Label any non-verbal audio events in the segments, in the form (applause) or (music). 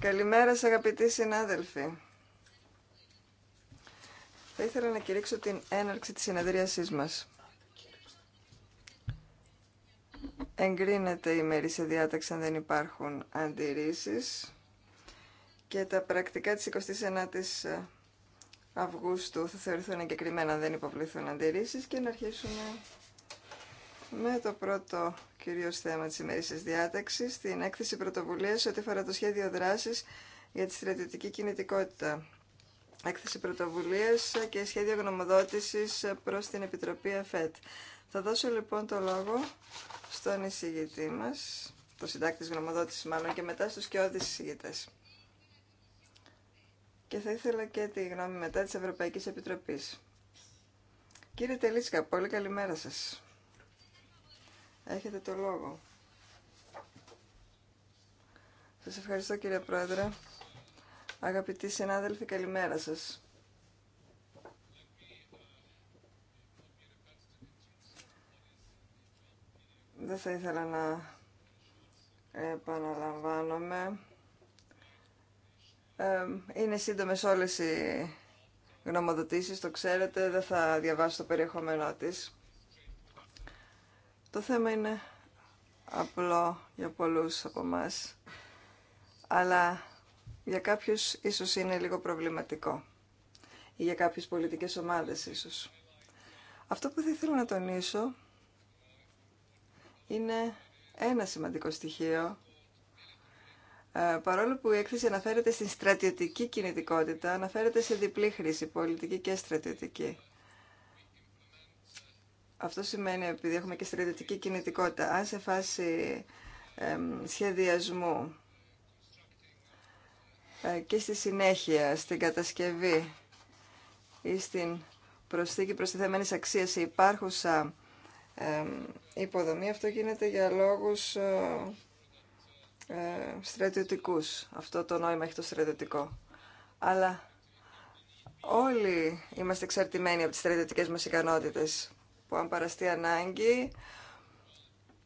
Καλημέρα σας αγαπητοί συνάδελφοι. Θα ήθελα να κηρύξω την έναρξη της συνεδρίασής μας. Εγκρίνεται η μέρη σε διάταξη αν δεν υπάρχουν αντιρρήσεις και τα πρακτικά της 29ης Αυγούστου θα θεωρηθούν εγκεκριμένα αν δεν υποβληθούν αντιρρήσεις και να αρχίσουμε με το πρώτο κυρίως θέμα της τη διάταξης, την έκθεση πρωτοβουλίας ό,τι αφορά το σχέδιο δράσης για τη στρατιωτική κινητικότητα. Έκθεση πρωτοβουλίας και σχέδιο γνωμοδότησης προς την Επιτροπή ΕΦΕΤ. Θα δώσω λοιπόν το λόγο στον εισηγητή μας, το συντάκτη γνωμοδότησης μάλλον, και μετά στους κοιόδης εισηγητές. Και θα ήθελα και τη γνώμη μετά της Ευρωπαϊκής Επιτροπής. Κύριε Τελίσκα, πολύ καλημέρα σας. Έχετε το λόγο. Σας ευχαριστώ κύριε Πρόεδρε. Αγαπητοί συνάδελφοι, καλημέρα σας. Δεν θα ήθελα να επαναλαμβάνομαι. Ε, είναι σύντομες όλες οι γνωμοδοτήσεις, το ξέρετε, δεν θα διαβάσω το περιεχόμενό της. Το θέμα είναι απλό για πολλούς από εμά, αλλά για κάποιους ίσως είναι λίγο προβληματικό ή για κάποιες πολιτικές ομάδες ίσως. Αυτό που θα ήθελα να τονίσω είναι ένα σημαντικό στοιχείο. Ε, παρόλο που η έκθεση αναφέρεται στην στρατιωτική κινητικότητα, αναφέρεται σε διπλή χρήση, πολιτική και στρατιωτική. Αυτό σημαίνει, επειδή έχουμε και στρατιωτική κινητικότητα, αν σε φάση σχεδιασμού ε, και στη συνέχεια, στην κατασκευή ή στην προσθήκη προστιθέμενης αξίας σε υπάρχουσα υποδομή, αυτό γίνεται για λόγους ε, ε, στρατιωτικούς. Αυτό το νόημα έχει το στρατιωτικό. Αλλά όλοι είμαστε εξαρτημένοι από τις στρατιωτικές μας ικανότητες που αν παραστεί ανάγκη,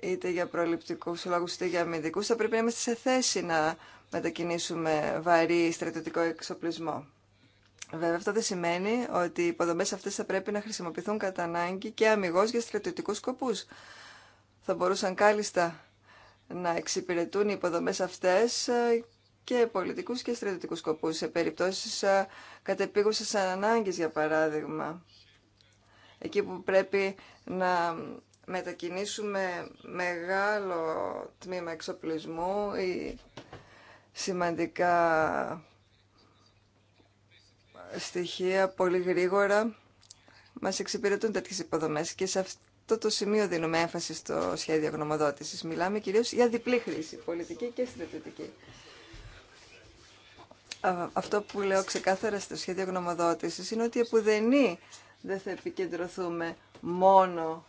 είτε για προληπτικούς λόγους είτε για αμυντικούς, θα πρέπει να είμαστε σε θέση να μετακινήσουμε βαρύ στρατιωτικό εξοπλισμό. Βέβαια, αυτό δεν σημαίνει ότι οι υποδομές αυτές θα πρέπει να χρησιμοποιηθούν κατά ανάγκη και αμυγός για στρατιωτικούς σκοπούς. Θα μπορούσαν κάλλιστα να εξυπηρετούν οι υποδομές αυτές ε, και πολιτικούς και στρατιωτικούς σκοπούς σε περιπτώσεις ε, κατεπίγουσας ανάγκης, για παράδειγμα, εκεί που πρέπει να μετακινήσουμε μεγάλο τμήμα εξοπλισμού ή σημαντικά στοιχεία πολύ γρήγορα μας εξυπηρετούν τέτοιες υποδομές και σε αυτό το σημείο δίνουμε έμφαση στο σχέδιο γνωμοδότησης. Μιλάμε κυρίως για διπλή χρήση, πολιτική και στρατιωτική. Αυτό που λέω ξεκάθαρα στο σχέδιο γνωμοδότησης είναι ότι επουδενή δεν θα επικεντρωθούμε μόνο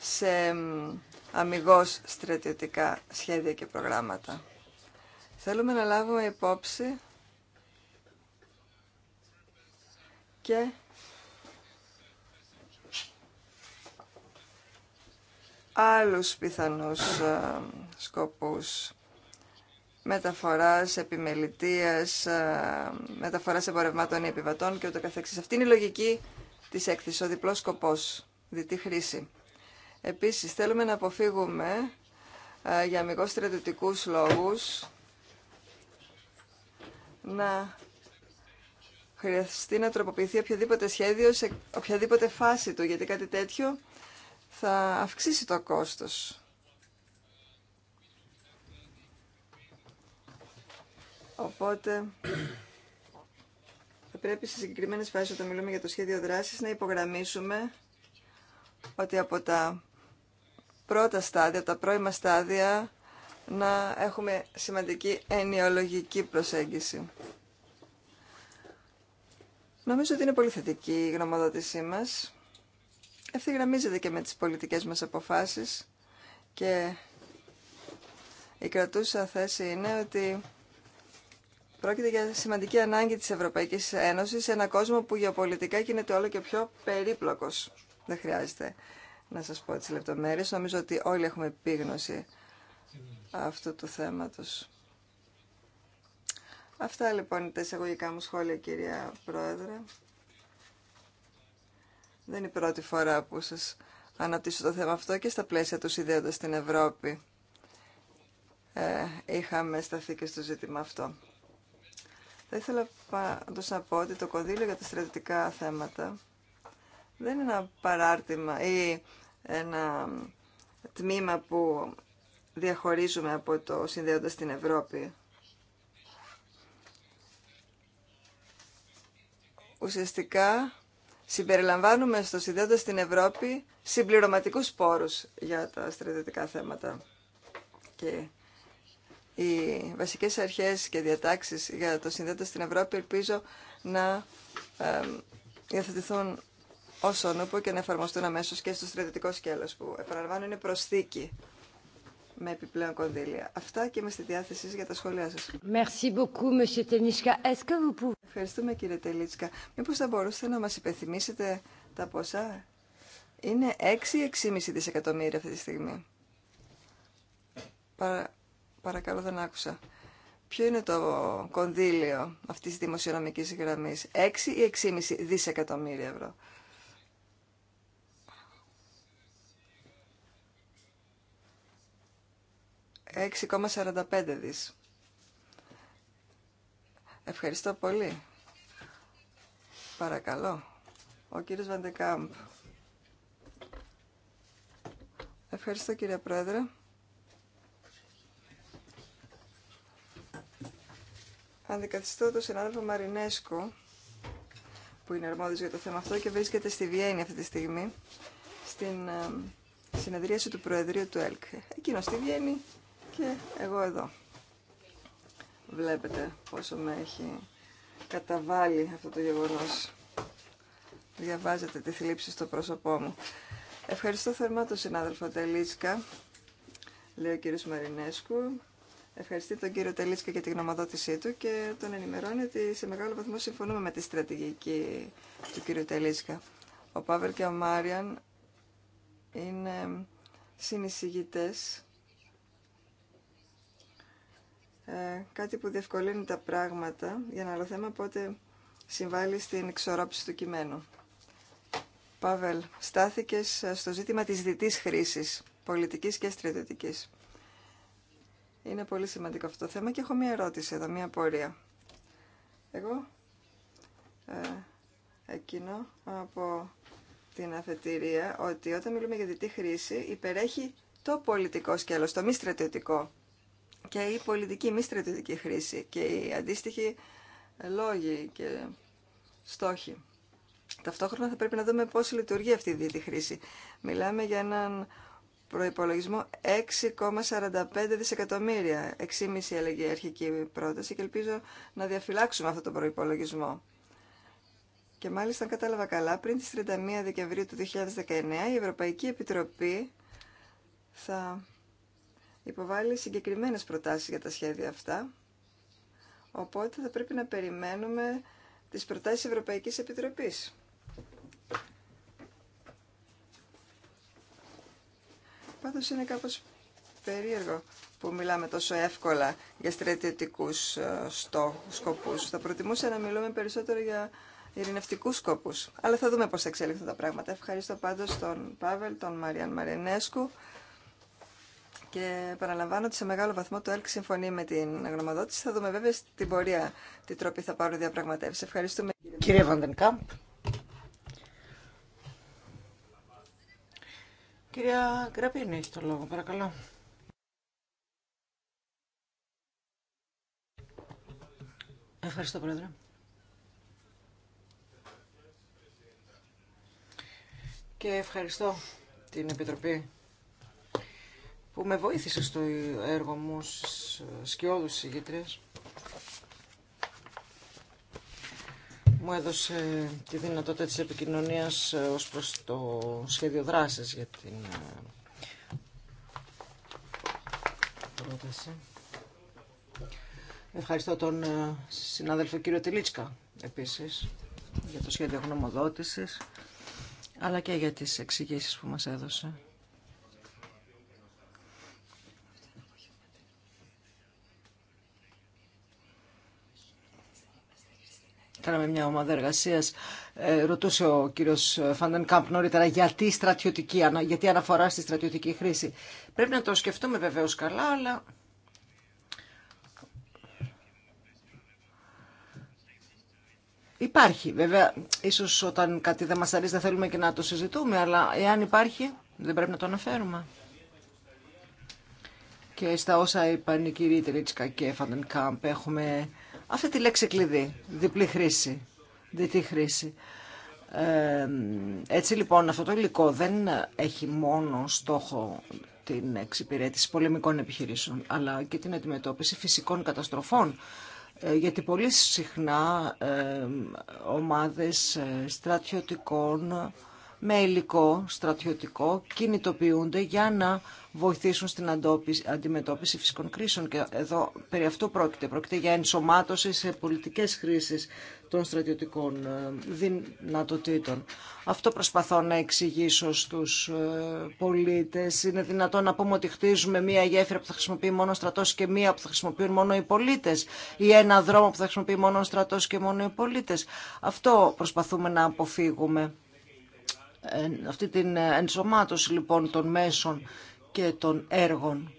σε αμυγός στρατιωτικά σχέδια και προγράμματα. Θέλουμε να λάβουμε υπόψη και άλλους πιθανούς ε, σκοπούς μεταφοράς επιμελητίας, ε, μεταφοράς εμπορευμάτων ή επιβατών και ούτω καθεξής. Αυτή είναι η επιβατων και ουτω αυτη ειναι η λογικη της έκθεσης, ο διπλός σκοπός, διτή χρήση. Επίσης, θέλουμε να αποφύγουμε ε, για αμυγό στρατιωτικούς λόγους να χρειαστεί να τροποποιηθεί οποιοδήποτε σχέδιο σε οποιαδήποτε φάση του, γιατί κάτι τέτοιο θα αυξήσει το κόστος. Οπότε θα πρέπει σε συγκεκριμένες φάσεις όταν μιλούμε για το σχέδιο δράσης να υπογραμμίσουμε ότι από τα πρώτα στάδια, από τα πρώιμα στάδια να έχουμε σημαντική ενιολογική προσέγγιση. Νομίζω ότι είναι πολύ θετική η γνωμοδότησή μας. Ευθυγραμμίζεται και με τις πολιτικές μας αποφάσεις και η κρατούσα θέση είναι ότι Πρόκειται για σημαντική ανάγκη της Ευρωπαϊκής Ένωσης σε ένα κόσμο που γεωπολιτικά γίνεται όλο και πιο περίπλοκος. Δεν χρειάζεται να σας πω τις λεπτομέρειες. Νομίζω ότι όλοι έχουμε επίγνωση αυτού του θέματος. Αυτά λοιπόν είναι τα εισαγωγικά μου σχόλια, κυρία Πρόεδρε. Δεν είναι η πρώτη φορά που σας αναπτύσσω το θέμα αυτό και στα πλαίσια του συνδέοντας στην Ευρώπη. Ε, είχαμε σταθεί και στο ζήτημα αυτό. Θα ήθελα πάντως να πω ότι το κονδύλιο για τα στρατιωτικά θέματα δεν είναι ένα παράρτημα ή ένα τμήμα που διαχωρίζουμε από το συνδέοντα στην Ευρώπη. Ουσιαστικά συμπεριλαμβάνουμε στο συνδέοντα στην Ευρώπη συμπληρωματικούς πόρους για τα στρατιωτικά θέματα. Και οι βασικές αρχές και διατάξεις για το συνδέοντα στην Ευρώπη ελπίζω να διαθετηθούν όσον ούπο και να εφαρμοστούν αμέσως και στο στρατιωτικό σκέλος που επαναλαμβάνω είναι προσθήκη με επιπλέον κονδύλια. Αυτά και είμαι στη διάθεσή για τα σχόλιά σας. Ευχαριστούμε κύριε Τελίτσκα. Μήπως θα μπορούσατε να μας υπενθυμίσετε τα ποσά. Είναι 6-6,5 δισεκατομμύρια αυτή τη στιγμή. Παρα... Παρακαλώ δεν άκουσα. Ποιο είναι το κονδύλιο αυτής της δημοσιονομικής γραμμή. 6 ή 6,5 δισεκατομμύρια ευρώ. ...6,45 δις. Ευχαριστώ πολύ. Παρακαλώ. Ο κύριος Βαντεκάμπ. Ευχαριστώ κύριε Πρόεδρε. Αντικαθιστώ τον συνάδελφο Μαρινέσκο, που είναι αρμόδιος για το θέμα αυτό και βρίσκεται στη Βιέννη αυτή τη στιγμή, στην ε, συνεδρίαση του Προεδρείου του ΕΛΚ. Εκείνο στη Βιέννη και εγώ εδώ. Βλέπετε πόσο με έχει καταβάλει αυτό το γεγονός. Διαβάζετε τη θλίψη στο πρόσωπό μου. Ευχαριστώ θερμά τον συνάδελφο Τελίτσκα, λέει ο κύριος Μαρινέσκου, Ευχαριστεί τον κύριο Τελίσκα για την γνωμοδότησή του και τον ενημερώνει ότι σε μεγάλο βαθμό συμφωνούμε με τη στρατηγική του κύριου Τελίσκα. Ο Πάβελ και ο Μάριαν είναι συνεισηγητές. Ε, κάτι που διευκολύνει τα πράγματα για ένα άλλο θέμα πότε συμβάλλει στην εξορόψη του κειμένου. Πάβελ, στάθηκες στο ζήτημα της διτής χρήσης, πολιτικής και στρατιωτικής. Είναι πολύ σημαντικό αυτό το θέμα και έχω μία ερώτηση εδώ, μία απορία. Εγώ ε, εκείνο από την αφετηρία ότι όταν μιλούμε για διτή χρήση υπερέχει το πολιτικό σκέλος, το μη στρατιωτικό και η πολιτική μη στρατιωτική χρήση και οι αντίστοιχοι λόγοι και στόχοι. Ταυτόχρονα θα πρέπει να δούμε πώς λειτουργεί αυτή η δίτη χρήση. Μιλάμε για έναν προϋπολογισμό 6,45 δισεκατομμύρια. 6,5 έλεγε η αρχική πρόταση και ελπίζω να διαφυλάξουμε αυτό το προϋπολογισμό. Και μάλιστα, αν κατάλαβα καλά, πριν τις 31 Δεκεμβρίου του 2019 η Ευρωπαϊκή Επιτροπή θα υποβάλει συγκεκριμένες προτάσεις για τα σχέδια αυτά. Οπότε θα πρέπει να περιμένουμε τις προτάσεις Ευρωπαϊκής Επιτροπής. Πάντως είναι κάπως περίεργο που μιλάμε τόσο εύκολα για στρατιωτικούς ε, στόχους, σκοπούς. Θα προτιμούσα να μιλούμε περισσότερο για ειρηνευτικούς σκοπούς. Αλλά θα δούμε πώς θα εξελιχθούν τα πράγματα. Ευχαριστώ πάντως τον Πάβελ, τον Μαριάν Μαρινέσκου και παραλαμβάνω ότι σε μεγάλο βαθμό το ΕΛΚ συμφωνεί με την γνωμοδότηση. Θα δούμε βέβαια στην πορεία τι τρόποι θα πάρουν διαπραγματεύσει. Ευχαριστούμε. Κύριε Βαντενκάμπ. Κυρία Γκραπίνη έχει το λόγο, παρακαλώ. Ευχαριστώ, Πρόεδρε. Και ευχαριστώ την Επιτροπή που με βοήθησε στο έργο μου σκιώδους συγκεκριές. μου έδωσε τη δυνατότητα της επικοινωνίας ε, ως προς το σχέδιο δράσης για την ε, πρόταση. Ευχαριστώ τον ε, συνάδελφο κύριο Τιλίτσκα επίσης για το σχέδιο γνωμοδότησης αλλά και για τις εξηγήσεις που μας έδωσε. κάναμε μια ομάδα εργασία. Ε, ρωτούσε ο κύριο Φαντεν Κάμπ νωρίτερα γιατί στρατιωτική, γιατί αναφορά στη στρατιωτική χρήση. Πρέπει να το σκεφτούμε βεβαίω καλά, αλλά. Υπάρχει, βέβαια, ίσως όταν κάτι δεν μας αρέσει δεν θέλουμε και να το συζητούμε, αλλά εάν υπάρχει δεν πρέπει να το αναφέρουμε. Και στα όσα είπαν οι κύριοι Τρίτσκα και Φαντεν Κάμπ έχουμε αυτή τη λέξη κλειδί, διπλή χρήση, διτή χρήση. Ε, έτσι λοιπόν αυτό το υλικό δεν έχει μόνο στόχο την εξυπηρέτηση πολεμικών επιχειρήσεων, αλλά και την αντιμετώπιση φυσικών καταστροφών. Ε, γιατί πολύ συχνά ε, ομάδες ε, στρατιωτικών με υλικό στρατιωτικό κινητοποιούνται για να βοηθήσουν στην αντιμετώπιση φυσικών κρίσεων. Και εδώ περί αυτού πρόκειται. Πρόκειται για ενσωμάτωση σε πολιτικές χρήσεις των στρατιωτικών ε, δυνατοτήτων. Αυτό προσπαθώ να εξηγήσω στους ε, πολίτες. Είναι δυνατόν να πούμε ότι χτίζουμε μία γέφυρα που θα χρησιμοποιεί μόνο ο στρατός και μία που θα χρησιμοποιούν μόνο οι πολίτες ή ένα δρόμο που θα χρησιμοποιεί μόνο ο στρατός και μόνο οι πολίτες. Αυτό προσπαθούμε να αποφύγουμε αυτή την ε, ενσωμάτωση λοιπόν των μέσων και των έργων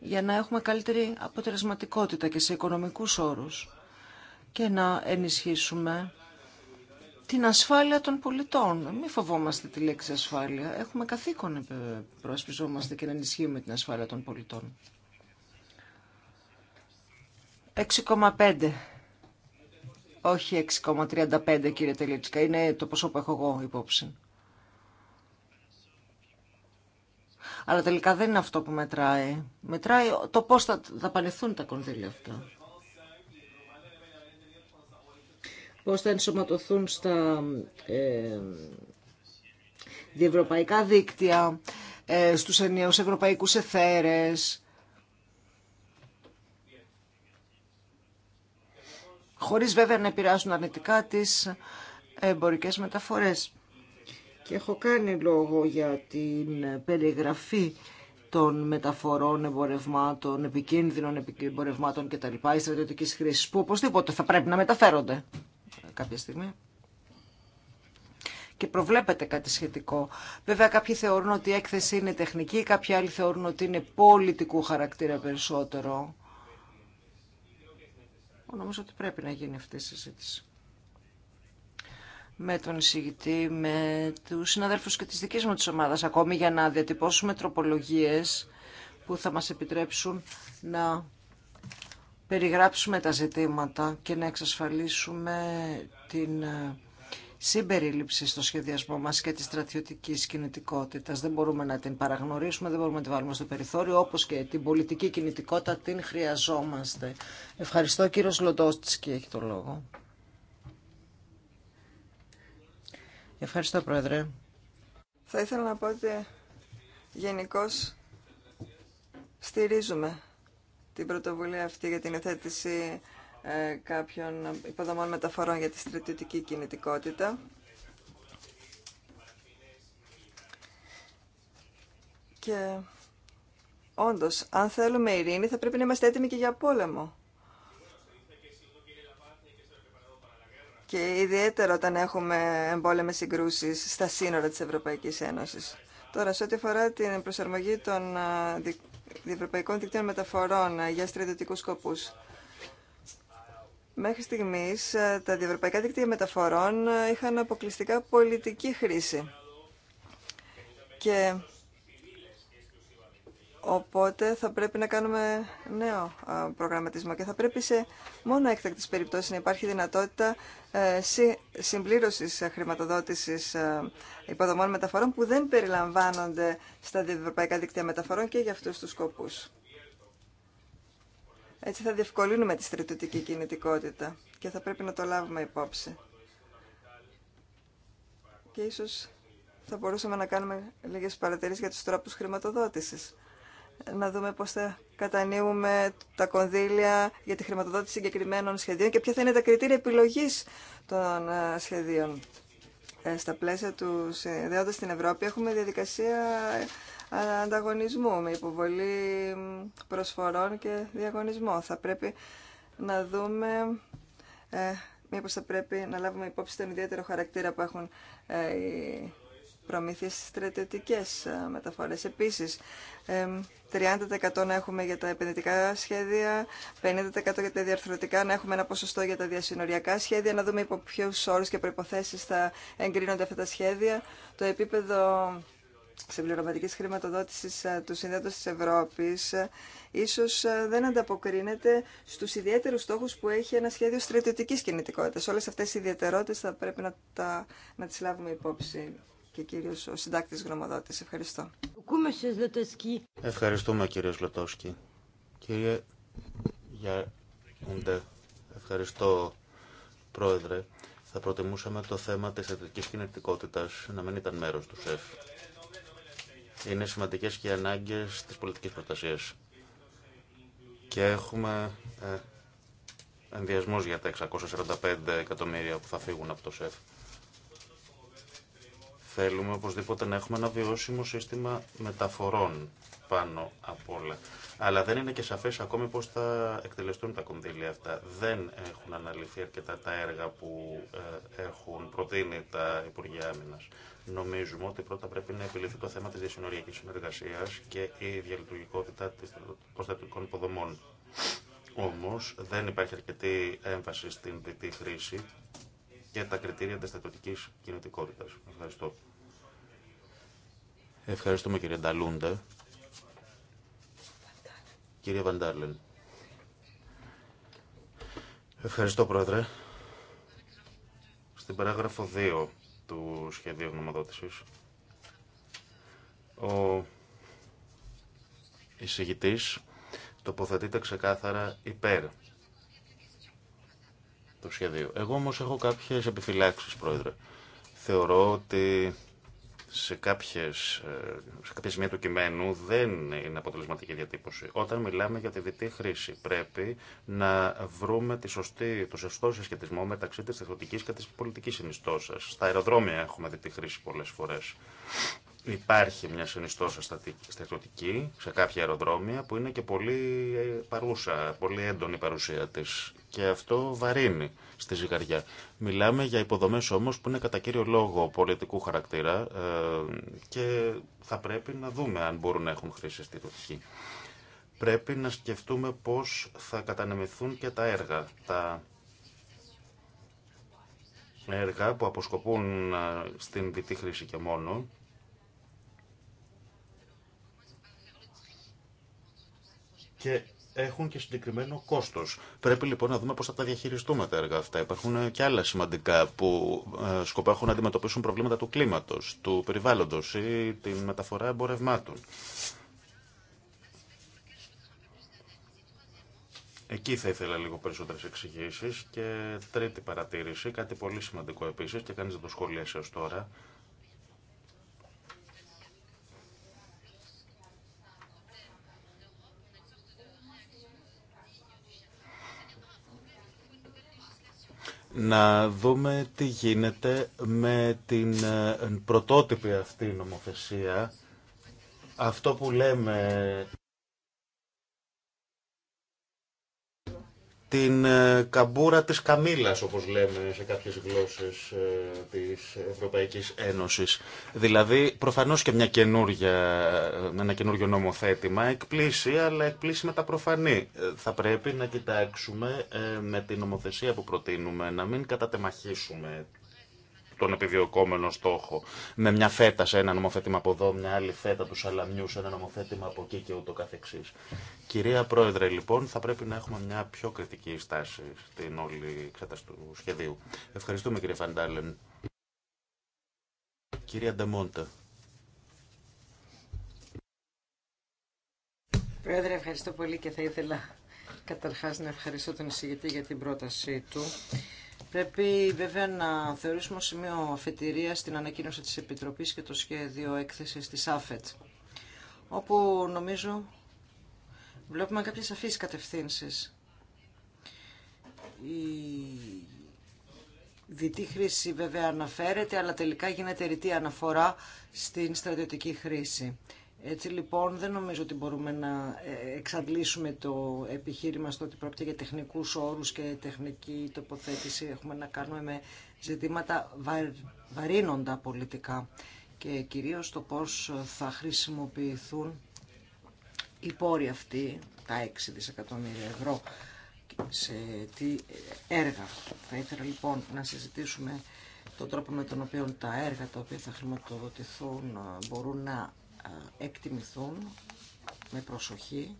για να έχουμε καλύτερη αποτελεσματικότητα και σε οικονομικούς όρους και να ενισχύσουμε την ασφάλεια των πολιτών. Μην φοβόμαστε τη λέξη ασφάλεια. Έχουμε καθήκον να ε, προασπιζόμαστε και να ενισχύουμε την ασφάλεια των πολιτών. 6,5 όχι 6,35 κύριε Τελίτσκα, είναι το ποσό που έχω εγώ υπόψη. Αλλά τελικά δεν είναι αυτό που μετράει. Μετράει το πώς θα δαπανηθούν τα κονδύλια αυτά. Πώς θα ενσωματωθούν στα ε, διευρωπαϊκά δίκτυα, ε, στους ενιαίους ευρωπαϊκούς εθέρες, χωρίς βέβαια να επηρεάσουν αρνητικά τις εμπορικές μεταφορές. Και έχω κάνει λόγο για την περιγραφή των μεταφορών εμπορευμάτων, επικίνδυνων εμπορευμάτων λοιπά, Η στρατιωτική χρήση που οπωσδήποτε θα πρέπει να μεταφέρονται κάποια στιγμή. Και προβλέπεται κάτι σχετικό. Βέβαια κάποιοι θεωρούν ότι η έκθεση είναι τεχνική, κάποιοι άλλοι θεωρούν ότι είναι πολιτικού χαρακτήρα περισσότερο νομίζω ότι πρέπει να γίνει αυτή η συζήτηση. Με τον εισηγητή, με τους συναδέλφους και της δικής μου της ομάδας, ακόμη για να διατυπώσουμε τροπολογίες που θα μας επιτρέψουν να περιγράψουμε τα ζητήματα και να εξασφαλίσουμε την ε, συμπερίληψη στο σχεδιασμό μας και τη στρατιωτικής κινητικότητας. Δεν μπορούμε να την παραγνωρίσουμε, δεν μπορούμε να την βάλουμε στο περιθώριο, όπως και την πολιτική κινητικότητα την χρειαζόμαστε. Ευχαριστώ κύριο και έχει το λόγο. Ευχαριστώ Πρόεδρε. Θα ήθελα να πω ότι γενικώ στηρίζουμε την πρωτοβουλία αυτή για την εθέτηση ε, κάποιων υποδομών μεταφορών για τη στρατιωτική κινητικότητα. Και όντως, αν θέλουμε ειρήνη, θα πρέπει να είμαστε έτοιμοι και για πόλεμο. Και ιδιαίτερα όταν έχουμε εμπόλεμε συγκρούσει στα σύνορα τη Ευρωπαϊκή Ένωση. Τώρα, σε ό,τι αφορά την προσαρμογή των ε, διευρωπαϊκών δικτύων μεταφορών ε, για στρατιωτικού σκοπού. Μέχρι στιγμή ε, τα διευρωπαϊκά δίκτυα μεταφορών ε, είχαν αποκλειστικά πολιτική χρήση. Και οπότε θα πρέπει να κάνουμε νέο ε, προγραμματισμό και θα πρέπει σε μόνο έκτακτες περιπτώσει. να υπάρχει δυνατότητα συμπλήρωσης χρηματοδότηση υποδομών μεταφορών που δεν περιλαμβάνονται στα διευρωπαϊκά δίκτυα μεταφορών και για αυτού του σκοπού. Έτσι θα διευκολύνουμε τη στρατιωτική κινητικότητα και θα πρέπει να το λάβουμε υπόψη. Και ίσως θα μπορούσαμε να κάνουμε λίγες παρατηρήσεις για τους τρόπους χρηματοδότησης. Να δούμε πώς θα κατανοίγουμε τα κονδύλια για τη χρηματοδότηση συγκεκριμένων σχεδίων και ποια θα είναι τα κριτήρια επιλογής των ε, σχεδίων. Ε, στα πλαίσια του Συνδέοντα στην Ευρώπη έχουμε διαδικασία ανταγωνισμού, με υποβολή προσφορών και διαγωνισμό. Θα πρέπει να δούμε ε, μήπως θα πρέπει να λάβουμε υπόψη τον ιδιαίτερο χαρακτήρα που έχουν ε, οι προμήθειες στρατιωτικές ε, μεταφορές. Επίσης, ε, 30% να έχουμε για τα επενδυτικά σχέδια, 50% για τα διαρθρωτικά, να έχουμε ένα ποσοστό για τα διασυνοριακά σχέδια, να δούμε υπό ποιους όρους και προϋποθέσεις θα εγκρίνονται αυτά τα σχέδια, το επίπεδο συμπληρωματικής χρηματοδότηση ε, του Συνδέοντος τη Ευρώπη ε, ίσω ε, δεν ανταποκρίνεται στου ιδιαίτερου στόχου που έχει ένα σχέδιο στρατιωτική κινητικότητα. Όλε αυτέ οι ιδιαιτερότητες θα πρέπει να, τα, να τις λάβουμε υπόψη και κύριος ο συντάκτης γνωμοδότης. Ευχαριστώ. Ευχαριστούμε κύριε Σλοτόσκι. Κύριε Γιάνντε, ευχαριστώ πρόεδρε. Θα προτιμούσαμε το θέμα της στρατιωτικής κινητικότητας να μην ήταν μέρος του ΣΕΦ. Είναι σημαντικές και οι ανάγκες της πολιτικής προστασίας. Και έχουμε ε, για τα 645 εκατομμύρια που θα φύγουν από το ΣΕΦ. Θέλουμε οπωσδήποτε να έχουμε ένα βιώσιμο σύστημα μεταφορών πάνω απ' όλα. Αλλά δεν είναι και σαφές ακόμη πώ θα εκτελεστούν τα κονδύλια αυτά. Δεν έχουν αναλυθεί αρκετά τα έργα που ε, έχουν προτείνει τα Υπουργεία Άμυνα. Νομίζουμε ότι πρώτα πρέπει να επιληθεί το θέμα της διασυνοριακή συνεργασία και η διαλειτουργικότητα των στρατιωτικών υποδομών. Όμω δεν υπάρχει αρκετή έμφαση στην δυτή χρήση και τα κριτήρια αντιστατοτική κινητικότητας. Ευχαριστώ. Ευχαριστούμε κύριε Νταλούντα. Κύριε Βαντάρλεν. Ευχαριστώ, Πρόεδρε. Στην παράγραφο 2 του σχεδίου γνωμοδότησης, ο εισηγητής τοποθετείται ξεκάθαρα υπέρ του σχεδίου. Εγώ όμως έχω κάποιες επιφυλάξεις, Πρόεδρε. Θεωρώ ότι σε, κάποιες, ε, σε κάποια σημεία του κειμένου δεν είναι αποτελεσματική διατύπωση. Όταν μιλάμε για τη διτή χρήση, πρέπει να βρούμε τη σωστή, το σωστό συσχετισμό μεταξύ της θεωρητικής και της πολιτικής συνιστώσας. Στα αεροδρόμια έχουμε διτή χρήση πολλές φορές. Υπάρχει μια συνιστόσα στρατιωτική σε κάποια αεροδρόμια που είναι και πολύ ε, παρούσα, πολύ έντονη παρουσία της και αυτό βαρύνει στη ζυγαριά. Μιλάμε για υποδομές όμως που είναι κατά κύριο λόγο πολιτικού χαρακτήρα ε, και θα πρέπει να δούμε αν μπορούν να έχουν χρήση στη δοχή. Πρέπει να σκεφτούμε πώς θα κατανεμηθούν και τα έργα. Τα έργα που αποσκοπούν ε, στην δυτή χρήση και μόνο και έχουν και συγκεκριμένο κόστο. Πρέπει λοιπόν να δούμε πώ θα τα διαχειριστούμε τα έργα αυτά. Υπάρχουν και άλλα σημαντικά που ε, σκοπό έχουν να αντιμετωπίσουν προβλήματα του κλίματο, του περιβάλλοντο ή την μεταφορά εμπορευμάτων. Εκεί θα ήθελα λίγο περισσότερε εξηγήσει. Και τρίτη παρατήρηση, κάτι πολύ σημαντικό επίση και κανεί δεν το σχολίασε ω τώρα. να δούμε τι γίνεται με την ε, πρωτότυπη αυτή νομοθεσία, αυτό που λέμε την ε, καμπούρα της καμήλας, όπως λέμε σε κάποιες γλώσσες ε, της Ευρωπαϊκής Ένωσης. Δηλαδή, προφανώς και μια καινούργια, ε, ένα καινούργιο νομοθέτημα εκπλήσει, αλλά εκπλήσει με τα προφανή. Θα πρέπει να κοιτάξουμε με την νομοθεσία που προτείνουμε, να μην κατατεμαχίσουμε τον επιδιωκόμενο στόχο. Με μια φέτα σε ένα νομοθέτημα από εδώ, μια άλλη φέτα του σαλαμιού σε ένα νομοθέτημα από εκεί και ούτω καθεξής. Κυρία Πρόεδρε, λοιπόν, θα πρέπει να έχουμε μια πιο κριτική στάση στην όλη εξέταση του σχεδίου. Ευχαριστούμε κύριε Φαντάλεν. Κυρία Ντεμόντα. Πρόεδρε, ευχαριστώ πολύ και θα ήθελα καταρχάς να ευχαριστώ τον εισηγητή για την πρότασή του. Πρέπει βέβαια να θεωρήσουμε σημείο αφετηρία στην ανακοίνωση της Επιτροπής και το σχέδιο έκθεσης της ΑΦΕΤ, όπου νομίζω βλέπουμε κάποιες σαφείς κατευθύνσεις. Η διτή χρήση βέβαια αναφέρεται, αλλά τελικά γίνεται ρητή αναφορά στην στρατιωτική χρήση. Έτσι λοιπόν δεν νομίζω ότι μπορούμε να ε, εξαντλήσουμε το επιχείρημα στο ότι πρόκειται για τεχνικούς όρους και τεχνική τοποθέτηση. Έχουμε να κάνουμε με ζητήματα βαρύνοντα πολιτικά και κυρίως το πώς θα χρησιμοποιηθούν οι πόροι αυτοί, τα 6 δισεκατομμύρια ευρώ, σε τι έργα. Θα ήθελα λοιπόν να συζητήσουμε τον τρόπο με τον οποίο τα έργα τα οποία θα χρηματοδοτηθούν μπορούν να εκτιμηθούν με προσοχή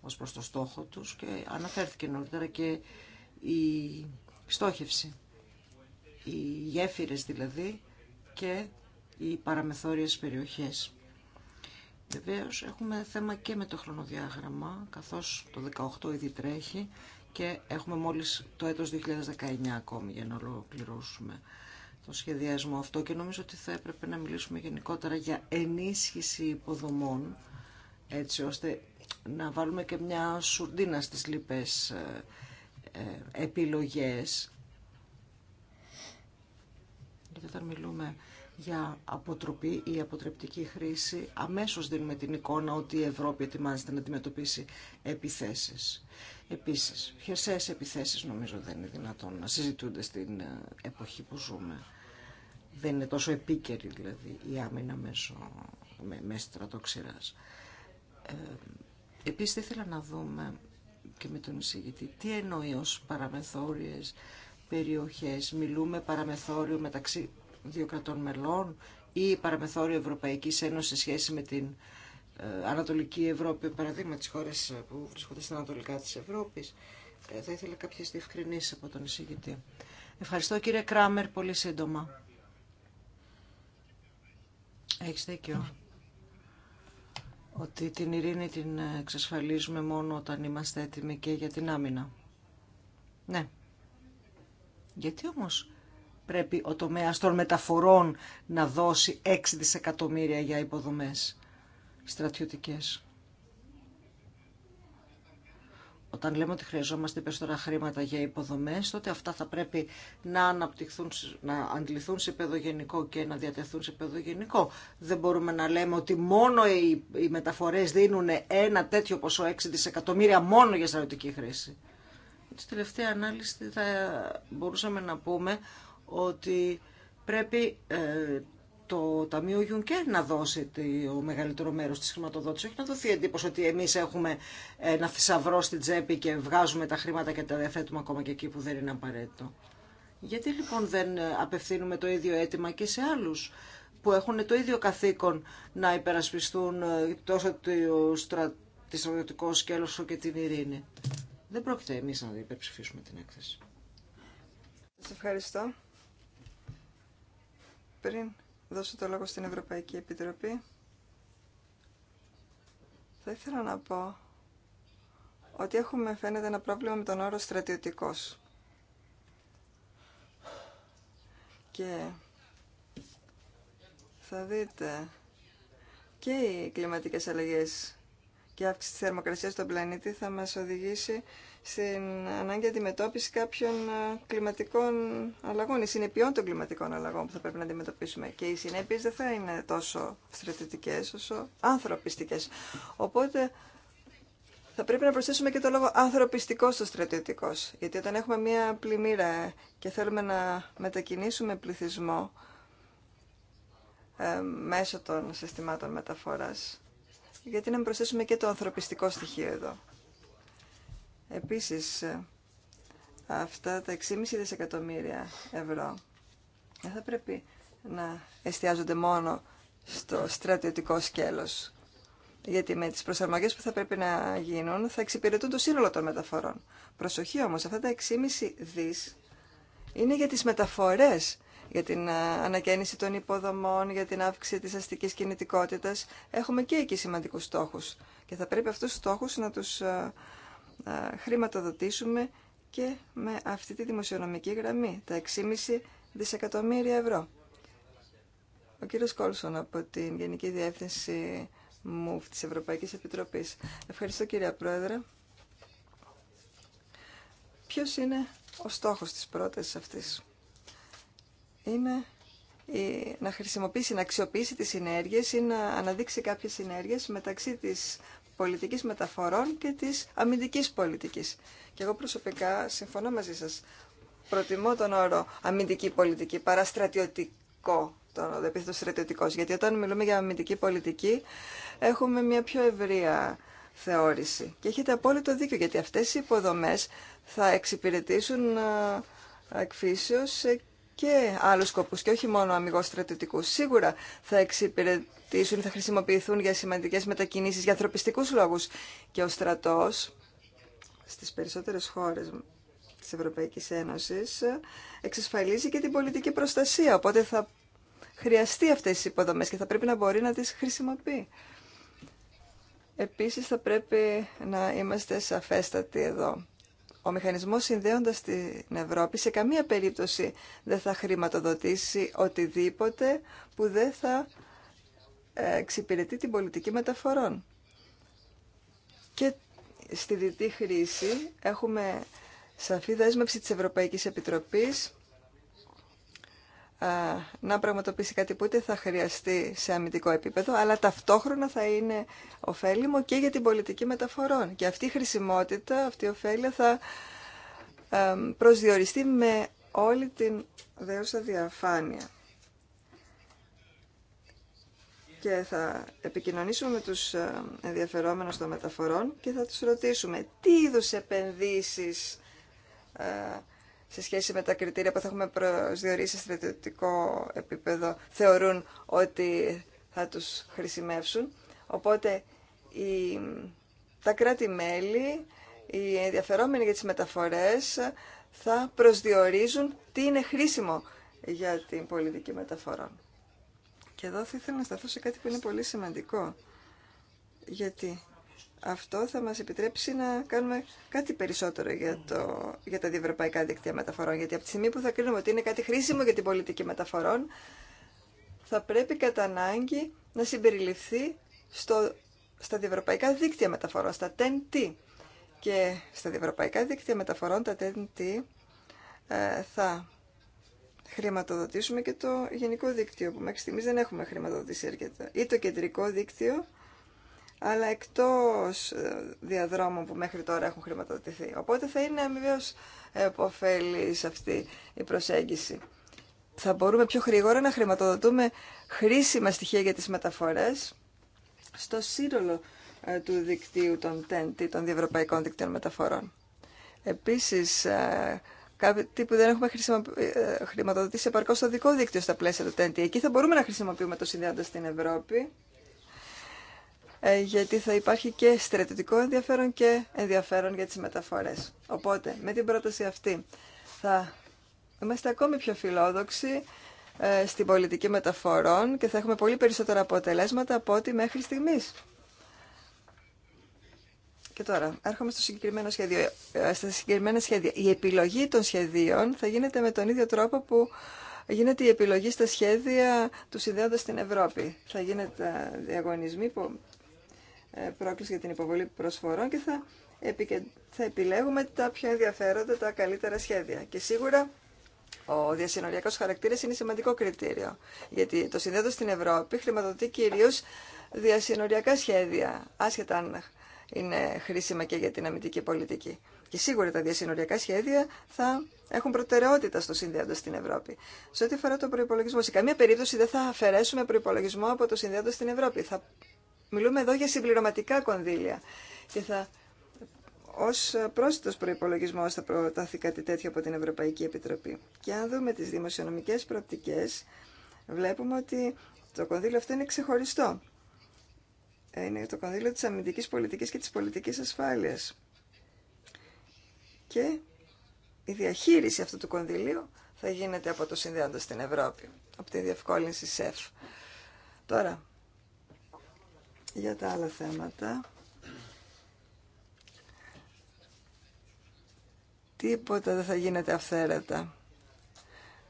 ως προς το στόχο τους και αναφέρθηκε νωρίτερα και η στόχευση, οι γέφυρες δηλαδή και οι παραμεθόριες περιοχές. Βεβαίω έχουμε θέμα και με το χρονοδιάγραμμα, καθώς το 18 ήδη τρέχει και έχουμε μόλις το έτος 2019 ακόμη για να ολοκληρώσουμε το σχεδιασμό αυτό και νομίζω ότι θα έπρεπε να μιλήσουμε γενικότερα για ενίσχυση υποδομών έτσι ώστε να βάλουμε και μια σουρντίνα στις λοιπές ε, ε, επιλογές. Γιατί όταν μιλούμε για αποτροπή ή αποτρεπτική χρήση, αμέσως δίνουμε την εικόνα ότι η Ευρώπη ετοιμάζεται να αντιμετωπίσει επιθέσεις. Επίσης, χερσαίες επιθέσεις νομίζω δεν είναι δυνατόν να συζητούνται στην ε, εποχή που ζούμε δεν είναι τόσο επίκαιρη δηλαδή η άμυνα μέσω, με, με στρατόξυρας. Ε, επίσης ήθελα να δούμε και με τον εισηγητή τι εννοεί ως παραμεθόριες περιοχές. Μιλούμε παραμεθόριο μεταξύ δύο κρατών μελών ή παραμεθόριο Ευρωπαϊκής Ένωσης σε σχέση με την ε, Ανατολική Ευρώπη, παραδείγμα τις χώρε ε, που βρίσκονται στα ανατολικά της Ευρώπης. Ε, θα ήθελα κάποιες διευκρινήσεις από τον εισηγητή. Ευχαριστώ κύριε Κράμερ, πολύ σύντομα. Έχεις δίκιο ότι την ειρήνη την εξασφαλίζουμε μόνο όταν είμαστε έτοιμοι και για την άμυνα. Ναι. Γιατί όμως πρέπει ο τομέας των μεταφορών να δώσει 6 δισεκατομμύρια για υποδομές στρατιωτικές. Όταν λέμε ότι χρειαζόμαστε περισσότερα χρήματα για υποδομές, τότε αυτά θα πρέπει να αναπτυχθούν, να αντληθούν σε πεδογενικό και να διατεθούν σε πεδογενικό. Δεν μπορούμε να λέμε ότι μόνο οι, οι μεταφορές δίνουν ένα τέτοιο ποσό 6 δισεκατομμύρια μόνο για στρατιωτική χρήση. Στη τελευταία ανάλυση θα μπορούσαμε να πούμε ότι πρέπει ε, το Ταμείο Γιουνκέρ να δώσει το μεγαλύτερο μέρος της χρηματοδότησης, όχι να δοθεί εντύπωση ότι εμείς έχουμε ένα θησαυρό στην τσέπη και βγάζουμε τα χρήματα και τα διαθέτουμε ακόμα και εκεί που δεν είναι απαραίτητο. Γιατί λοιπόν δεν απευθύνουμε το ίδιο αίτημα και σε άλλους που έχουν το ίδιο καθήκον να υπερασπιστούν τόσο το στρατιωτικό σκέλος και την ειρήνη. Δεν πρόκειται εμείς να υπερψηφίσουμε την έκθεση. Σας ευχαριστώ. Πριν δώσω το λόγο στην Ευρωπαϊκή Επιτροπή, θα ήθελα να πω ότι έχουμε φαίνεται ένα πρόβλημα με τον όρο στρατιωτικός. Και θα δείτε και οι κλιματικές αλλαγές και η αύξηση της θερμοκρασίας στον πλανήτη θα μας οδηγήσει στην ανάγκη αντιμετώπιση κάποιων ε, κλιματικών αλλαγών ή συνεπειών των κλιματικών αλλαγών που θα πρέπει να αντιμετωπίσουμε. Και οι συνέπειε δεν θα είναι τόσο στρατιωτικέ όσο ανθρωπιστικέ. Οπότε θα πρέπει να προσθέσουμε και το λόγο ανθρωπιστικό στο στρατιωτικό. Γιατί όταν έχουμε μία πλημμύρα ε, και θέλουμε να μετακινήσουμε πληθυσμό ε, μέσω των συστημάτων μεταφοράς, γιατί να προσθέσουμε και το ανθρωπιστικό στοιχείο εδώ. Επίσης, αυτά τα 6,5 δισεκατομμύρια ευρώ δεν θα πρέπει να εστιάζονται μόνο στο στρατιωτικό σκέλος. Γιατί με τις προσαρμογές που θα πρέπει να γίνουν θα εξυπηρετούν το σύνολο των μεταφορών. Προσοχή όμως, αυτά τα 6,5 δις είναι για τις μεταφορές, για την ε, ανακαίνιση των υποδομών, για την αύξηση της αστικής κινητικότητας. Έχουμε και εκεί σημαντικούς στόχους και θα πρέπει αυτούς τους στόχους να τους ε, χρηματοδοτήσουμε και με αυτή τη δημοσιονομική γραμμή, τα 6,5 δισεκατομμύρια ευρώ. Ο κύριος Κόλσον από την Γενική Διεύθυνση μου της Ευρωπαϊκής Επιτροπής. Ευχαριστώ κύριε Πρόεδρε. Ποιος είναι ο στόχος της πρότασης αυτής. Είναι η, να χρησιμοποιήσει, να αξιοποιήσει τις συνέργειες ή να αναδείξει κάποιες συνέργειες μεταξύ της πολιτικής μεταφορών και της αμυντικής πολιτικής. Και εγώ προσωπικά συμφωνώ μαζί σας. Προτιμώ τον όρο αμυντική πολιτική παρά στρατιωτικό, τον επίθετο στρατιωτικός. Γιατί όταν μιλούμε για αμυντική πολιτική έχουμε μια πιο ευρεία θεώρηση. Και έχετε απόλυτο δίκιο γιατί αυτές οι υποδομές θα εξυπηρετήσουν ε, εκφύσεως ε, και άλλους σκοπούς και όχι μόνο αμυγός στρατιωτικούς. Σίγουρα θα εξυπηρετήσουν, θα χρησιμοποιηθούν για σημαντικές μετακινήσεις, για ανθρωπιστικούς λόγους. Και ο στρατός στις περισσότερες χώρες της Ευρωπαϊκής Ένωσης εξασφαλίζει και την πολιτική προστασία, οπότε θα χρειαστεί αυτές οι υποδομές και θα πρέπει να μπορεί να τις χρησιμοποιεί. Επίσης θα πρέπει να είμαστε σαφέστατοι εδώ. Ο μηχανισμός συνδέοντας την Ευρώπη σε καμία περίπτωση δεν θα χρηματοδοτήσει οτιδήποτε που δεν θα ε, εξυπηρετεί την πολιτική μεταφορών. Και στη δυτή χρήση έχουμε σαφή δέσμευση της Ευρωπαϊκής Επιτροπής ε, να πραγματοποιήσει κάτι που ούτε θα χρειαστεί σε αμυντικό επίπεδο, αλλά ταυτόχρονα θα είναι ωφέλιμο και για την πολιτική μεταφορών. Και αυτή η χρησιμότητα, αυτή η ωφέλεια θα ε, προσδιοριστεί με όλη την δέουσα διαφάνεια. Και θα επικοινωνήσουμε με τους ε, ενδιαφερόμενους των μεταφορών και θα τους ρωτήσουμε τι είδους επενδύσεις σε σχέση με τα κριτήρια που θα έχουμε προσδιορίσει σε στρατιωτικό επίπεδο θεωρούν ότι θα τους χρησιμεύσουν. Οπότε η τα κράτη-μέλη, οι ενδιαφερόμενοι για τις μεταφορές θα προσδιορίζουν τι είναι χρήσιμο για την πολιτική μεταφορά Και εδώ θα ήθελα να σταθώ σε κάτι που είναι πολύ σημαντικό. Γιατί αυτό θα μας επιτρέψει να κάνουμε κάτι περισσότερο για, το, για τα διευρωπαϊκά δίκτυα μεταφορών. Γιατί από τη στιγμή που θα κρίνουμε ότι είναι κάτι χρήσιμο για την πολιτική μεταφορών, θα πρέπει κατά ανάγκη να συμπεριληφθεί στο, στα διευρωπαϊκά δίκτυα μεταφορών, στα TEN-T. Και στα διευρωπαϊκά δίκτυα μεταφορών, τα TEN-T, ε, θα χρηματοδοτήσουμε και το γενικό δίκτυο, που μέχρι στιγμής δεν έχουμε χρηματοδοτήσει αρκετά. Ή το κεντρικό δίκτυο, αλλά εκτός ε, διαδρόμων που μέχρι τώρα έχουν χρηματοδοτηθεί. Οπότε θα είναι αμοιβαίως ε, επωφέλης αυτή η προσέγγιση. Θα μπορούμε πιο γρήγορα να χρηματοδοτούμε χρήσιμα στοιχεία για τις μεταφορές στο σύνολο ε, του δικτύου των TNT, των διευρωπαϊκών δικτύων μεταφορών. Επίσης, κάτι που δεν έχουμε χρηματοδοτήσει επαρκώς στο δικό δίκτυο στα πλαίσια του TNT. Εκεί θα μπορούμε να χρησιμοποιούμε το συνδέοντα στην Ευρώπη ε, γιατί θα υπάρχει και στρατιωτικό ενδιαφέρον και ενδιαφέρον για τις μεταφορές. Οπότε, με την πρόταση αυτή θα είμαστε ακόμη πιο φιλόδοξοι ε, στην πολιτική μεταφορών και θα έχουμε πολύ περισσότερα αποτελέσματα από ό,τι μέχρι στιγμής. Και τώρα, έρχομαι στο συγκεκριμένο σχέδιο, ε, στα συγκεκριμένα σχέδια. Η επιλογή των σχεδίων θα γίνεται με τον ίδιο τρόπο που γίνεται η επιλογή στα σχέδια του συνδέοντα στην Ευρώπη. Θα γίνεται διαγωνισμοί που ε, πρόκληση για την υποβολή προσφορών και θα, θα επιλέγουμε τα πιο ενδιαφέροντα, τα καλύτερα σχέδια. Και σίγουρα ο διασυνοριακό χαρακτήρα είναι σημαντικό κριτήριο. Γιατί το συνδέοντα στην Ευρώπη χρηματοδοτεί κυρίω διασυνοριακά σχέδια, άσχετα αν είναι χρήσιμα και για την αμυντική πολιτική. Και σίγουρα τα διασυνοριακά σχέδια θα έχουν προτεραιότητα στο συνδέοντα στην Ευρώπη. Σε ό,τι αφορά τον προπολογισμό, σε καμία περίπτωση δεν θα αφαιρέσουμε προπολογισμό από το συνδέοντα στην Ευρώπη. Θα Μιλούμε εδώ για συμπληρωματικά κονδύλια και θα ως πρόσθετο προϋπολογισμός θα προτάθει κάτι τέτοιο από την Ευρωπαϊκή Επιτροπή. Και αν δούμε τις δημοσιονομικές προοπτικέ, βλέπουμε ότι το κονδύλιο αυτό είναι ξεχωριστό. Ε, είναι το κονδύλιο της αμυντική πολιτικής και της πολιτικής ασφάλειας. Και η διαχείριση αυτού του κονδυλίου θα γίνεται από το συνδέοντα στην Ευρώπη, από τη διευκόλυνση ΣΕΦ. Τώρα, για τα άλλα θέματα. Τίποτα δεν θα γίνεται αυθαίρετα.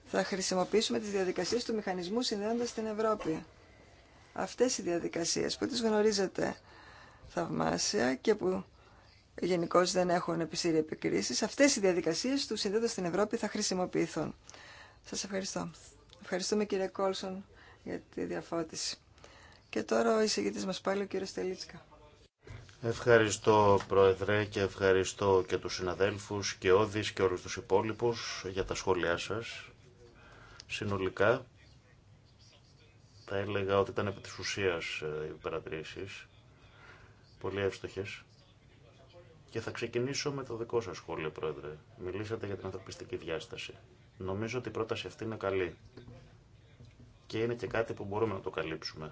Θα χρησιμοποιήσουμε τις διαδικασίες του μηχανισμού συνδέοντας την Ευρώπη. Αυτές οι διαδικασίες που τις γνωρίζετε θαυμάσια και που γενικώ δεν έχουν επισήρει επικρίσεις, αυτές οι διαδικασίες του συνδέοντας την Ευρώπη θα χρησιμοποιηθούν. Σας ευχαριστώ. Ευχαριστούμε κύριε Κόλσον για τη διαφώτιση. Και τώρα ο εισηγητή μα πάλι, ο κύριο Τελίτσκα. Ευχαριστώ Πρόεδρε και ευχαριστώ και του συναδέλφους και όδης και όλους τους υπόλοιπους για τα σχόλιά σας. Συνολικά θα έλεγα ότι ήταν επί της ουσίας ε, οι παρατηρήσεις, πολύ εύστοχες. Και θα ξεκινήσω με το δικό σας σχόλιο, Πρόεδρε. Μιλήσατε για την ανθρωπιστική διάσταση. Νομίζω ότι η πρόταση αυτή είναι καλή. Και είναι και κάτι που μπορούμε να το καλύψουμε.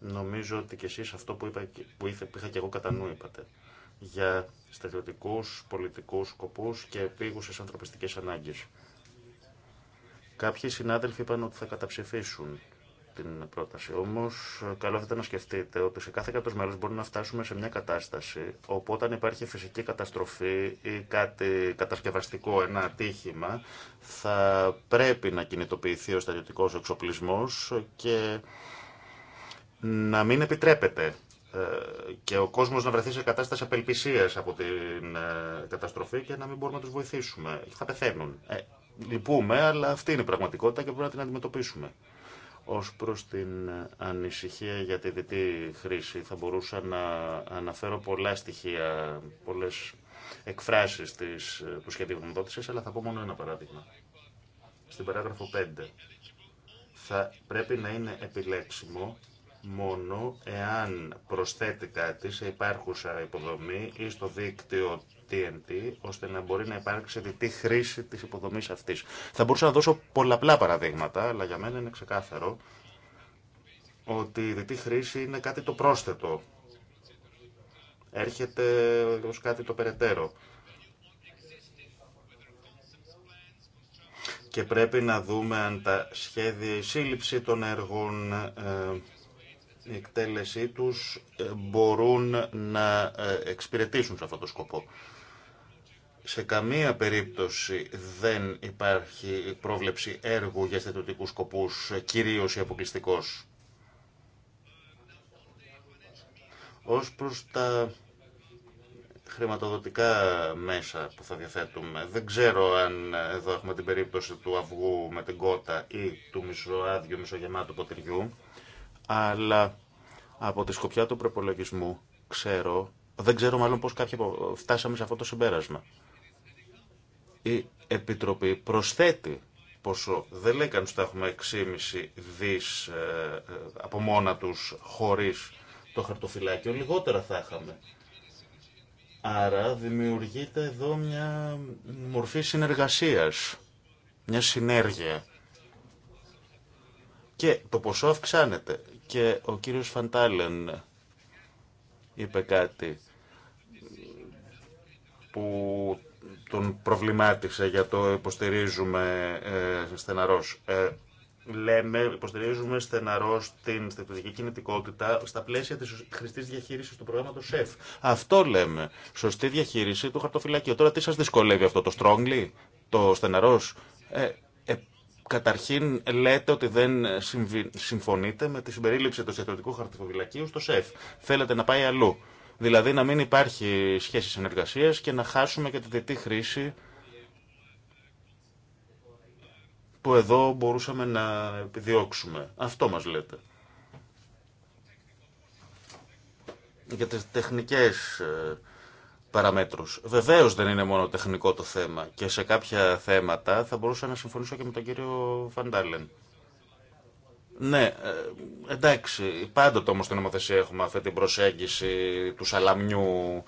Νομίζω ότι και εσείς αυτό που, είπα, που είχα και εγώ κατά νου είπατε για στρατιωτικούς, πολιτικούς σκοπούς και επίγουσες ανθρωπιστικές ανάγκες. Κάποιοι συνάδελφοι είπαν ότι θα καταψηφίσουν την πρόταση. Όμω, καλό θα ήταν να σκεφτείτε ότι σε κάθε κάτω μέρο μπορούμε να φτάσουμε σε μια κατάσταση όπου όταν υπάρχει φυσική καταστροφή ή κάτι κατασκευαστικό, ένα ατύχημα, θα πρέπει να κινητοποιηθεί ο στρατιωτικό εξοπλισμό και να μην επιτρέπεται ε, και ο κόσμο να βρεθεί σε κατάσταση απελπισία από την ε, καταστροφή και να μην μπορούμε να του βοηθήσουμε. Θα πεθαίνουν. Ε, λυπούμε, αλλά αυτή είναι η πραγματικότητα και πρέπει να την αντιμετωπίσουμε. Ω προ την ανησυχία για τη δυτή χρήση θα μπορούσα να αναφέρω πολλά στοιχεία, πολλέ εκφράσει ε, του σχεδίου γνωμοδότηση, αλλά θα πω μόνο ένα παράδειγμα. Στην παράγραφο 5 θα πρέπει να είναι επιλέξιμο μόνο εάν προσθέτει κάτι σε υπάρχουσα υποδομή ή στο δίκτυο TNT, ώστε να μπορεί να υπάρξει διτή χρήση της υποδομής αυτής. Θα μπορούσα να δώσω πολλαπλά παραδείγματα, αλλά για μένα είναι ξεκάθαρο ότι η διτή χρήση είναι κάτι το πρόσθετο. Έρχεται ως κάτι το περαιτέρω. Και πρέπει να δούμε αν τα σχέδια, η σύλληψη των έργων, ε, η εκτέλεσή τους ε, μπορούν να ε, εξυπηρετήσουν σε αυτό το σκοπό. Σε καμία περίπτωση δεν υπάρχει πρόβλεψη έργου για αισθητοτικούς σκοπούς, ε, κυρίως ή αποκλειστικός. Ως προς τα χρηματοδοτικά μέσα που θα διαθέτουμε. Δεν ξέρω αν εδώ έχουμε την περίπτωση του αυγού με την κότα ή του μισοάδιου μισογεμάτου ποτηριού αλλά από τη σκοπιά του προπολογισμού ξέρω, δεν ξέρω μάλλον πώς κάποιοι φτάσαμε σε αυτό το συμπέρασμα. Η Επιτροπή προσθέτει ποσό. Δεν λέει κανείς ότι έχουμε 6,5 δις ε, ε, από μόνα τους χωρίς το χαρτοφυλάκιο. Λιγότερα θα είχαμε. Άρα δημιουργείται εδώ μια μορφή συνεργασίας, μια συνέργεια. Και το ποσό αυξάνεται και ο κύριος Φαντάλεν είπε κάτι που τον προβλημάτισε για το υποστηρίζουμε ε, στεναρός. Ε, λέμε, υποστηρίζουμε στεναρός την στρατηγική κινητικότητα στα πλαίσια της χρηστής διαχείρισης του προγράμματος ΣΕΦ. Αυτό λέμε. Σωστή διαχείριση του χαρτοφυλακίου. Τώρα τι σας δυσκολεύει αυτό το strongly, το στεναρός. Ε, ε Καταρχήν λέτε ότι δεν συμφωνείτε με τη συμπερίληψη του στρατιωτικού χαρτοφυλακίου στο ΣΕΦ. Θέλετε να πάει αλλού. Δηλαδή να μην υπάρχει σχέση συνεργασίας και να χάσουμε και τη διετή χρήση που εδώ μπορούσαμε να επιδιώξουμε. Αυτό μας λέτε. Για τις τεχνικές ε, παραμέτρους. Βεβαίως δεν είναι μόνο τεχνικό το θέμα και σε κάποια θέματα θα μπορούσα να συμφωνήσω και με τον κύριο Φαντάλεν. Ναι, ε, εντάξει, πάντοτε όμως στην νομοθεσία έχουμε αυτή την προσέγγιση του σαλαμιού,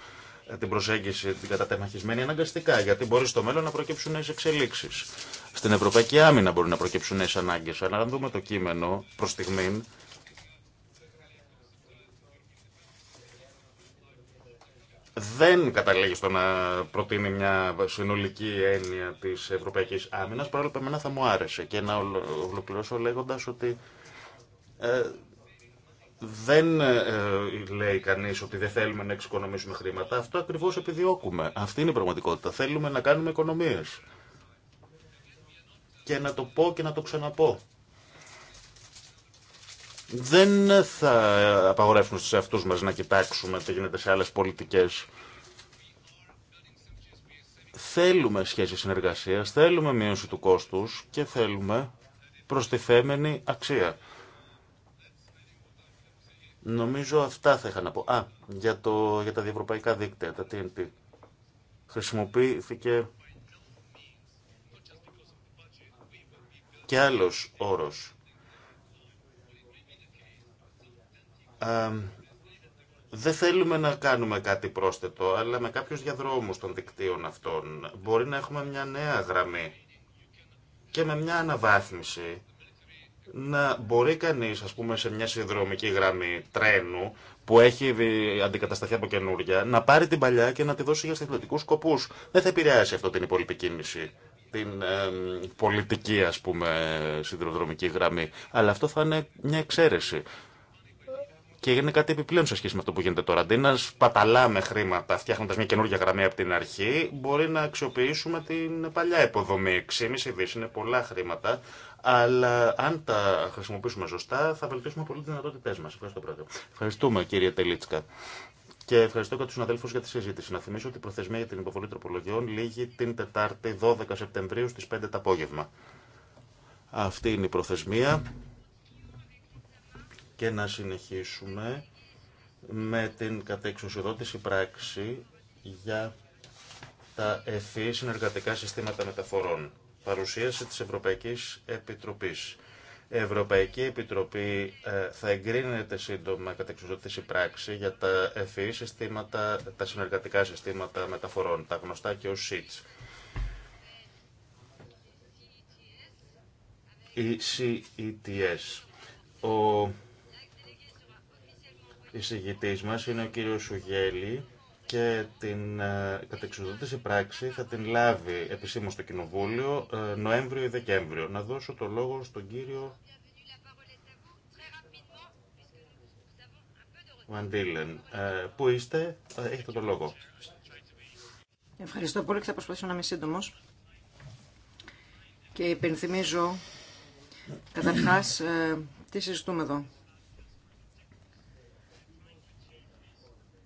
ε, την προσέγγιση την κατατεμαχισμένη αναγκαστικά, γιατί μπορεί στο μέλλον να προκύψουν νέες εξελίξεις. Στην Ευρωπαϊκή Άμυνα μπορεί να προκύψουν νέες ανάγκες, αλλά αν δούμε το κείμενο προς στιγμήν, δεν καταλήγει στο να προτείνει μια συνολική έννοια τη Ευρωπαϊκή Άμυνα, παρόλο που εμένα θα μου άρεσε. Και να ολοκληρώσω λέγοντας ότι ε, δεν ε, λέει κανείς ότι δεν θέλουμε να εξοικονομήσουμε χρήματα. Αυτό ακριβώς επιδιώκουμε. Αυτή είναι η πραγματικότητα. Θέλουμε να κάνουμε οικονομίες. Και να το πω και να το ξαναπώ δεν θα απαγορεύσουμε στους εαυτούς μας να κοιτάξουμε τι γίνεται σε άλλες πολιτικές. Θέλουμε σχέση συνεργασίας, θέλουμε μείωση του κόστους και θέλουμε προστιθέμενη αξία. Νομίζω αυτά θα είχα να πω. Α, για, το, για τα διευρωπαϊκά δίκτυα, τα TNT. Χρησιμοποιήθηκε και άλλος όρος δεν θέλουμε να κάνουμε κάτι πρόσθετο, αλλά με κάποιους διαδρόμους των δικτύων αυτών μπορεί να έχουμε μια νέα γραμμή και με μια αναβάθμιση να μπορεί κανείς, ας πούμε, σε μια συνδρομική γραμμή τρένου που έχει αντικατασταθεί από καινούρια, να πάρει την παλιά και να τη δώσει για στρατιωτικούς σκοπούς. Δεν θα επηρεάσει αυτό την υπόλοιπη κίνηση, την πολιτική, ας πούμε, συνδρομική γραμμή. Αλλά αυτό θα είναι μια εξαίρεση και είναι κάτι επιπλέον σε σχέση με αυτό που γίνεται τώρα. Αντί να σπαταλάμε χρήματα φτιάχνοντα μια καινούργια γραμμή από την αρχή, μπορεί να αξιοποιήσουμε την παλιά υποδομή. 6,5 δι είναι πολλά χρήματα, αλλά αν τα χρησιμοποιήσουμε σωστά, θα βελτιώσουμε πολύ τι δυνατότητέ μα. Ευχαριστώ, Πρόεδρε. Ευχαριστούμε, κύριε Τελίτσκα. Και ευχαριστώ και του συναδέλφου για τη συζήτηση. Να θυμίσω ότι η προθεσμία για την υποβολή τροπολογιών λήγει την Τετάρτη 12 Σεπτεμβρίου στι 5 το απόγευμα. Αυτή είναι η προθεσμία και να συνεχίσουμε με την κατεξουσιοδότηση πράξη για τα ευφύ συνεργατικά συστήματα μεταφορών. Παρουσίαση της Ευρωπαϊκής Επιτροπής. Η Ευρωπαϊκή Επιτροπή ε, θα εγκρίνεται σύντομα κατεξουσιοδότηση πράξη για τα ευφυή συστήματα, τα συνεργατικά συστήματα μεταφορών, τα γνωστά και ως SITS. Η CETS. Ο εισηγητής μας είναι ο κύριος Σουγέλη και την ε, κατεξοδότηση πράξη θα την λάβει επισήμως στο Κοινοβούλιο ε, Νοέμβριο ή Δεκέμβριο. Να δώσω το λόγο στον κύριο Βαντίλεν. Ε, πού είστε, ε, έχετε το λόγο. Ευχαριστώ πολύ και θα προσπαθήσω να είμαι σύντομο. Και υπενθυμίζω καταρχάς τι συζητούμε εδώ.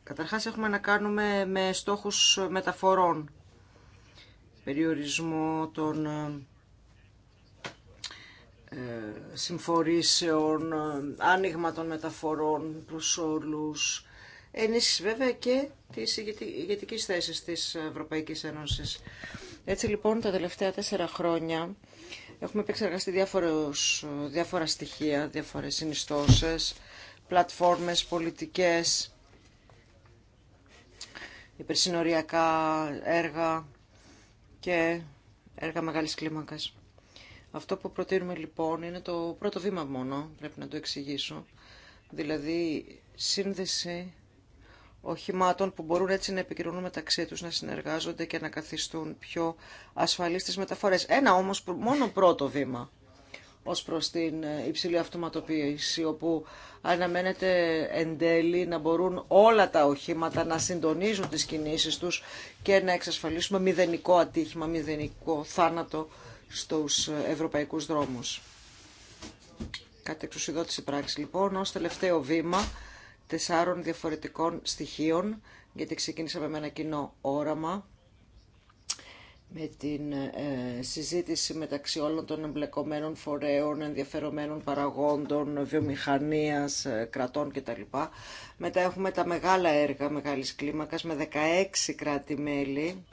Καταρχάς έχουμε να κάνουμε με στόχους μεταφορών, περιορισμό των ε, ε, συμφορήσεων, ε, άνοιγμα των μεταφορών προς όλους, ενίσχυση βέβαια και της ηγετικής θέσης της Ευρωπαϊκής Ένωσης. Έτσι λοιπόν τα τελευταία τέσσερα χρόνια έχουμε επεξεργαστεί διάφορα στοιχεία, διάφορες συνιστώσεις, πλατφόρμες, πολιτικές, υπερσυνοριακά έργα και έργα μεγάλης κλίμακας. Αυτό που προτείνουμε λοιπόν είναι το πρώτο βήμα μόνο, πρέπει να το εξηγήσω, δηλαδή σύνδεση οχημάτων που μπορούν έτσι να επικοινωνούν μεταξύ τους, να συνεργάζονται και να καθιστούν πιο ασφαλείς τις μεταφορές. Ένα όμως μόνο πρώτο βήμα ως προς την υψηλή αυτοματοποίηση, όπου αναμένεται εν τέλει να μπορούν όλα τα οχήματα να συντονίζουν τις κινήσεις τους και να εξασφαλίσουμε μηδενικό ατύχημα, μηδενικό θάνατο στους ευρωπαϊκούς δρόμους. Κάτι εξουσιοδότηση πράξη λοιπόν, ως τελευταίο βήμα τεσσάρων διαφορετικών στοιχείων, γιατί ξεκίνησαμε με ένα κοινό όραμα, με την ε, συζήτηση μεταξύ όλων των εμπλεκομένων φορέων, ενδιαφερομένων παραγόντων, βιομηχανίας, ε, κρατών κτλ. Μετά έχουμε τα μεγάλα έργα μεγάλης κλίμακας με 16 κράτη-μέλη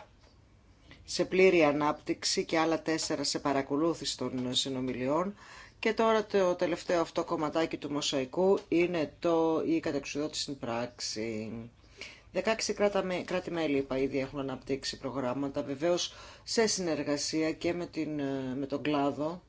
σε πλήρη ανάπτυξη και άλλα τέσσερα σε παρακολούθηση των συνομιλιών. Και τώρα το τελευταίο αυτό κομματάκι του μοσαϊκού είναι το, η κατεξουδότηση στην πράξη. 16 κράτη-μέλη είπα ήδη έχουν αναπτύξει προγράμματα, βεβαίως σε συνεργασία και με, την, ε, με τον κλάδο,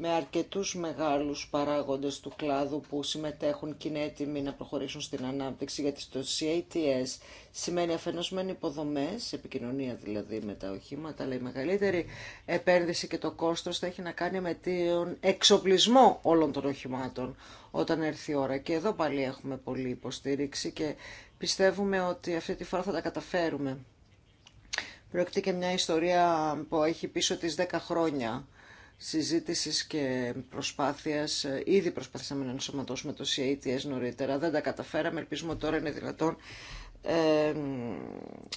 με αρκετούς μεγάλους παράγοντες του κλάδου που συμμετέχουν και είναι έτοιμοι να προχωρήσουν στην ανάπτυξη, γιατί το CATS σημαίνει αφενός μεν υποδομές, επικοινωνία δηλαδή με τα οχήματα, αλλά η μεγαλύτερη επένδυση και το κόστος θα έχει να κάνει με τον εξοπλισμό όλων των οχημάτων όταν έρθει η ώρα. Και εδώ πάλι έχουμε πολλή υποστήριξη και πιστεύουμε ότι αυτή τη φορά θα τα καταφέρουμε. Πρόκειται και μια ιστορία που έχει πίσω τις 10 χρόνια συζήτησης και προσπάθειας. Ήδη προσπαθήσαμε να ενσωματώσουμε το CATS νωρίτερα. Δεν τα καταφέραμε. Ελπίζουμε ότι τώρα είναι δυνατόν ε,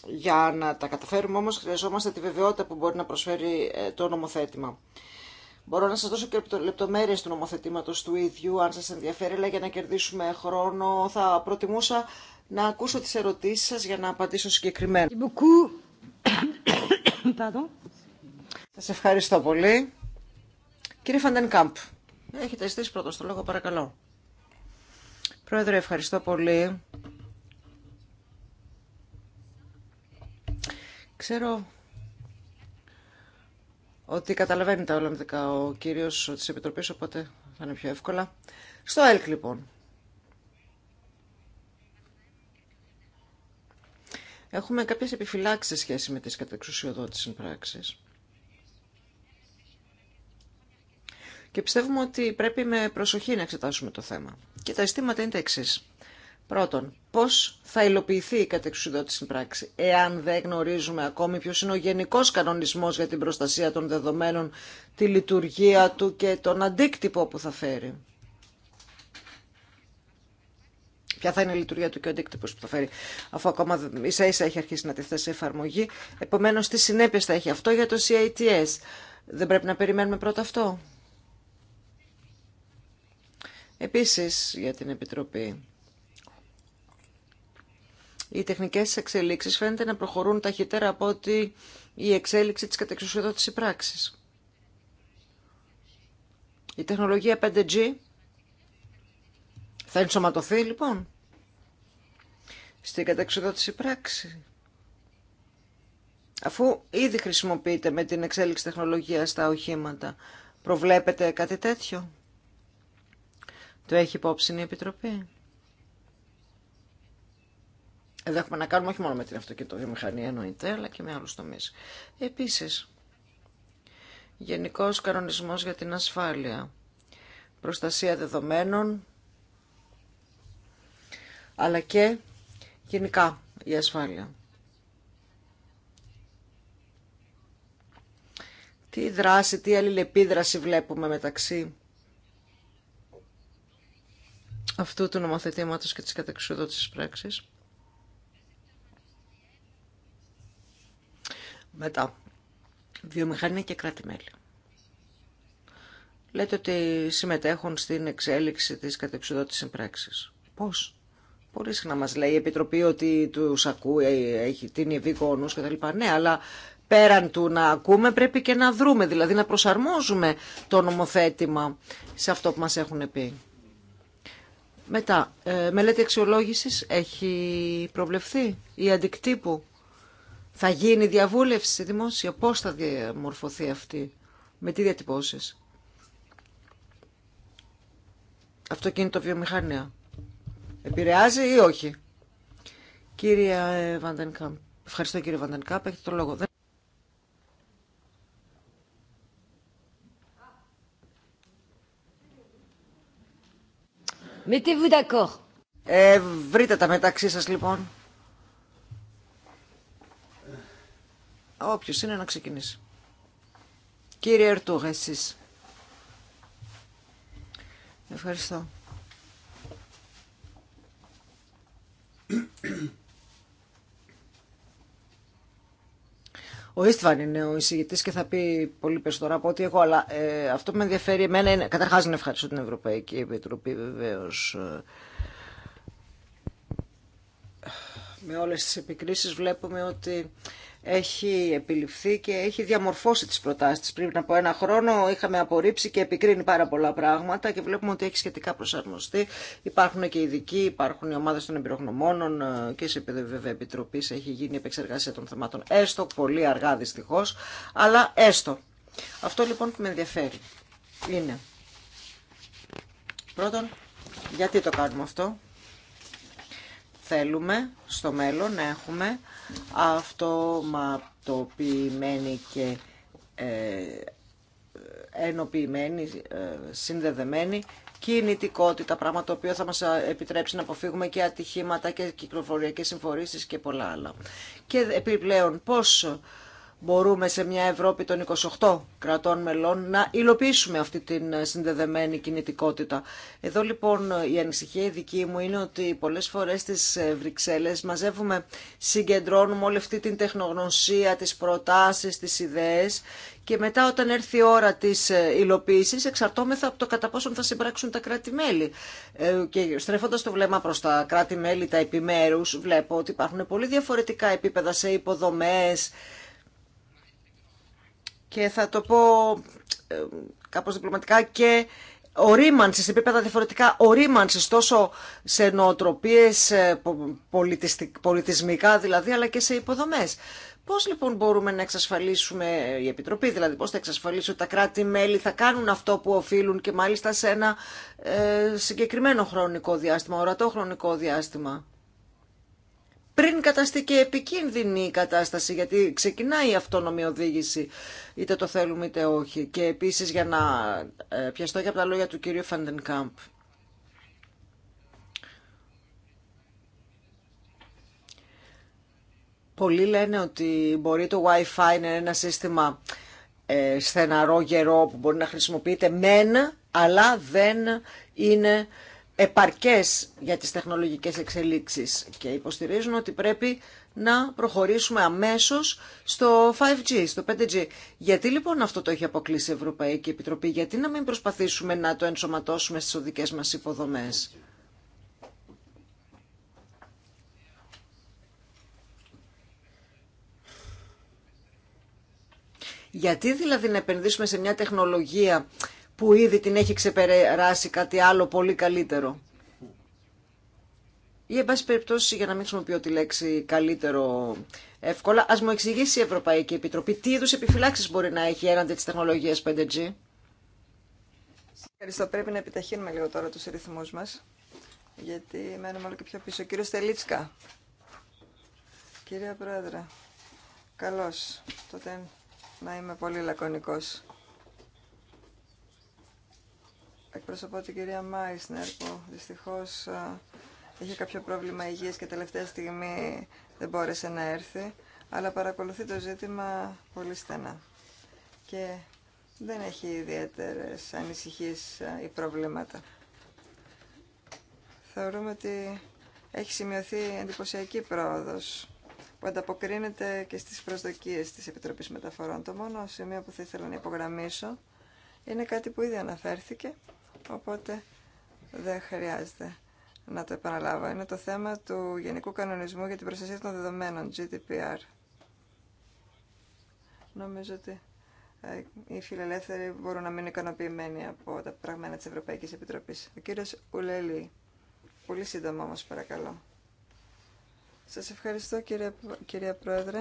για να τα καταφέρουμε όμως χρειαζόμαστε τη βεβαιότητα που μπορεί να προσφέρει ε, το νομοθέτημα. Μπορώ να σας δώσω και λεπτομέρειες του νομοθετήματος του ίδιου, αν σας ενδιαφέρει, αλλά για να κερδίσουμε χρόνο θα προτιμούσα να ακούσω τις ερωτήσεις σας για να απαντήσω συγκεκριμένα. (coughs) Σα ευχαριστώ πολύ. Κύριε Κάμπ, έχετε ζητήσει πρώτο το λόγο, παρακαλώ. Πρόεδρε, ευχαριστώ πολύ. Ξέρω ότι καταλαβαίνει τα δικά ο κύριος τη επιτροπή, οπότε θα είναι πιο εύκολα. Στο ΕΛΚ λοιπόν. Έχουμε κάποιες επιφυλάξεις σχέση με τις κατεξουσιοδότητες πράξεις. Και πιστεύουμε ότι πρέπει με προσοχή να εξετάσουμε το θέμα. Και τα αισθήματα είναι τα εξής. Πρώτον, πώς θα υλοποιηθεί η κατεξουδότηση πράξη, εάν δεν γνωρίζουμε ακόμη ποιο είναι ο γενικό κανονισμός για την προστασία των δεδομένων, τη λειτουργία του και τον αντίκτυπο που θα φέρει. Ποια θα είναι η λειτουργία του και ο αντίκτυπο που θα φέρει, αφού ακόμα ίσα ίσα έχει αρχίσει να τεθεί σε εφαρμογή. Επομένω, τι συνέπειε θα έχει αυτό για το CITS. Δεν πρέπει να περιμένουμε πρώτα αυτό. Επίσης για την Επιτροπή οι τεχνικές εξελίξεις φαίνεται να προχωρούν ταχύτερα από ότι η εξέλιξη της κατεξουσιοδότησης πράξης. Η τεχνολογία 5G θα ενσωματωθεί λοιπόν στην κατεξουσιοδότηση πράξη. Αφού ήδη χρησιμοποιείται με την εξέλιξη τεχνολογία στα οχήματα, προβλέπετε κάτι τέτοιο. Το έχει υπόψη η Επιτροπή. Εδώ έχουμε να κάνουμε όχι μόνο με την αυτοκινητοβιομηχανία εννοείται, αλλά και με άλλους τομείς. Επίσης, γενικός κανονισμός για την ασφάλεια, προστασία δεδομένων, αλλά και γενικά η ασφάλεια. Τι δράση, τι αλληλεπίδραση βλέπουμε μεταξύ αυτού του νομοθετήματος και της κατεξουδότησης πράξης. Μετά, βιομηχανία και κράτη-μέλη. Λέτε ότι συμμετέχουν στην εξέλιξη της κατεξουδότησης συμπράξης. Πώς? Πολύ να μας λέει η Επιτροπή ότι του ακούει, έχει την ευήκονους λοιπά Ναι, αλλά πέραν του να ακούμε πρέπει και να δρούμε, δηλαδή να προσαρμόζουμε το νομοθέτημα σε αυτό που μας έχουν πει. Μετά, ε, μελέτη αξιολόγησης έχει προβλεφθεί ή αντικτύπου θα γίνει διαβούλευση δημόσια. Πώς θα διαμορφωθεί αυτή. Με τι διατυπώσεις. Αυτοκίνητο βιομηχανία. Επηρεάζει ή όχι. Κύριε Βαντενκάμπ. Ευχαριστώ κύριε Βαντενκάμπ. Έχετε το λογο Ε, βρείτε τα μεταξύ σας λοιπόν. Οποιο είναι να ξεκινήσει. Κύριε Ερτούγα, εσεί. Ευχαριστώ. Ο Ιστβάν είναι ο εισηγητή και θα πει πολύ περισσότερο από ό,τι εγώ, αλλά ε, αυτό που με ενδιαφέρει εμένα είναι. Καταρχά, να ευχαριστώ την Ευρωπαϊκή Επιτροπή, βεβαίω. Ε, με όλες τις επικρίσεις βλέπουμε ότι έχει επιληφθεί και έχει διαμορφώσει τις προτάσεις Πριν από ένα χρόνο είχαμε απορρίψει και επικρίνει πάρα πολλά πράγματα και βλέπουμε ότι έχει σχετικά προσαρμοστεί. Υπάρχουν και ειδικοί, υπάρχουν οι ομάδες των εμπειρογνωμόνων ε, και σε επίπεδο βέβαια επιτροπής έχει γίνει επεξεργασία των θεμάτων. Έστω πολύ αργά δυστυχώ, αλλά έστω. Αυτό λοιπόν που με ενδιαφέρει είναι πρώτον γιατί το κάνουμε αυτό. Θέλουμε στο μέλλον να έχουμε αυτοματοποιημένη και ε, ενοποιημένη, ε, συνδεδεμένη κινητικότητα, πράγμα το οποίο θα μας ε, επιτρέψει να αποφύγουμε και ατυχήματα και κυκλοφοριακές συμφορήσεις και πολλά άλλα. Και επιπλέον πώς μπορούμε σε μια Ευρώπη των 28 κρατών μελών να υλοποιήσουμε αυτή την συνδεδεμένη κινητικότητα. Εδώ λοιπόν η ανησυχία η δική μου είναι ότι πολλές φορές στις Βρυξέλλες μαζεύουμε, συγκεντρώνουμε όλη αυτή την τεχνογνωσία, τις προτάσεις, τις ιδέες και μετά όταν έρθει η ώρα της υλοποίησης εξαρτώμεθα από το κατά πόσον θα συμπράξουν τα κράτη-μέλη. Ε, και στρέφοντας το βλέμμα προς τα κράτη-μέλη, τα επιμέρους, βλέπω ότι υπάρχουν πολύ διαφορετικά επίπεδα σε υποδομές, και θα το πω ε, κάπως διπλωματικά και ορίμανση σε επίπεδα διαφορετικά, ορίμανση τόσο σε νοοτροπίες ε, πολιτισμικά δηλαδή, αλλά και σε υποδομές. Πώς λοιπόν μπορούμε να εξασφαλίσουμε, η Επιτροπή δηλαδή, πώς θα εξασφαλίσει ότι τα κράτη-μέλη θα κάνουν αυτό που οφείλουν και μάλιστα σε ένα ε, συγκεκριμένο χρονικό διάστημα, ορατό χρονικό διάστημα πριν καταστεί και επικίνδυνη η κατάσταση, γιατί ξεκινάει η αυτόνομη οδήγηση, είτε το θέλουμε είτε όχι. Και επίσης για να ε, πιαστώ και από τα λόγια του κυρίου Φαντενκάμπ. Πολλοί λένε ότι μπορεί το Wi-Fi να είναι ένα σύστημα ε, στεναρό, γερό, που μπορεί να χρησιμοποιείται μεν, αλλά δεν είναι επαρκές για τις τεχνολογικές εξελίξεις και υποστηρίζουν ότι πρέπει να προχωρήσουμε αμέσως στο 5G, στο 5G. Γιατί λοιπόν αυτό το έχει αποκλείσει η Ευρωπαϊκή Επιτροπή, γιατί να μην προσπαθήσουμε να το ενσωματώσουμε στις οδικές μας υποδομές. Γιατί δηλαδή να επενδύσουμε σε μια τεχνολογία που ήδη την έχει ξεπεράσει κάτι άλλο πολύ καλύτερο. Ή, εν πάση περιπτώσει, για να μην χρησιμοποιώ τη λέξη καλύτερο εύκολα, ας μου εξηγήσει η Ευρωπαϊκή Επιτροπή τι είδους επιφυλάξεις μπορεί να έχει έναντι της τεχνολογίας 5G. Ευχαριστώ. Πρέπει να επιταχύνουμε λίγο τώρα τους ρυθμούς μας, γιατί μένουμε όλο και πιο πίσω. Κύριο Στελίτσκα. Κύριε Πρόεδρε, καλώς. Τότε να είμαι πολύ λακωνικός εκπροσωπώ την κυρία Μάισνερ που δυστυχώς είχε κάποιο πρόβλημα υγείας και τελευταία στιγμή δεν μπόρεσε να έρθει, αλλά παρακολουθεί το ζήτημα πολύ στενά και δεν έχει ιδιαίτερες ανησυχίες ή προβλήματα. Θεωρούμε ότι έχει σημειωθεί εντυπωσιακή πρόοδος που ανταποκρίνεται και στις προσδοκίες της Επιτροπής Μεταφορών. Το μόνο σημείο που θα ήθελα να υπογραμμίσω είναι κάτι που ήδη αναφέρθηκε Οπότε δεν χρειάζεται να το επαναλάβω. Είναι το θέμα του Γενικού Κανονισμού για την Προστασία των Δεδομένων, GDPR. Νομίζω ότι ε, οι φιλελεύθεροι μπορούν να μείνουν ικανοποιημένοι από τα πραγμένα της Ευρωπαϊκής Επιτροπής. Ο κύριος Ουλέλη, πολύ σύντομα όμως παρακαλώ. Σας ευχαριστώ κύριε, κυρία Πρόεδρε.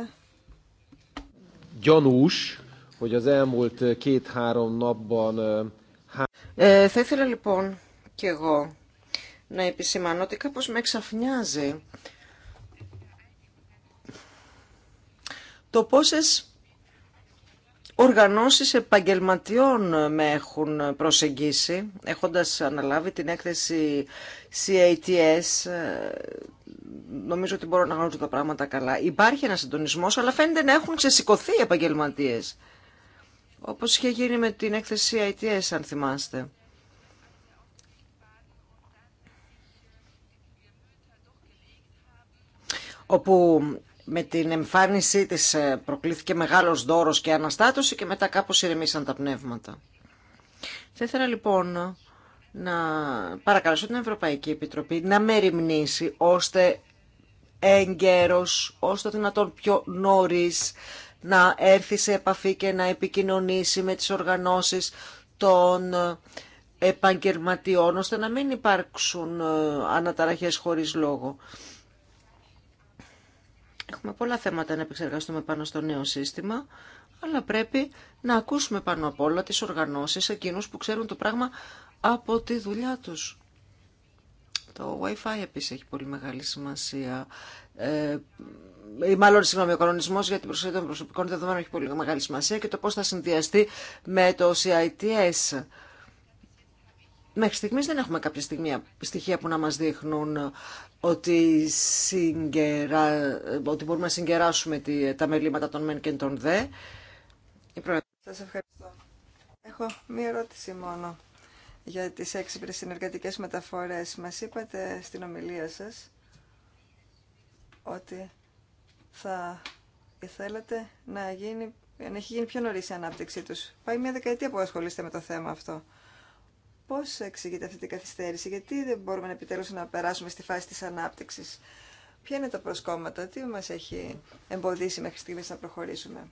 ότι az elmult ε, θα ήθελα λοιπόν και εγώ να επισημανώ ότι κάπως με εξαφνιάζει το πόσες οργανώσεις επαγγελματιών με έχουν προσεγγίσει, έχοντας αναλάβει την έκθεση CATS, ε, νομίζω ότι μπορώ να γνωρίζω τα πράγματα καλά. Υπάρχει ένα συντονισμός, αλλά φαίνεται να έχουν ξεσηκωθεί οι επαγγελματίες όπως είχε γίνει με την έκθεση ITS, αν θυμάστε. όπου με την εμφάνισή της ε, προκλήθηκε μεγάλος δώρος και αναστάτωση και μετά κάπως ηρεμήσαν τα πνεύματα. Θα ήθελα λοιπόν να παρακαλέσω την Ευρωπαϊκή Επιτροπή να μεριμνήσει ώστε έγκαιρος, ώστε δυνατόν πιο νωρίς να έρθει σε επαφή και να επικοινωνήσει με τις οργανώσεις των επαγγελματιών, ώστε να μην υπάρξουν ε, αναταραχές χωρίς λόγο. Έχουμε πολλά θέματα να επεξεργαστούμε πάνω στο νέο σύστημα, αλλά πρέπει να ακούσουμε πάνω απ' όλα τις οργανώσεις, εκείνους που ξέρουν το πράγμα από τη δουλειά τους. Το Wi-Fi επίσης έχει πολύ μεγάλη σημασία. Ε, ή μάλλον συγγνώμη, ο κανονισμό για την προστασία των προσωπικών δεδομένων έχει πολύ μεγάλη σημασία και το πώ θα συνδυαστεί με το CITS. Μέχρι στιγμή δεν έχουμε κάποια στιγμή, στοιχεία που να μα δείχνουν ότι, συγκερα... ότι μπορούμε να συγκεράσουμε τα μελήματα των μεν και των δε. Σα ευχαριστώ. Έχω μία ερώτηση μόνο για τις έξυπνες συνεργατικές μεταφορές. Μας είπατε στην ομιλία σας ότι θα ήθελατε να, γίνει, να έχει γίνει πιο νωρί η ανάπτυξή του. Πάει μια δεκαετία που ασχολείστε με το θέμα αυτό. Πώ εξηγείται αυτή την καθυστέρηση, γιατί δεν μπορούμε επιτέλου να περάσουμε στη φάση τη ανάπτυξη, Ποια είναι τα προσκόμματα, τι μα έχει εμποδίσει μέχρι στιγμή να προχωρήσουμε.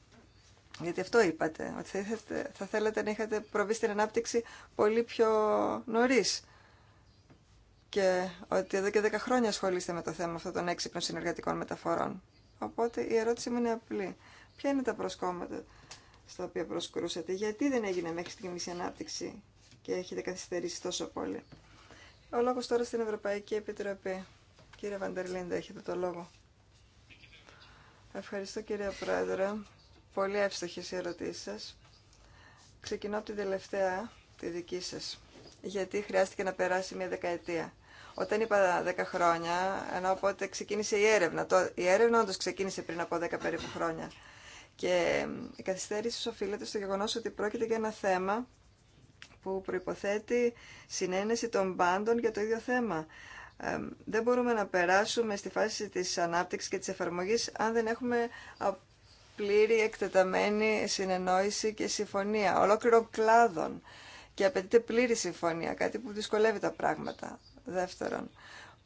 Γιατί αυτό είπατε, ότι θα, ήθετε, θα θέλατε να είχατε προβεί στην ανάπτυξη πολύ πιο νωρί. και ότι εδώ και 10 χρόνια ασχολείστε με το θέμα αυτών των έξυπνων συνεργατικών μεταφορών. Οπότε η ερώτηση μου είναι απλή. Ποια είναι τα προσκόμματα στα οποία προσκρούσατε, γιατί δεν έγινε μέχρι στιγμή η ανάπτυξη και έχετε καθυστερήσει τόσο πολύ. Ο λόγο τώρα στην Ευρωπαϊκή Επιτροπή. Κύριε Βαντερλίντα, έχετε το λόγο. Ευχαριστώ κύριε Πρόεδρε. Πολύ εύστοχε οι ερωτήσει σα. Ξεκινώ από την τελευταία, τη δική σα, Γιατί χρειάστηκε να περάσει μια δεκαετία. Όταν είπα 10 χρόνια, ενώ οπότε ξεκίνησε η έρευνα. Η έρευνα όντω ξεκίνησε πριν από 10 περίπου χρόνια. Και η καθυστέρηση οφείλεται στο γεγονό ότι πρόκειται για ένα θέμα που προϋποθέτει συνένεση των πάντων για το ίδιο θέμα. Ε, δεν μπορούμε να περάσουμε στη φάση της ανάπτυξης και της εφαρμογής αν δεν έχουμε πλήρη εκτεταμένη συνεννόηση και συμφωνία, ολόκληρο κλάδων. Και απαιτείται πλήρη συμφωνία, κάτι που δυσκολεύει τα πράγματα. Δεύτερον,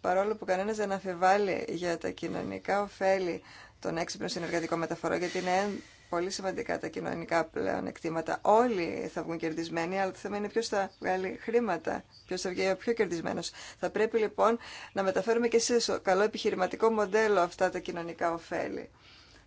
παρόλο που κανένα δεν αφιβάλλει για τα κοινωνικά ωφέλη των έξυπνων συνεργατικών μεταφορών, γιατί είναι πολύ σημαντικά τα κοινωνικά πλέον εκτήματα, όλοι θα βγουν κερδισμένοι, αλλά το θέμα είναι ποιο θα βγάλει χρήματα, ποιο θα βγει ο πιο κερδισμένο. Θα πρέπει λοιπόν να μεταφέρουμε και σε καλό επιχειρηματικό μοντέλο αυτά τα κοινωνικά ωφέλη.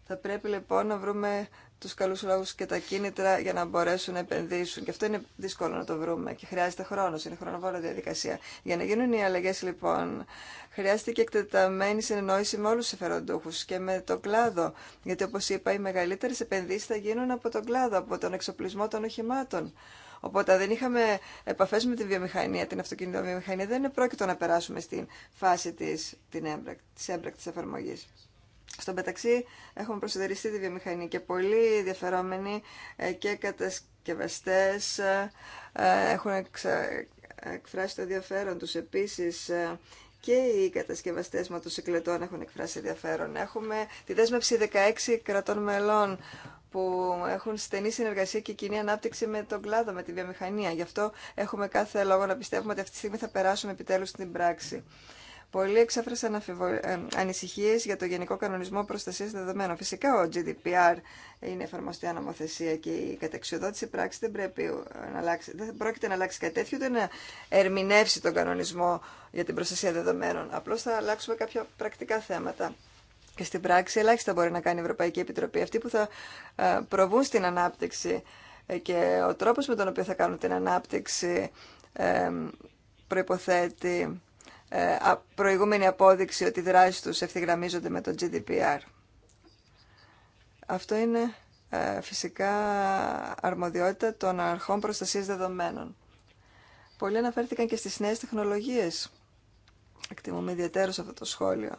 Θα πρέπει λοιπόν να βρούμε τους καλούς λόγους και τα κίνητρα για να μπορέσουν να επενδύσουν. Και αυτό είναι δύσκολο να το βρούμε και χρειάζεται χρόνος, είναι χρονοβόρα διαδικασία. Για να γίνουν οι αλλαγές λοιπόν, χρειάστηκε εκτεταμένη συνεννόηση με όλους τους εφεροντούχους και με τον κλάδο. Γιατί όπως είπα, οι μεγαλύτερες επενδύσεις θα γίνουν από τον κλάδο, από τον εξοπλισμό των οχημάτων. Οπότε δεν είχαμε επαφέ με την βιομηχανία, την αυτοκινητοβιομηχανία, δεν είναι πρόκειτο να περάσουμε στην φάση τη έμπρακτη εφαρμογή. Στο μεταξύ έχουμε προσυδεριστεί τη βιομηχανία και πολλοί ενδιαφερόμενοι ε, και κατασκευαστέ ε, ε, έχουν εκφράσει το ενδιαφέρον τους επίσης και οι κατασκευαστές μοτοσυκλετών έχουν εκφράσει ενδιαφέρον. Έχουμε τη δέσμευση 16 κρατών μελών που έχουν στενή συνεργασία και κοινή ανάπτυξη με τον κλάδο, με τη βιομηχανία. Γι' αυτό έχουμε κάθε λόγο να πιστεύουμε ότι αυτή τη στιγμή θα περάσουμε επιτέλους στην πράξη. Πολλοί εξέφρασαν ε, ανησυχίε για το Γενικό Κανονισμό προστασία Δεδομένων. Φυσικά ο GDPR είναι εφαρμοστή νομοθεσία και η καταξιοδότηση πράξη δεν, πρέπει να αλλάξει, δεν πρόκειται να αλλάξει κάτι τέτοιο, ούτε να ερμηνεύσει τον κανονισμό για την προστασία δεδομένων. Απλώ θα αλλάξουμε κάποια πρακτικά θέματα. Και στην πράξη ελάχιστα μπορεί να κάνει η Ευρωπαϊκή Επιτροπή. Αυτοί που θα ε, προβούν στην ανάπτυξη ε, και ο τρόπο με τον οποίο θα κάνουν την ανάπτυξη προποθέτει. Ε, προηγούμενη απόδειξη ότι οι δράσεις τους ευθυγραμμίζονται με το GDPR. Αυτό είναι ε, φυσικά αρμοδιότητα των αρχών προστασίας δεδομένων. Πολλοί αναφέρθηκαν και στις νέες τεχνολογίες. Εκτιμούμε ιδιαίτερως αυτό το σχόλιο.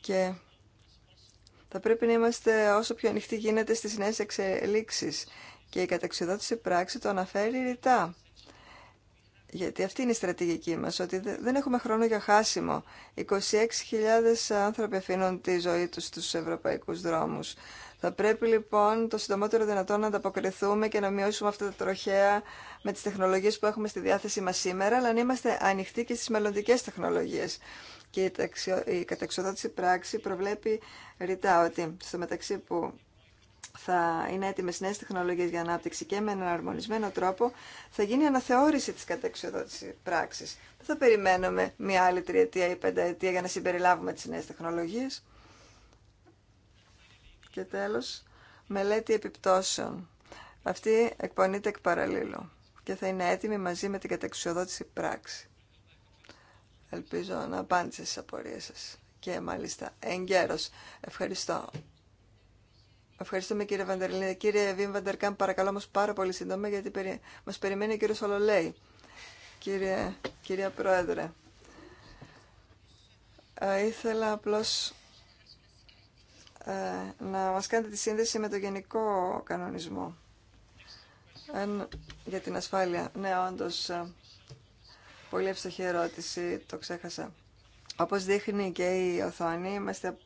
Και θα πρέπει να είμαστε όσο πιο ανοιχτοί γίνεται στις νέες εξελίξεις. Και η καταξιδότηση πράξη το αναφέρει ρητά. Γιατί αυτή είναι η στρατηγική μας, ότι δεν έχουμε χρόνο για χάσιμο. 26.000 άνθρωποι αφήνουν τη ζωή τους στους ευρωπαϊκούς δρόμους. Θα πρέπει λοιπόν το συντομότερο δυνατόν να ανταποκριθούμε και να μειώσουμε αυτά τα τροχέα με τις τεχνολογίες που έχουμε στη διάθεσή μας σήμερα, αλλά να είμαστε ανοιχτοί και στις μελλοντικέ τεχνολογίες. Και η καταξιοδότηση πράξη προβλέπει ρητά ότι στο μεταξύ που θα είναι έτοιμες νέε τεχνολογίε για ανάπτυξη και με έναν αρμονισμένο τρόπο θα γίνει αναθεώρηση της κατεξοδότηση πράξης. Δεν θα περιμένουμε μία άλλη τριετία ή πενταετία για να συμπεριλάβουμε τις νέες τεχνολογίες. Και τέλο, μελέτη επιπτώσεων. Αυτή εκπονείται εκ παραλίλου και θα είναι έτοιμη μαζί με την κατεξοδότηση πράξη. Ελπίζω να απάντησε στι απορίε σα και μάλιστα εγκαίρως. Ευχαριστώ. Ευχαριστούμε κύριε Βαντερλίνε. Κύριε Βίμ Βαντερκάμ, παρακαλώ όμω πάρα πολύ σύντομα γιατί περι... μας περιμένει ο κύριο Ολολέη. Κύριε... Κυρία Πρόεδρε, ε, ήθελα απλώς ε, να μας κάνετε τη σύνδεση με το γενικό κανονισμό για την ασφάλεια. Ναι, όντως, ε, πολύ εύστοχη ερώτηση, το ξέχασα. Όπως δείχνει και η οθόνη, είμαστε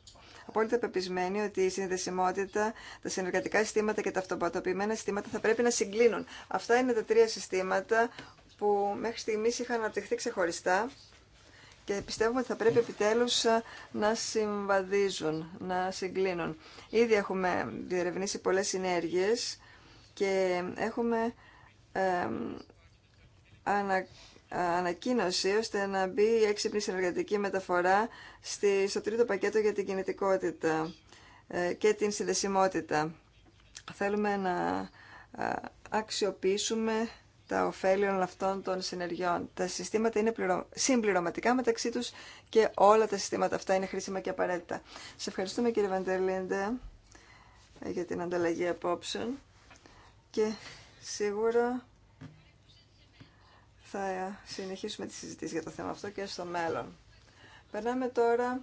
απόλυτα πεπισμένοι ότι η συνδεσιμότητα, τα συνεργατικά συστήματα και τα αυτοματοποιημένα συστήματα θα πρέπει να συγκλίνουν. Αυτά είναι τα τρία συστήματα που μέχρι στιγμής είχαν αναπτυχθεί ξεχωριστά και πιστεύουμε ότι θα πρέπει επιτέλους ε, να συμβαδίζουν, να συγκλίνουν. Ήδη έχουμε διερευνήσει πολλές συνέργειες και έχουμε ε, ανακοίνωση ώστε να μπει η έξυπνη συνεργατική μεταφορά στη, στο τρίτο πακέτο για την κινητικότητα ε, και την συνδεσιμότητα. Θέλουμε να ε, αξιοποιήσουμε τα ωφέλη όλων αυτών των συνεργειών. Τα συστήματα είναι συμπληρωματικά μεταξύ τους και όλα τα συστήματα αυτά είναι χρήσιμα και απαραίτητα. Σε ευχαριστούμε κύριε Βαντελίντε ε, για την ανταλλαγή απόψεων και σίγουρα θα συνεχίσουμε τη συζήτηση για το θέμα αυτό και στο μέλλον. Περνάμε τώρα...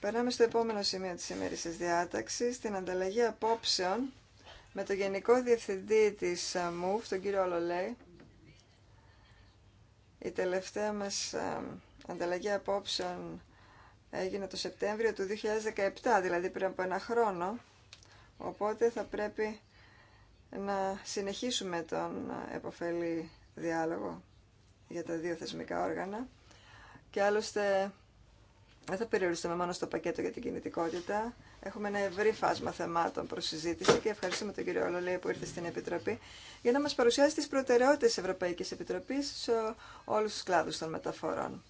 Περνάμε στο επόμενο σημείο της ημέρησης διάταξης, την ανταλλαγή απόψεων με τον Γενικό Διευθυντή της ΜΟΥΦ, τον κύριο Ολολέη. Η τελευταία μας ανταλλαγή απόψεων έγινε το Σεπτέμβριο του 2017, δηλαδή πριν από ένα χρόνο, οπότε θα πρέπει να συνεχίσουμε τον επωφελή διάλογο για τα δύο θεσμικά όργανα και άλλωστε δεν θα περιοριστούμε μόνο στο πακέτο για την κινητικότητα. Έχουμε ένα ευρύ φάσμα θεμάτων προ συζήτηση και ευχαριστούμε τον κύριο Ολολέη που ήρθε στην Επιτροπή για να μα παρουσιάσει τι προτεραιότητε Ευρωπαϊκή Επιτροπή σε όλου του κλάδου των μεταφορών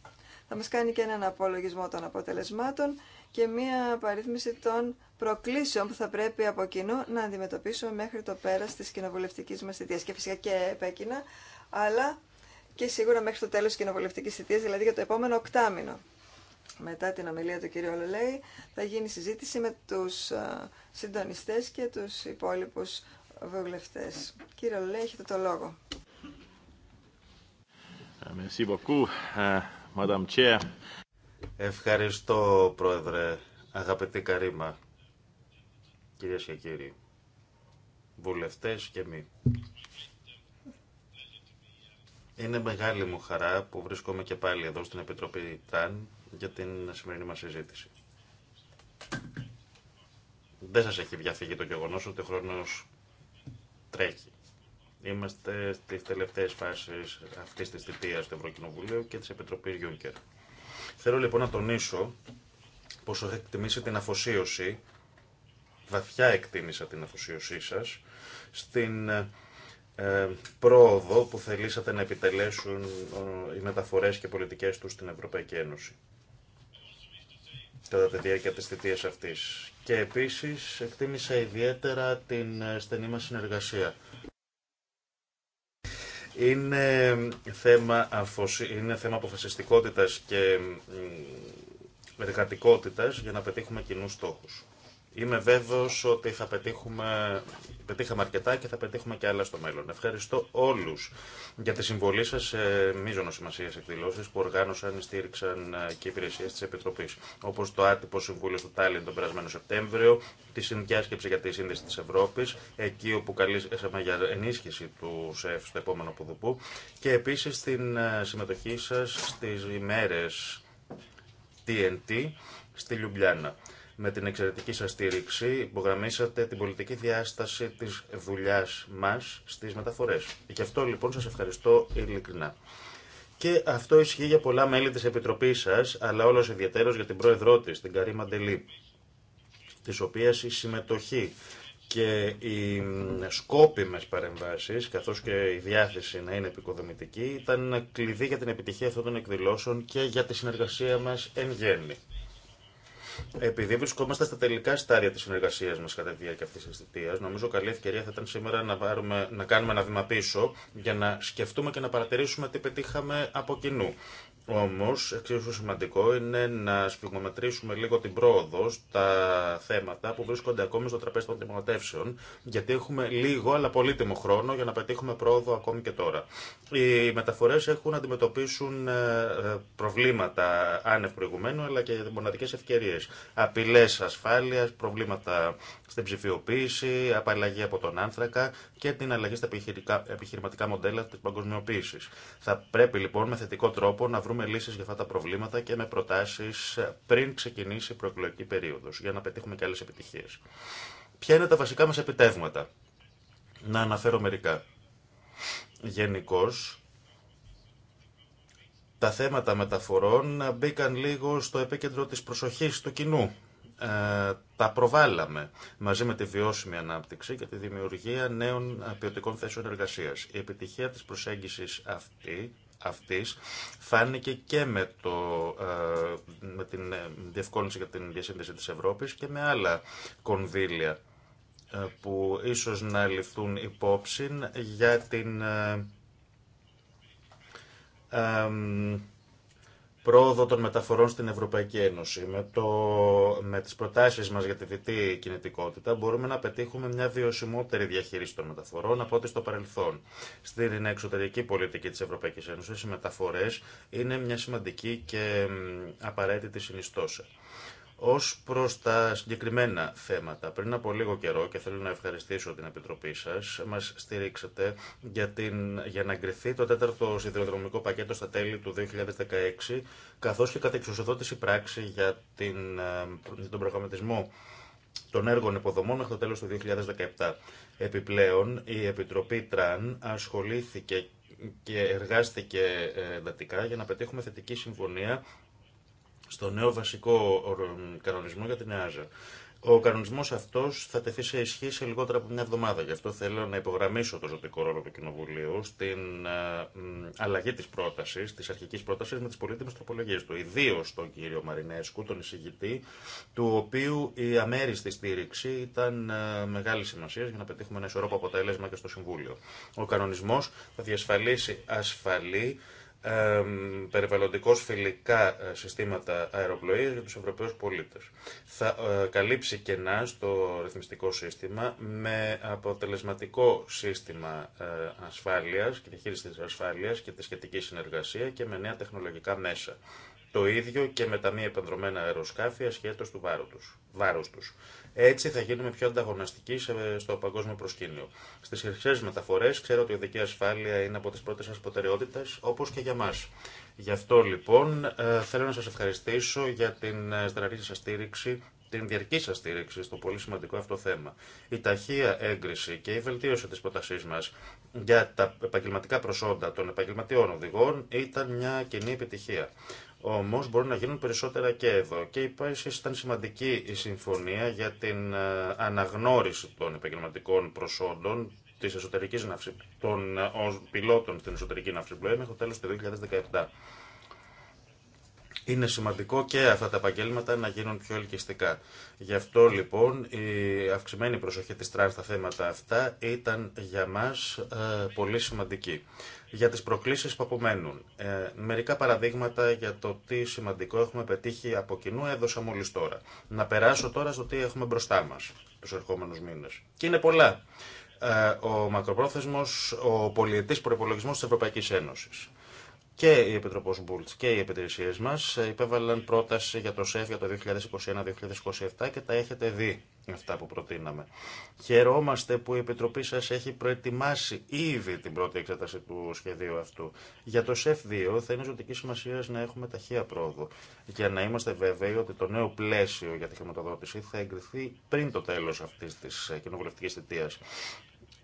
θα μας κάνει και έναν απολογισμό των αποτελεσμάτων και μία παρήθμιση των προκλήσεων που θα πρέπει από κοινού να αντιμετωπίσουμε μέχρι το πέρας της κοινοβουλευτικής μας θητείας και φυσικά και επέκεινα, αλλά και σίγουρα μέχρι το τέλος της κοινοβουλευτικής θητείας, δηλαδή για το επόμενο οκτάμινο. Μετά την ομιλία του κ. Λολέη θα γίνει συζήτηση με τους συντονιστές και τους υπόλοιπους βουλευτές. Κύριε Λολέη, έχετε το λόγο. Ε, ε, Ευχαριστώ, Πρόεδρε. Αγαπητή Καρίμα, κυρίες και κύριοι, βουλευτές και μη. Είναι μεγάλη μου χαρά που βρίσκομαι και πάλι εδώ στην Επιτροπή ΤΡΑΝ για την σημερινή μας συζήτηση. Δεν σας έχει διαφύγει το γεγονός ότι ο χρόνος τρέχει. Είμαστε στι τελευταίε φάσει αυτή τη θητεία του Ευρωκοινοβουλίου και τη Επιτροπή Γιούνκερ. Θέλω λοιπόν να τονίσω πως έχω εκτιμήσει την αφοσίωση, βαθιά εκτίμησα την αφοσίωσή σα, στην ε, πρόοδο που θελήσατε να επιτελέσουν ε, οι μεταφορέ και οι πολιτικές τους στην Ευρωπαϊκή Ένωση κατά τη διάρκεια της θητείας αυτής. Και επίσης εκτίμησα ιδιαίτερα την ε, στενή μας συνεργασία είναι θέμα, είναι θέμα αποφασιστικότητας και εργατικότητας για να πετύχουμε κοινούς στόχους. Είμαι βέβαιος ότι θα πετύχουμε, πετύχαμε αρκετά και θα πετύχουμε και άλλα στο μέλλον. Ευχαριστώ όλους για τη συμβολή σας σε μείζονο σημασία εκδηλώσεις που οργάνωσαν, στήριξαν και οι υπηρεσίε της Επιτροπής, όπως το άτυπο Συμβούλιο του Τάλιν τον περασμένο Σεπτέμβριο, τη συνδιάσκεψη για τη σύνδεση της Ευρώπης, εκεί όπου καλήσαμε για ενίσχυση του ΣΕΦ στο επόμενο πουδουπού και επίσης την ε, συμμετοχή σας στις ημέρες TNT στη Λιουμπλιάνα. Με την εξαιρετική σας στήριξη υπογραμμίσατε την πολιτική διάσταση της δουλειάς μας στις μεταφορές. Γι' αυτό λοιπόν σας ευχαριστώ ειλικρινά. Και αυτό ισχύει για πολλά μέλη της Επιτροπής σας, αλλά όλος ιδιαίτερος για την πρόεδρό της, την Καρή Μαντελή, της οποίας η συμμετοχή και οι σκόπιμες παρεμβάσεις, καθώς και η διάθεση να είναι επικοδομητική, ήταν κλειδί για την επιτυχία αυτών των εκδηλώσεων και για τη συνεργασία μας εν γέννη. Επειδή βρισκόμαστε στα τελικά στάδια τη συνεργασία μα κατά τη διάρκεια αυτή τη θητεία, νομίζω καλή ευκαιρία θα ήταν σήμερα να, πάρουμε, να κάνουμε ένα βήμα πίσω για να σκεφτούμε και να παρατηρήσουμε τι πετύχαμε από κοινού. Όμω, εξίσου σημαντικό είναι να σφιγμομετρήσουμε λίγο την πρόοδο στα θέματα που βρίσκονται ακόμη στο τραπέζι των δημοτεύσεων, γιατί έχουμε λίγο αλλά πολύτιμο χρόνο για να πετύχουμε πρόοδο ακόμη και τώρα. Οι μεταφορές έχουν να αντιμετωπίσουν ε, ε, προβλήματα άνευ προηγουμένου, αλλά και μοναδικέ ευκαιρίε, απειλέ ασφάλεια, προβλήματα στην ψηφιοποίηση, απαλλαγή από τον άνθρακα και την αλλαγή στα επιχειρηματικά μοντέλα τη παγκοσμιοποίηση. Θα πρέπει λοιπόν με θετικό τρόπο να βρούμε λύσει για αυτά τα προβλήματα και με προτάσει πριν ξεκινήσει η προεκλογική περίοδο, για να πετύχουμε και άλλε επιτυχίε. Ποια είναι τα βασικά μα επιτεύγματα. Να αναφέρω μερικά. Γενικώ, τα θέματα μεταφορών μπήκαν λίγο στο επίκεντρο της προσοχής του κοινού ε, τα προβάλαμε μαζί με τη βιώσιμη ανάπτυξη και τη δημιουργία νέων ε, ποιοτικών θέσεων εργασίας. Η επιτυχία της προσέγγισης αυτή αυτής φάνηκε και με, το, ε, με την διευκόλυνση για την διασύνδεση της Ευρώπης και με άλλα κονδύλια που ίσως να ληφθούν υπόψη για την πρόοδο των μεταφορών στην Ευρωπαϊκή Ένωση. Με, το, με τις προτάσεις μας για τη δυτή κινητικότητα μπορούμε να πετύχουμε μια βιωσιμότερη διαχείριση των μεταφορών από ό,τι στο παρελθόν. Στην εξωτερική πολιτική της Ευρωπαϊκής Ένωσης οι μεταφορές είναι μια σημαντική και απαραίτητη συνιστόσα. Ω προ τα συγκεκριμένα θέματα, πριν από λίγο καιρό, και θέλω να ευχαριστήσω την Επιτροπή σα, μας στηρίξατε για, την, για να εγκριθεί το τέταρτο σιδηροδρομικό πακέτο στα τέλη του 2016, καθώ και κατά εξουσιοδότηση πράξη για, την, για ε, τον προγραμματισμό των έργων υποδομών μέχρι το τέλο του 2017. Επιπλέον, η Επιτροπή Τραν ασχολήθηκε και εργάστηκε ε, εντατικά για να πετύχουμε θετική συμφωνία στο νέο βασικό κανονισμό για την ΕΑΖΑ. Ο κανονισμό αυτό θα τεθεί σε ισχύ σε λιγότερα από μια εβδομάδα. Γι' αυτό θέλω να υπογραμμίσω το ζωτικό ρόλο του Κοινοβουλίου στην ε, αλλαγή τη πρόταση, τη αρχική πρόταση με τι πολύτιμε τροπολογίε του. Ιδίω τον κύριο Μαρινέσκου, τον εισηγητή, του οποίου η αμέριστη στήριξη ήταν ε, μεγάλη σημασία για να πετύχουμε ένα ισορρόπο αποτέλεσμα και στο Συμβούλιο. Ο κανονισμό θα διασφαλίσει ασφαλή ε, περιβαλλοντικώς φιλικά ε, συστήματα αεροπλοείας για τους Ευρωπαίους πολίτες. Θα ε, καλύψει κενά στο ρυθμιστικό σύστημα με αποτελεσματικό σύστημα ε, ασφάλειας και διαχείριση της ασφάλειας και τη σχετική συνεργασία και με νέα τεχνολογικά μέσα. Το ίδιο και με τα μη επανδρομένα αεροσκάφη ασχέτως του βάρου Βάρους τους. Έτσι θα γίνουμε πιο ανταγωνιστικοί στο παγκόσμιο προσκήνιο. Στι χρυσέ μεταφορέ ξέρω ότι η οδική ασφάλεια είναι από τι πρώτε σα προτεραιότητε, όπω και για μα. Γι' αυτό λοιπόν ε, θέλω να σα ευχαριστήσω για την ε, στεναρή σα στήριξη την διαρκή σα στήριξη στο πολύ σημαντικό αυτό θέμα. Η ταχεία έγκριση και η βελτίωση τη πρότασή μα για τα επαγγελματικά προσόντα των επαγγελματιών οδηγών ήταν μια κοινή επιτυχία. Όμω μπορούν να γίνουν περισσότερα και εδώ. Και υπάρχει, ήταν σημαντική η συμφωνία για την ε, αναγνώριση των επαγγελματικών προσόντων τη εσωτερική των ε, πιλότων στην εσωτερική πλοία μέχρι το τέλο του 2017. Είναι σημαντικό και αυτά τα επαγγέλματα να γίνουν πιο ελκυστικά. Γι' αυτό λοιπόν η αυξημένη προσοχή της τραν στα θέματα αυτά ήταν για μας ε, πολύ σημαντική για τις προκλήσεις που απομένουν. Ε, μερικά παραδείγματα για το τι σημαντικό έχουμε πετύχει από κοινού έδωσα μόλις τώρα. Να περάσω τώρα στο τι έχουμε μπροστά μας τους ερχόμενους μήνες. Και είναι πολλά. Ε, ο μακροπρόθεσμος, ο πολιετής προπολογισμό της Ευρωπαϊκής Ένωσης και η Επιτροπός Μπούλτ και οι επιτηρησίε μας υπέβαλαν πρόταση για το ΣΕΦ για το 2021-2027 και τα έχετε δει αυτά που προτείναμε. Χαιρόμαστε που η Επιτροπή σα έχει προετοιμάσει ήδη την πρώτη εξέταση του σχεδίου αυτού. Για το ΣΕΦ 2 θα είναι ζωτική σημασία να έχουμε ταχεία πρόοδο για να είμαστε βέβαιοι ότι το νέο πλαίσιο για τη χρηματοδότηση θα εγκριθεί πριν το τέλο αυτή τη κοινοβουλευτική θητεία.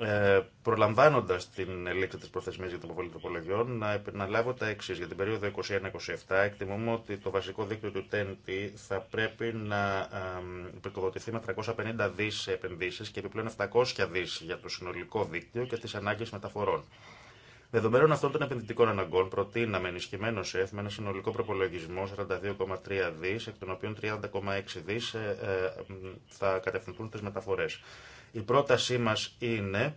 Ε, Προλαμβάνοντα την λήξη τη προθεσμία για την αποβολή των πολεμιών, να επαναλάβω τα εξή. Για την περιοδο 2021 2021-2027 εκτιμούμε ότι το βασικό δίκτυο του TNT θα πρέπει να υπερκοδοτηθεί με 350 δι επενδύσει και επιπλέον 700 δι για το συνολικό δίκτυο και τι ανάγκε μεταφορών. Δεδομένων αυτών των επενδυτικών αναγκών, προτείναμε ενισχυμένο ΣΕΦ με ένα συνολικό προπολογισμό 42,3 δι, εκ των οποίων 30,6 δι ε, ε, θα κατευθυνθούν τι μεταφορέ. Η πρότασή μας είναι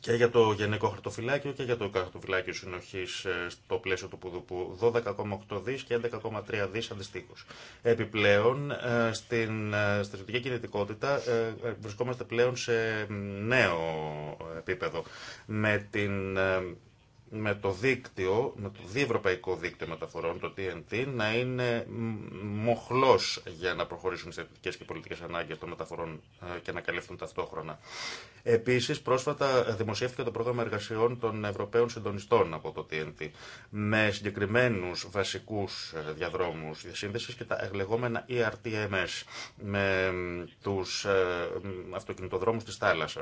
και για το Γενικό Χαρτοφυλάκιο και για το Χαρτοφυλάκιο Συνοχή ε, στο πλαίσιο του Πουδουπού. 12,8 δι και 11,3 δι αντιστοίχω. Επιπλέον, ε, στην ε, στρατιωτική κινητικότητα βρισκόμαστε πλέον σε νέο επίπεδο. Με την με το δίκτυο, με το διευρωπαϊκό δίκτυο μεταφορών, το TNT, να είναι μοχλό για να προχωρήσουν σε θετικέ και πολιτικέ ανάγκε των μεταφορών ε, και να καλύφθουν ταυτόχρονα. Επίση, πρόσφατα δημοσιεύτηκε το πρόγραμμα εργασιών των Ευρωπαίων Συντονιστών από το TNT, με συγκεκριμένου βασικού ε, διαδρόμους διασύνδεση και τα λεγόμενα ERTMS, με τους ε, αυτοκινητοδρόμου τη θάλασσα,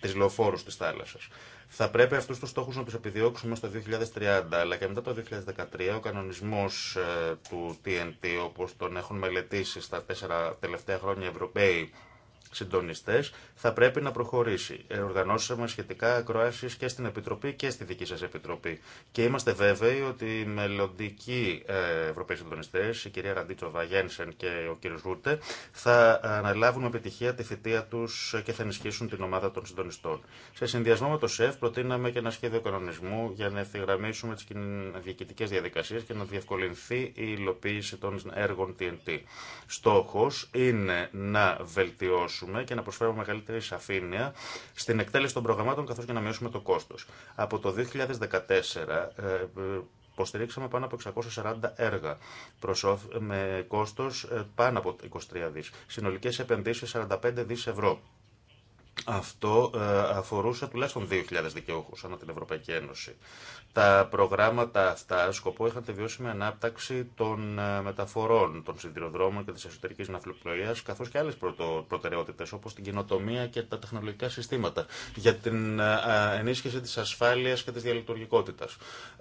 τις λεωφόρου τη θάλασσα. Θα πρέπει αυτού του στόχου να του επιδιώξουμε στο 2030, αλλά και μετά το 2013 ο κανονισμό ε, του TNT, όπω τον έχουν μελετήσει στα τέσσερα τελευταία χρόνια οι Ευρωπαίοι συντονιστέ θα πρέπει να προχωρήσει. Ε, οργανώσαμε σχετικά ακροάσει και στην Επιτροπή και στη δική σα Επιτροπή. Και είμαστε βέβαιοι ότι οι μελλοντικοί ε, Ευρωπαίοι συντονιστέ, η κυρία Ραντίτσοβα Γένσεν και ο κύριο Ρούτε, θα αναλάβουν με επιτυχία τη θητεία του και θα ενισχύσουν την ομάδα των συντονιστών. Σε συνδυασμό με το ΣΕΦ, προτείναμε και ένα σχέδιο κανονισμού για να ευθυγραμμίσουμε τι διοικητικέ διαδικασίε και να διευκολυνθεί η υλοποίηση των έργων TNT. Στόχο είναι να βελτιώσουμε και να προσφέρουμε μεγαλύτερη σαφήνεια στην εκτέλεση των προγραμμάτων καθώς και να μειώσουμε το κόστος. Από το 2014 ε, ε, υποστηρίξαμε πάνω από 640 έργα με κόστος ε, πάνω από 23 δι. Συνολικέ επενδύσει 45 δι ευρώ. Αυτό αφορούσε τουλάχιστον 2.000 δικαιούχους ανά την Ευρωπαϊκή Ένωση. Τα προγράμματα αυτά σκοπό είχαν τη βιώσιμη ανάπταξη των ε, μεταφορών, των σιδηροδρόμων και τη εσωτερική ναυλοπλοεία, καθώ και άλλε προτεραιότητε όπω την κοινοτομία και τα τεχνολογικά συστήματα, για την ε, ενίσχυση τη ασφάλεια και τη διαλειτουργικότητα.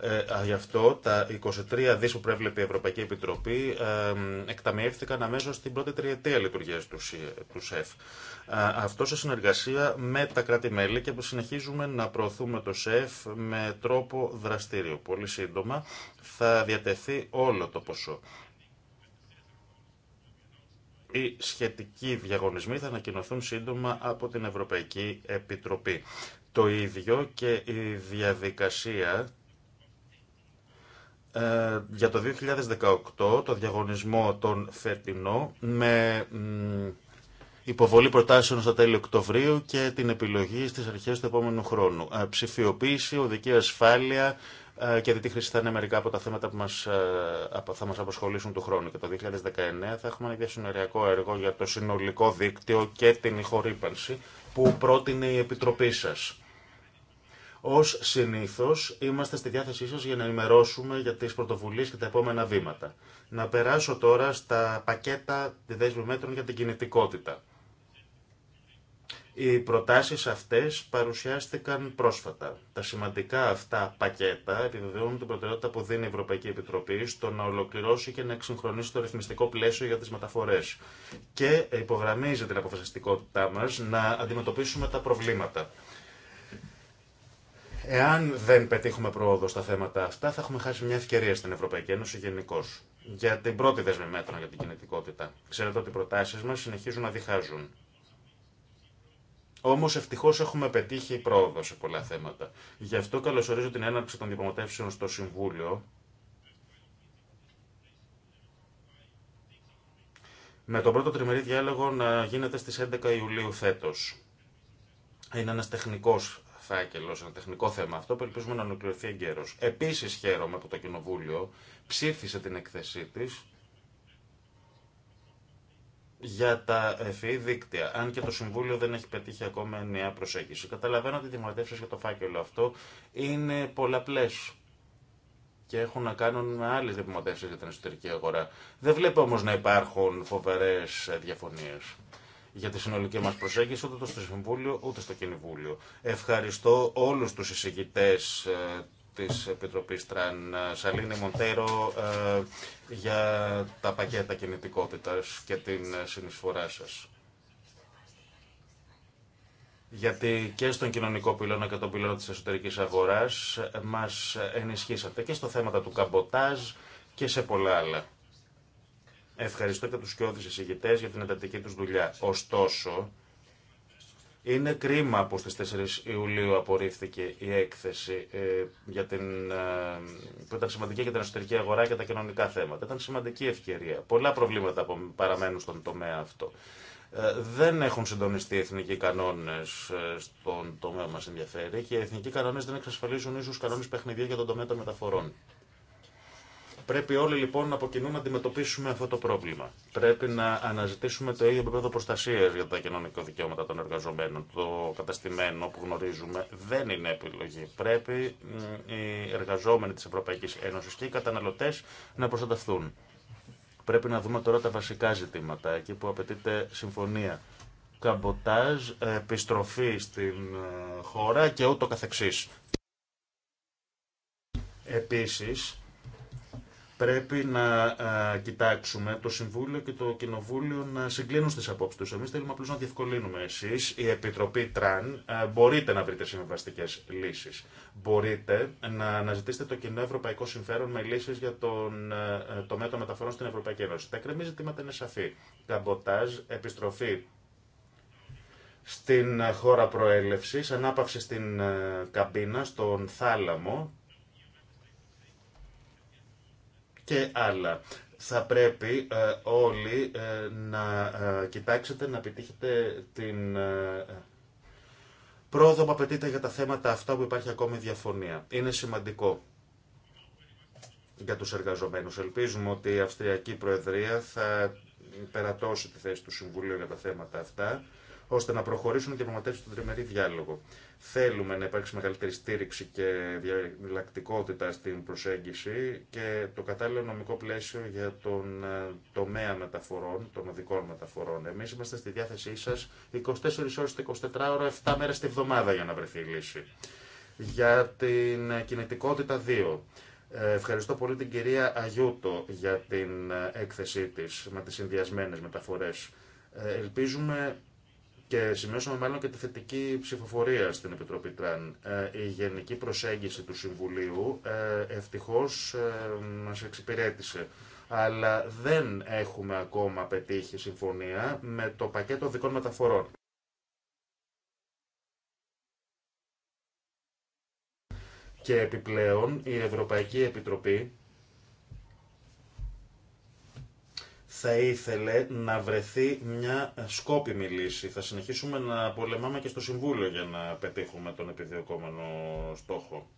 Ε, γι' αυτό τα 23 δι που προέβλεπε η Ευρωπαϊκή Επιτροπή εκταμιεύτηκαν αμέσω στην πρώτη τριετία λειτουργία του ΣΕΦ. Αυτό σε συνεργασία με τα κράτη-μέλη και συνεχίζουμε να προωθούμε το ΣΕΦ με τρόπο δραστήριο. Πολύ σύντομα θα διατεθεί όλο το ποσό. Οι σχετικοί διαγωνισμοί θα ανακοινωθούν σύντομα από την Ευρωπαϊκή Επιτροπή. Το ίδιο και η διαδικασία ε, για το 2018, το διαγωνισμό των φετινό, με υποβολή προτάσεων στα τέλη Οκτωβρίου και την επιλογή στι αρχέ του επόμενου χρόνου. Ε, ψηφιοποίηση, οδική ασφάλεια και ε, τη χρήση θα είναι μερικά από τα θέματα που μας, ε, θα μα απασχολήσουν του χρόνου. Και το 2019 θα έχουμε ένα διασυνοριακό έργο για το συνολικό δίκτυο και την ηχορύπανση που πρότεινε η Επιτροπή σα. Ω συνήθω, είμαστε στη διάθεσή σα για να ενημερώσουμε για τι πρωτοβουλίε και τα επόμενα βήματα. Να περάσω τώρα στα πακέτα διδέσμιου μέτρων για την κινητικότητα. Οι προτάσεις αυτές παρουσιάστηκαν πρόσφατα. Τα σημαντικά αυτά πακέτα επιβεβαιώνουν την προτεραιότητα που δίνει η Ευρωπαϊκή Επιτροπή στο να ολοκληρώσει και να εξυγχρονίσει το ρυθμιστικό πλαίσιο για τις μεταφορές και υπογραμμίζει την αποφασιστικότητά μας να αντιμετωπίσουμε τα προβλήματα. Εάν δεν πετύχουμε πρόοδο στα θέματα αυτά, θα έχουμε χάσει μια ευκαιρία στην Ευρωπαϊκή Ένωση γενικώ. Για την πρώτη δεσμή μέτρων για την κινητικότητα. Ξέρετε ότι οι προτάσει μα συνεχίζουν να διχάζουν. Όμω ευτυχώ έχουμε πετύχει πρόοδο σε πολλά θέματα. Γι' αυτό καλωσορίζω την έναρξη των διαπραγματεύσεων στο Συμβούλιο. Με τον πρώτο τριμερή διάλογο να γίνεται στις 11 Ιουλίου φέτος. Είναι ένας τεχνικός φάκελος, ένα τεχνικό θέμα αυτό που ελπίζουμε να ολοκληρωθεί εγκαίρως. Επίσης χαίρομαι που το Κοινοβούλιο ψήφισε την εκθεσή της για τα ΕΦΗ δίκτυα, αν και το Συμβούλιο δεν έχει πετύχει ακόμα μια προσέγγιση. Καταλαβαίνω ότι οι δημοτεύσεις για το φάκελο αυτό είναι πολλαπλές και έχουν να κάνουν με άλλες δημοτεύσεις για την εσωτερική αγορά. Δεν βλέπω όμως να υπάρχουν φοβερές διαφωνίες για τη συνολική μας προσέγγιση ούτε στο Συμβούλιο ούτε στο Κοινοβούλιο. Ευχαριστώ όλους τους εισηγητές ε, της Επιτροπής Τραν, ε, Σαλίνη Μοντέρο, ε, για τα πακέτα κινητικότητας και την ε, συνεισφορά σας. Γιατί και στον κοινωνικό πυλώνα και τον πυλώνα της εσωτερικής αγοράς μας ενισχύσατε και στο θέματα του καμποτάζ και σε πολλά άλλα. Ευχαριστώ και τους κοιόδης εισηγητές για την εντατική τους δουλειά. Ωστόσο, είναι κρίμα που στις 4 Ιουλίου απορρίφθηκε η έκθεση ε, για την, ε, που ήταν σημαντική για την εσωτερική αγορά και τα κοινωνικά θέματα. Ήταν σημαντική ευκαιρία. Πολλά προβλήματα παραμένουν στον τομέα αυτό. Ε, δεν έχουν συντονιστεί οι εθνικοί κανόνε στον τομέα που μα ενδιαφέρει και οι εθνικοί κανόνε δεν εξασφαλίζουν ίσως κανόνε παιχνιδιού για τον τομέα των μεταφορών. Πρέπει όλοι λοιπόν να αποκοινούμε να αντιμετωπίσουμε αυτό το πρόβλημα. Πρέπει να αναζητήσουμε το ίδιο επίπεδο προστασία για τα κοινωνικά δικαιώματα των εργαζομένων. Το καταστημένο που γνωρίζουμε δεν είναι επιλογή. Πρέπει οι εργαζόμενοι τη Ευρωπαϊκή Ένωση και οι καταναλωτέ να προστατευτούν. Πρέπει να δούμε τώρα τα βασικά ζητήματα, εκεί που απαιτείται συμφωνία. Καμποτάζ, επιστροφή στην ε, χώρα και ούτω καθεξής. Επίσης, Πρέπει να ε, κοιτάξουμε το Συμβούλιο και το Κοινοβούλιο να συγκλίνουν στις απόψεις τους. Εμείς θέλουμε απλώς να διευκολύνουμε εσείς. Η Επιτροπή Τραν ε, μπορείτε να βρείτε συμβαστικέ λύσεις. Μπορείτε να αναζητήσετε το κοινό ευρωπαϊκό συμφέρον με λύσεις για τον ε, το μεταφορών στην Ευρωπαϊκή Ένωση. Τα κρεμή ζητήματα είναι σαφή. Καμποτάζ, επιστροφή στην χώρα προέλευσης, ανάπαυση στην καμπίνα, στον θάλαμο και άλλα. Θα πρέπει ε, όλοι ε, να ε, κοιτάξετε να επιτύχετε την πρόοδο που απαιτείται για τα θέματα αυτά που υπάρχει ακόμη διαφωνία. Είναι σημαντικό για τους εργαζομένους. Ελπίζουμε ότι η Αυστριακή Προεδρία θα περατώσει τη θέση του Συμβουλίου για τα θέματα αυτά ώστε να προχωρήσουν και διαπραγματεύσει τον τριμερή διάλογο. Θέλουμε να υπάρξει μεγαλύτερη στήριξη και διαλλακτικότητα στην προσέγγιση και το κατάλληλο νομικό πλαίσιο για τον ε, τομέα μεταφορών, των οδικών μεταφορών. Εμείς είμαστε στη διάθεσή σας 24 ώρες, 24 ώρα, 7 μέρες τη βδομάδα για να βρεθεί η λύση. Για την ε, κινητικότητα 2. Ε, ευχαριστώ πολύ την κυρία Αγιούτο για την έκθεσή της με τις συνδυασμένες μεταφορές. Ελπίζουμε και σημειώσαμε μάλλον και τη θετική ψηφοφορία στην Επιτροπή Τραν. Ε, η γενική προσέγγιση του Συμβουλίου ε, ευτυχώς ε, μας εξυπηρέτησε. Αλλά δεν έχουμε ακόμα πετύχει συμφωνία με το πακέτο δικών μεταφορών. Και επιπλέον η Ευρωπαϊκή Επιτροπή θα ήθελε να βρεθεί μια σκόπιμη λύση. Θα συνεχίσουμε να πολεμάμε και στο Συμβούλιο για να πετύχουμε τον επιδιωκόμενο στόχο.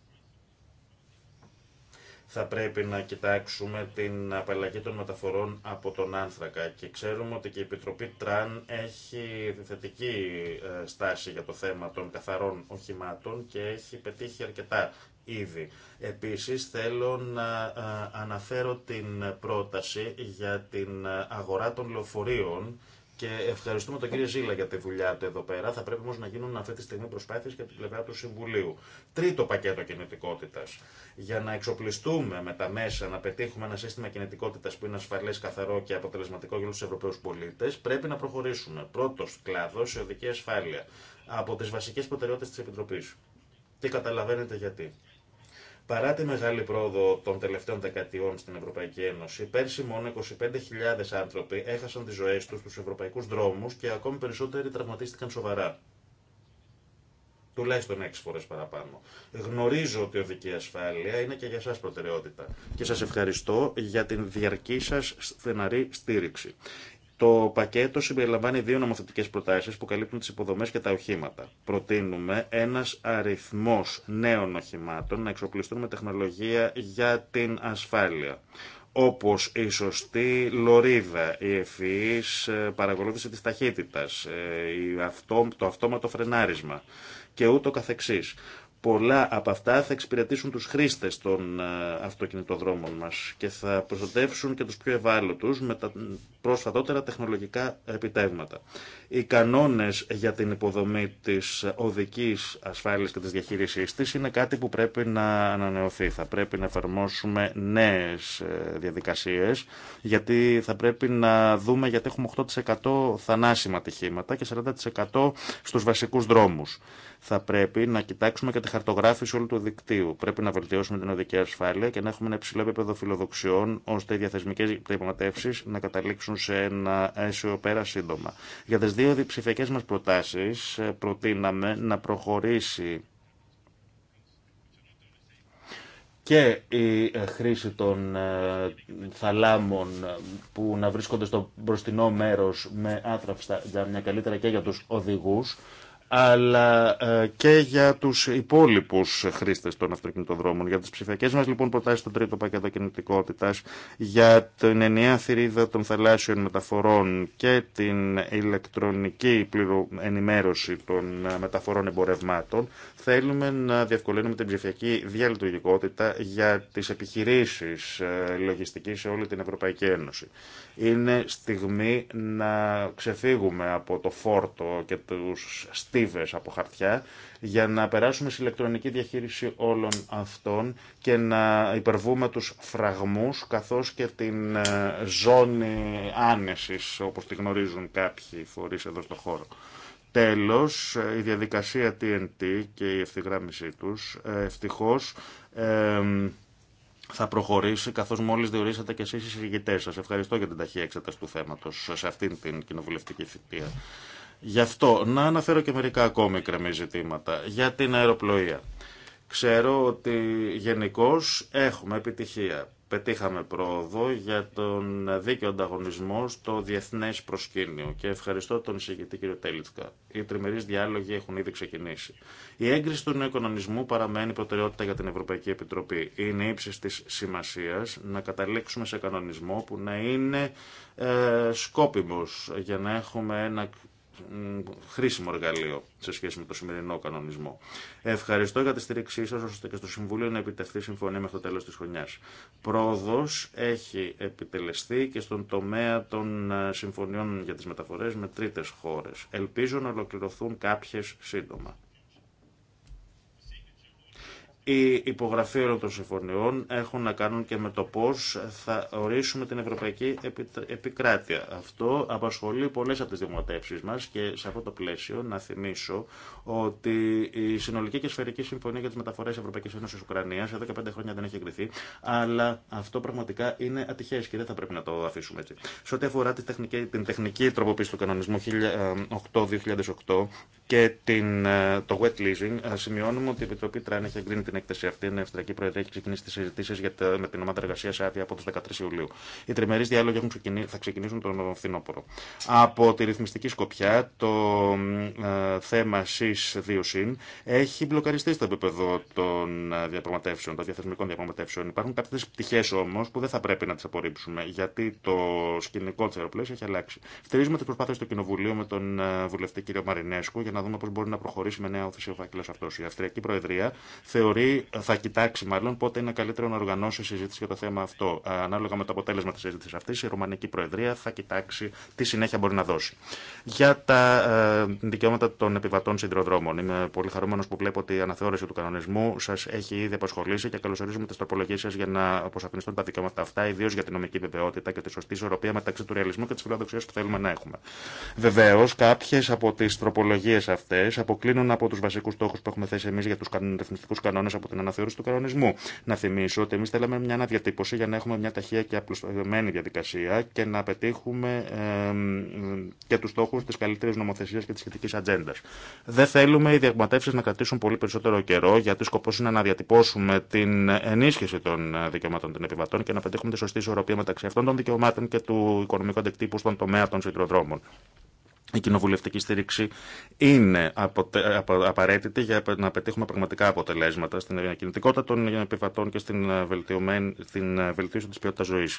Θα πρέπει να κοιτάξουμε την απαλλαγή των μεταφορών από τον άνθρακα και ξέρουμε ότι και η Επιτροπή Τραν έχει θετική ε, στάση για το θέμα των καθαρών οχημάτων και έχει πετύχει αρκετά ήδη. Επίσης θέλω να ε, αναφέρω την πρόταση για την αγορά των λεωφορείων και ευχαριστούμε τον κύριο Ζήλα για τη δουλειά του εδώ πέρα. Θα πρέπει όμω να γίνουν αυτή τη στιγμή προσπάθειε και από την πλευρά του Συμβουλίου. Τρίτο πακέτο κινητικότητα. Για να εξοπλιστούμε με τα μέσα, να πετύχουμε ένα σύστημα κινητικότητα που είναι ασφαλέ, καθαρό και αποτελεσματικό για όλου του Ευρωπαίου πολίτε, πρέπει να προχωρήσουμε. Πρώτο κλάδο, η οδική ασφάλεια. Από τι βασικέ προτεραιότητε τη Επιτροπή. Και καταλαβαίνετε γιατί. Παρά τη μεγάλη πρόοδο των τελευταίων δεκαετιών στην Ευρωπαϊκή Ένωση, πέρσι μόνο 25.000 άνθρωποι έχασαν τι ζωέ του στου ευρωπαϊκού δρόμου και ακόμη περισσότεροι τραυματίστηκαν σοβαρά. Τουλάχιστον έξι φορέ παραπάνω. Γνωρίζω ότι η οδική ασφάλεια είναι και για εσά προτεραιότητα και σα ευχαριστώ για την διαρκή σα στεναρή στήριξη. Το πακέτο συμπεριλαμβάνει δύο νομοθετικές προτάσεις που καλύπτουν τις υποδομές και τα οχήματα. Προτείνουμε ένας αριθμός νέων οχημάτων να εξοπλιστούν με τεχνολογία για την ασφάλεια όπως η σωστή λωρίδα, η ευφυής ε, παρακολούθηση της ταχύτητας, ε, το αυτόματο φρενάρισμα και ούτω καθεξής πολλά από αυτά θα εξυπηρετήσουν τους χρήστες των ε, αυτοκινητοδρόμων μας και θα προστατεύσουν και τους πιο ευάλωτους με τα πρόσφατότερα τεχνολογικά επιτεύγματα. Οι κανόνες για την υποδομή της οδικής ασφάλειας και της διαχείρισής της είναι κάτι που πρέπει να ανανεωθεί. Θα πρέπει να εφαρμόσουμε νέες ε, διαδικασίες γιατί θα πρέπει να δούμε γιατί έχουμε 8% θανάσιμα ατυχήματα και 40% στους βασικούς δρόμους. Θα πρέπει να κοιτάξουμε και τη χαρτογράφηση όλου του δικτύου. Πρέπει να βελτιώσουμε την οδική ασφάλεια και να έχουμε ένα υψηλό επίπεδο φιλοδοξιών, ώστε οι διαθεσμικέ διαπραγματεύσει να καταλήξουν σε ένα αίσιο πέρα σύντομα. Για τι δύο ψηφιακέ μα προτάσει, ε, προτείναμε να προχωρήσει και η ε, χρήση των ε, θαλάμων που να βρίσκονται στο μπροστινό μέρος με άθραυστα για μια καλύτερα και για τους οδηγούς αλλά ε, και για του υπόλοιπου χρήστε των αυτοκινητοδρόμων. Για τι ψηφιακέ μα λοιπόν προτάσεις στον τρίτο πακέτο κινητικότητας, για την ενιαία θηρίδα των θαλάσσιων μεταφορών και την ηλεκτρονική ενημέρωση των ε, μεταφορών εμπορευμάτων, θέλουμε να διευκολύνουμε την ψηφιακή διαλειτουργικότητα για τις επιχειρήσεις ε, λογιστική σε όλη την Ευρωπαϊκή Ένωση. Είναι στιγμή να ξεφύγουμε από το φόρτο και του στήλους από χαρτιά για να περάσουμε σε ηλεκτρονική διαχείριση όλων αυτών και να υπερβούμε τους φραγμούς καθώς και την ε, ζώνη άνεσης όπως τη γνωρίζουν κάποιοι φορείς εδώ στο χώρο. Τέλος, ε, η διαδικασία TNT και η ευθυγράμμισή τους ε, ευτυχώς θα προχωρήσει καθώς μόλις διορίσατε και εσείς οι συζητητές σας. Ευχαριστώ για την ταχεία εξέταση του θέματος σε αυτήν την κοινοβουλευτική θητεία. Γι' αυτό να αναφέρω και μερικά ακόμη κρεμή ζητήματα για την αεροπλοεία. Ξέρω ότι γενικώ έχουμε επιτυχία. Πετύχαμε πρόοδο για τον δίκαιο ανταγωνισμό στο διεθνέ προσκήνιο και ευχαριστώ τον εισηγητή κύριο Τέλιτσκα. Οι τριμερεί διάλογοι έχουν ήδη ξεκινήσει. Η έγκριση του νέου οικονομισμού παραμένει προτεραιότητα για την Ευρωπαϊκή Επιτροπή. Είναι ύψη τη σημασία να καταλήξουμε σε κανονισμό που να είναι ε, για να έχουμε ένα χρήσιμο εργαλείο σε σχέση με το σημερινό κανονισμό. Ευχαριστώ για τη στήριξή σα ώστε και στο Συμβουλίο να επιτευχθεί συμφωνία μέχρι το τέλο τη χρονιά. Πρόοδο έχει επιτελεστεί και στον τομέα των ε, συμφωνιών για τι μεταφορέ με τρίτε χώρε. Ελπίζω να ολοκληρωθούν κάποιε σύντομα. Η υπογραφή όλων των συμφωνιών έχουν να κάνουν και με το πώ θα ορίσουμε την ευρωπαϊκή επικράτεια. Αυτό απασχολεί πολλέ από τι δημοτεύσει μα και σε αυτό το πλαίσιο να θυμίσω ότι η συνολική και σφαιρική συμφωνία για τι μεταφορέ Ευρωπαϊκή Ένωση Ουκρανία εδώ και πέντε χρόνια δεν έχει εγκριθεί, αλλά αυτό πραγματικά είναι ατυχέ και δεν θα πρέπει να το αφήσουμε έτσι. Σε ό,τι αφορά την τεχνική, την τεχνική τροποποίηση του κανονισμού 2008-2008 ε, και την, ε, το wet leasing, ε, σημειώνουμε ότι η Επιτροπή Τράν έχει εγκρίνει την έκθεση αυτή, η Αυστριακή Προεδρία έχει ξεκινήσει τι συζητήσει με την ομάδα εργασία άδεια από του 13 Ιουλίου. Οι τριμερεί διάλογοι έχουν ξεκινήσει, θα ξεκινήσουν τον φθινόπωρο. Από τη ρυθμιστική σκοπιά, το ε, θέμα ΣΥΣ 2 ΣΥΝ έχει μπλοκαριστεί στο επίπεδο των ε, διαπραγματεύσεων, των διαθεσμικών διαπραγματεύσεων. Υπάρχουν κάποιε πτυχέ όμω που δεν θα πρέπει να τι απορρίψουμε, γιατί το σκηνικό τη αεροπλέση έχει αλλάξει. Στηρίζουμε τι προσπάθειε του Κοινοβουλίου με τον ε, βουλευτή κ. Μαρινέσκο για να δούμε πώ μπορεί να προχωρήσει με νέα όθηση ο φάκελο αυτό. Η Αυστριακή Προεδρία θεωρεί μπορεί, θα κοιτάξει μάλλον πότε είναι καλύτερο να οργανώσει συζήτηση για το θέμα αυτό. Ε, ανάλογα με το αποτέλεσμα τη συζήτηση αυτή, η Ρουμανική Προεδρία θα κοιτάξει τι συνέχεια μπορεί να δώσει. Για τα ε, δικαιώματα των επιβατών συνδροδρόμων. Είμαι πολύ χαρούμενο που βλέπω ότι η αναθεώρηση του κανονισμού σα έχει ήδη απασχολήσει και καλωσορίζουμε τι τροπολογίε σα για να αποσαφινιστούν τα δικαιώματα αυτά, ιδίω για την νομική βεβαιότητα και τη σωστή ισορροπία μεταξύ του ρεαλισμού και τη φιλοδοξία που θέλουμε να έχουμε. Βεβαίω, κάποιε από τι τροπολογίε αυτέ αποκλίνουν από του βασικού στόχου που έχουμε θέσει εμεί για του ρυθμιστικού κανόνε από την αναθεώρηση του κανονισμού. Να θυμίσω ότι εμεί θέλαμε μια αναδιατύπωση για να έχουμε μια ταχεία και απλουστευμένη διαδικασία και να πετύχουμε και του στόχου τη καλύτερη νομοθεσία και τη σχετική ατζέντα. Δεν θέλουμε οι διαπραγματεύσει να κρατήσουν πολύ περισσότερο καιρό, γιατί σκοπό είναι να διατυπώσουμε την ενίσχυση των δικαιωμάτων των επιβατών και να πετύχουμε τη σωστή ισορροπία μεταξύ αυτών των δικαιωμάτων και του οικονομικού αντεκτύπου στον τομέα των σιδηροδρόμων η κοινοβουλευτική στήριξη είναι απαραίτητη για να πετύχουμε πραγματικά αποτελέσματα στην κινητικότητα των επιβατών και στην, ε, στην ε, βελτίωση της ποιότητας ζωής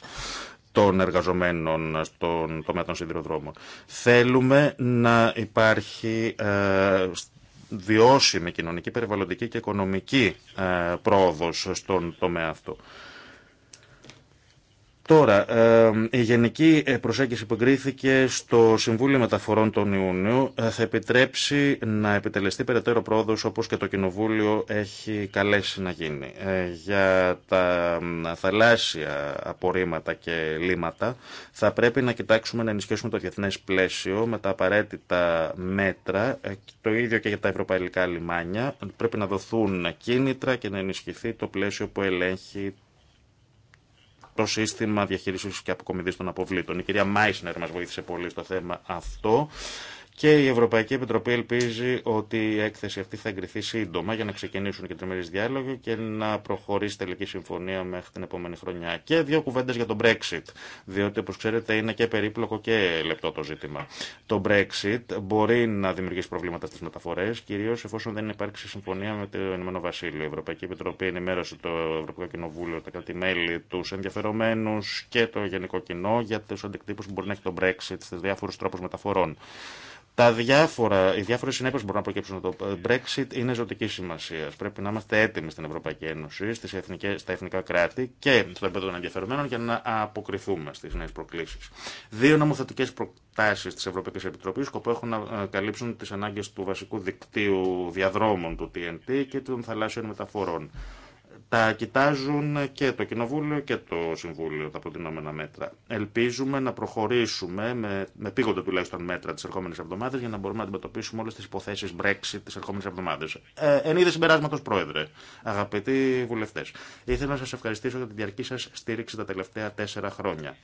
των εργαζομένων στον τομέα των σιδηροδρόμων. Θέλουμε να υπάρχει ε, βιώσιμη κοινωνική, περιβαλλοντική και οικονομική πρόοδος στον τομέα αυτό. Τώρα, η γενική ε, προσέγγιση που εγκρίθηκε στο Συμβούλιο Μεταφορών τον Ιούνιο ε, θα επιτρέψει να επιτελεστεί περαιτέρω πρόοδο όπω και το Κοινοβούλιο έχει καλέσει να γίνει. Ε, για τα θαλάσσια απορρίμματα και λίματα θα πρέπει να κοιτάξουμε να ενισχύσουμε το διεθνέ πλαίσιο με τα απαραίτητα μέτρα. Το ίδιο και για τα ευρωπαϊκά λιμάνια. Πρέπει να δοθούν κίνητρα και να ενισχυθεί το πλαίσιο που ελέγχει το σύστημα διαχείρισης και αποκομιδής των αποβλήτων. Η κυρία Μάισνερ μα βοήθησε πολύ στο θέμα αυτό και η Ευρωπαϊκή Επιτροπή ελπίζει ότι η έκθεση αυτή θα εγκριθεί σύντομα για να ξεκινήσουν και τριμερείς διάλογοι και να προχωρήσει τελική συμφωνία μέχρι την επόμενη χρονιά. Και δύο κουβέντες για το Brexit, διότι όπως ξέρετε είναι και περίπλοκο και λεπτό το ζήτημα. Το Brexit μπορεί να δημιουργήσει προβλήματα στις μεταφορές, κυρίως εφόσον δεν υπάρξει συμφωνία με το Ηνωμένο Βασίλειο. Η Ευρωπαϊκή Επιτροπή ενημέρωσε το Ευρωπαϊκό Κοινοβούλιο, τα κράτη-μέλη, του και το γενικό κοινό για του αντικτύπους μπορεί να έχει το Brexit στου διάφορου τρόπου μεταφορών. Τα διάφορα, οι διάφορε συνέπειε που μπορούν να προκύψουν από το ε, Brexit είναι ζωτική σημασία. Πρέπει να είμαστε έτοιμοι στην Ευρωπαϊκή Ένωση, στις εθνικές, στα εθνικά κράτη και στο επίπεδο των ενδιαφερομένων για να αποκριθούμε στι νέε προκλήσει. Δύο νομοθετικέ προτάσει τη Ευρωπαϊκή Επιτροπή σκοπό έχουν να ε, καλύψουν τι ανάγκε του βασικού δικτύου διαδρόμων του TNT και των θαλάσσιων μεταφορών τα κοιτάζουν και το Κοινοβούλιο και το Συμβούλιο τα προτινόμενα μέτρα. Ελπίζουμε να προχωρήσουμε με, με πήγοντα τουλάχιστον μέτρα τι ερχόμενε εβδομάδε για να μπορούμε να αντιμετωπίσουμε όλε τι υποθέσει Brexit τι ερχόμενε εβδομάδε. Ε, εν είδε συμπεράσματο, Πρόεδρε, αγαπητοί βουλευτέ, ήθελα να σα ευχαριστήσω για τη διαρκή σα στήριξη τα τελευταία τέσσερα χρόνια.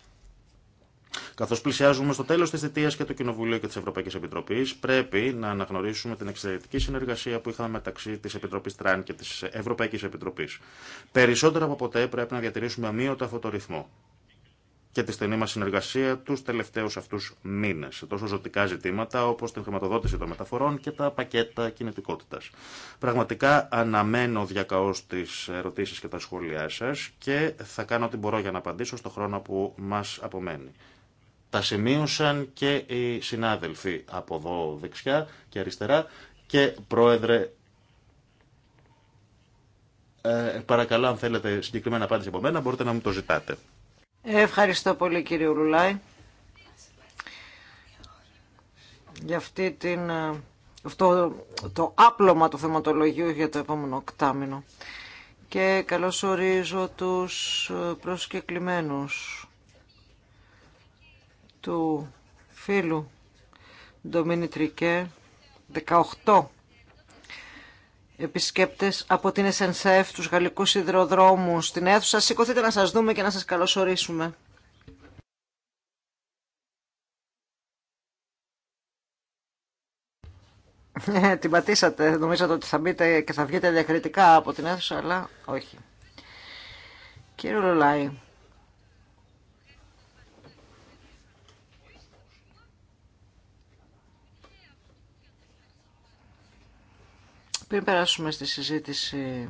Καθώ πλησιάζουμε στο τέλο τη θητεία και του Κοινοβουλίου και τη Ευρωπαϊκή Επιτροπή, πρέπει να αναγνωρίσουμε την εξαιρετική συνεργασία που είχαμε μεταξύ τη Επιτροπή Τραν και τη Ευρωπαϊκή Επιτροπή. Περισσότερο από ποτέ πρέπει να διατηρήσουμε αμύωτα αυτό το ρυθμό και τη στενή μα συνεργασία του τελευταίου αυτού μήνε σε τόσο ζωτικά ζητήματα όπω την χρηματοδότηση των μεταφορών και τα πακέτα κινητικότητα. Πραγματικά αναμένω διακαώ τι ερωτήσει και τα σχόλιά σα και θα κάνω ό,τι μπορώ για να απαντήσω στο χρόνο που μα απομένει. Τα σημείωσαν και οι συνάδελφοι από εδώ δεξιά και αριστερά και πρόεδρε ε, παρακαλώ αν θέλετε συγκεκριμένα απάντηση από μένα μπορείτε να μου το ζητάτε. Ευχαριστώ πολύ κύριε Ρουλάη για αυτή την, ε, αυτό το άπλωμα του θεματολογίου για το επόμενο οκτάμινο. Και καλώς ορίζω τους ε, προσκεκλημένους του φίλου Ντομίνη Τρικέ 18 επισκέπτες από την SNCF, τους γαλλικούς σιδηροδρόμους στην αίθουσα. Σηκωθείτε να σας δούμε και να σας καλωσορίσουμε. Ε, την πατήσατε. Νομίζατε ότι θα μπείτε και θα βγείτε διακριτικά από την αίθουσα, αλλά όχι. Κύριε Λολάη, Πριν περάσουμε στη συζήτηση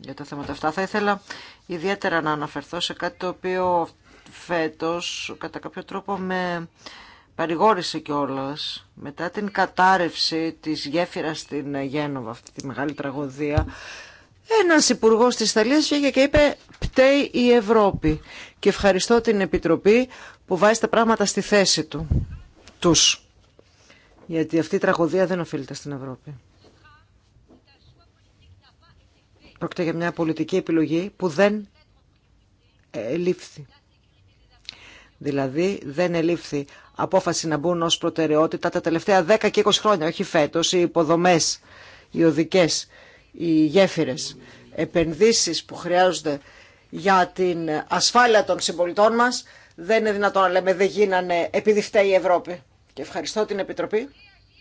για τα θέματα αυτά, θα ήθελα ιδιαίτερα να αναφερθώ σε κάτι το οποίο φέτος κατά κάποιο τρόπο με παρηγόρησε κιόλα μετά την κατάρρευση της γέφυρας στην Γένοβα, αυτή τη μεγάλη τραγωδία. Ένας υπουργό της Ιταλίας βγήκε και είπε «Πταίει η Ευρώπη» και ευχαριστώ την Επιτροπή που βάζει τα πράγματα στη θέση του, τους. Γιατί αυτή η τραγωδία δεν οφείλεται στην Ευρώπη. Πρόκειται για μια πολιτική επιλογή που δεν ελήφθη. Δηλαδή δεν ελήφθη απόφαση να μπουν ως προτεραιότητα τα τελευταία 10 και 20 χρόνια, όχι φέτος, οι υποδομές, οι οδικές, οι γέφυρες, επενδύσεις που χρειάζονται για την ασφάλεια των συμπολιτών μας, δεν είναι δυνατόν να λέμε δεν γίνανε επειδή φταίει η Ευρώπη. Και ευχαριστώ την Επιτροπή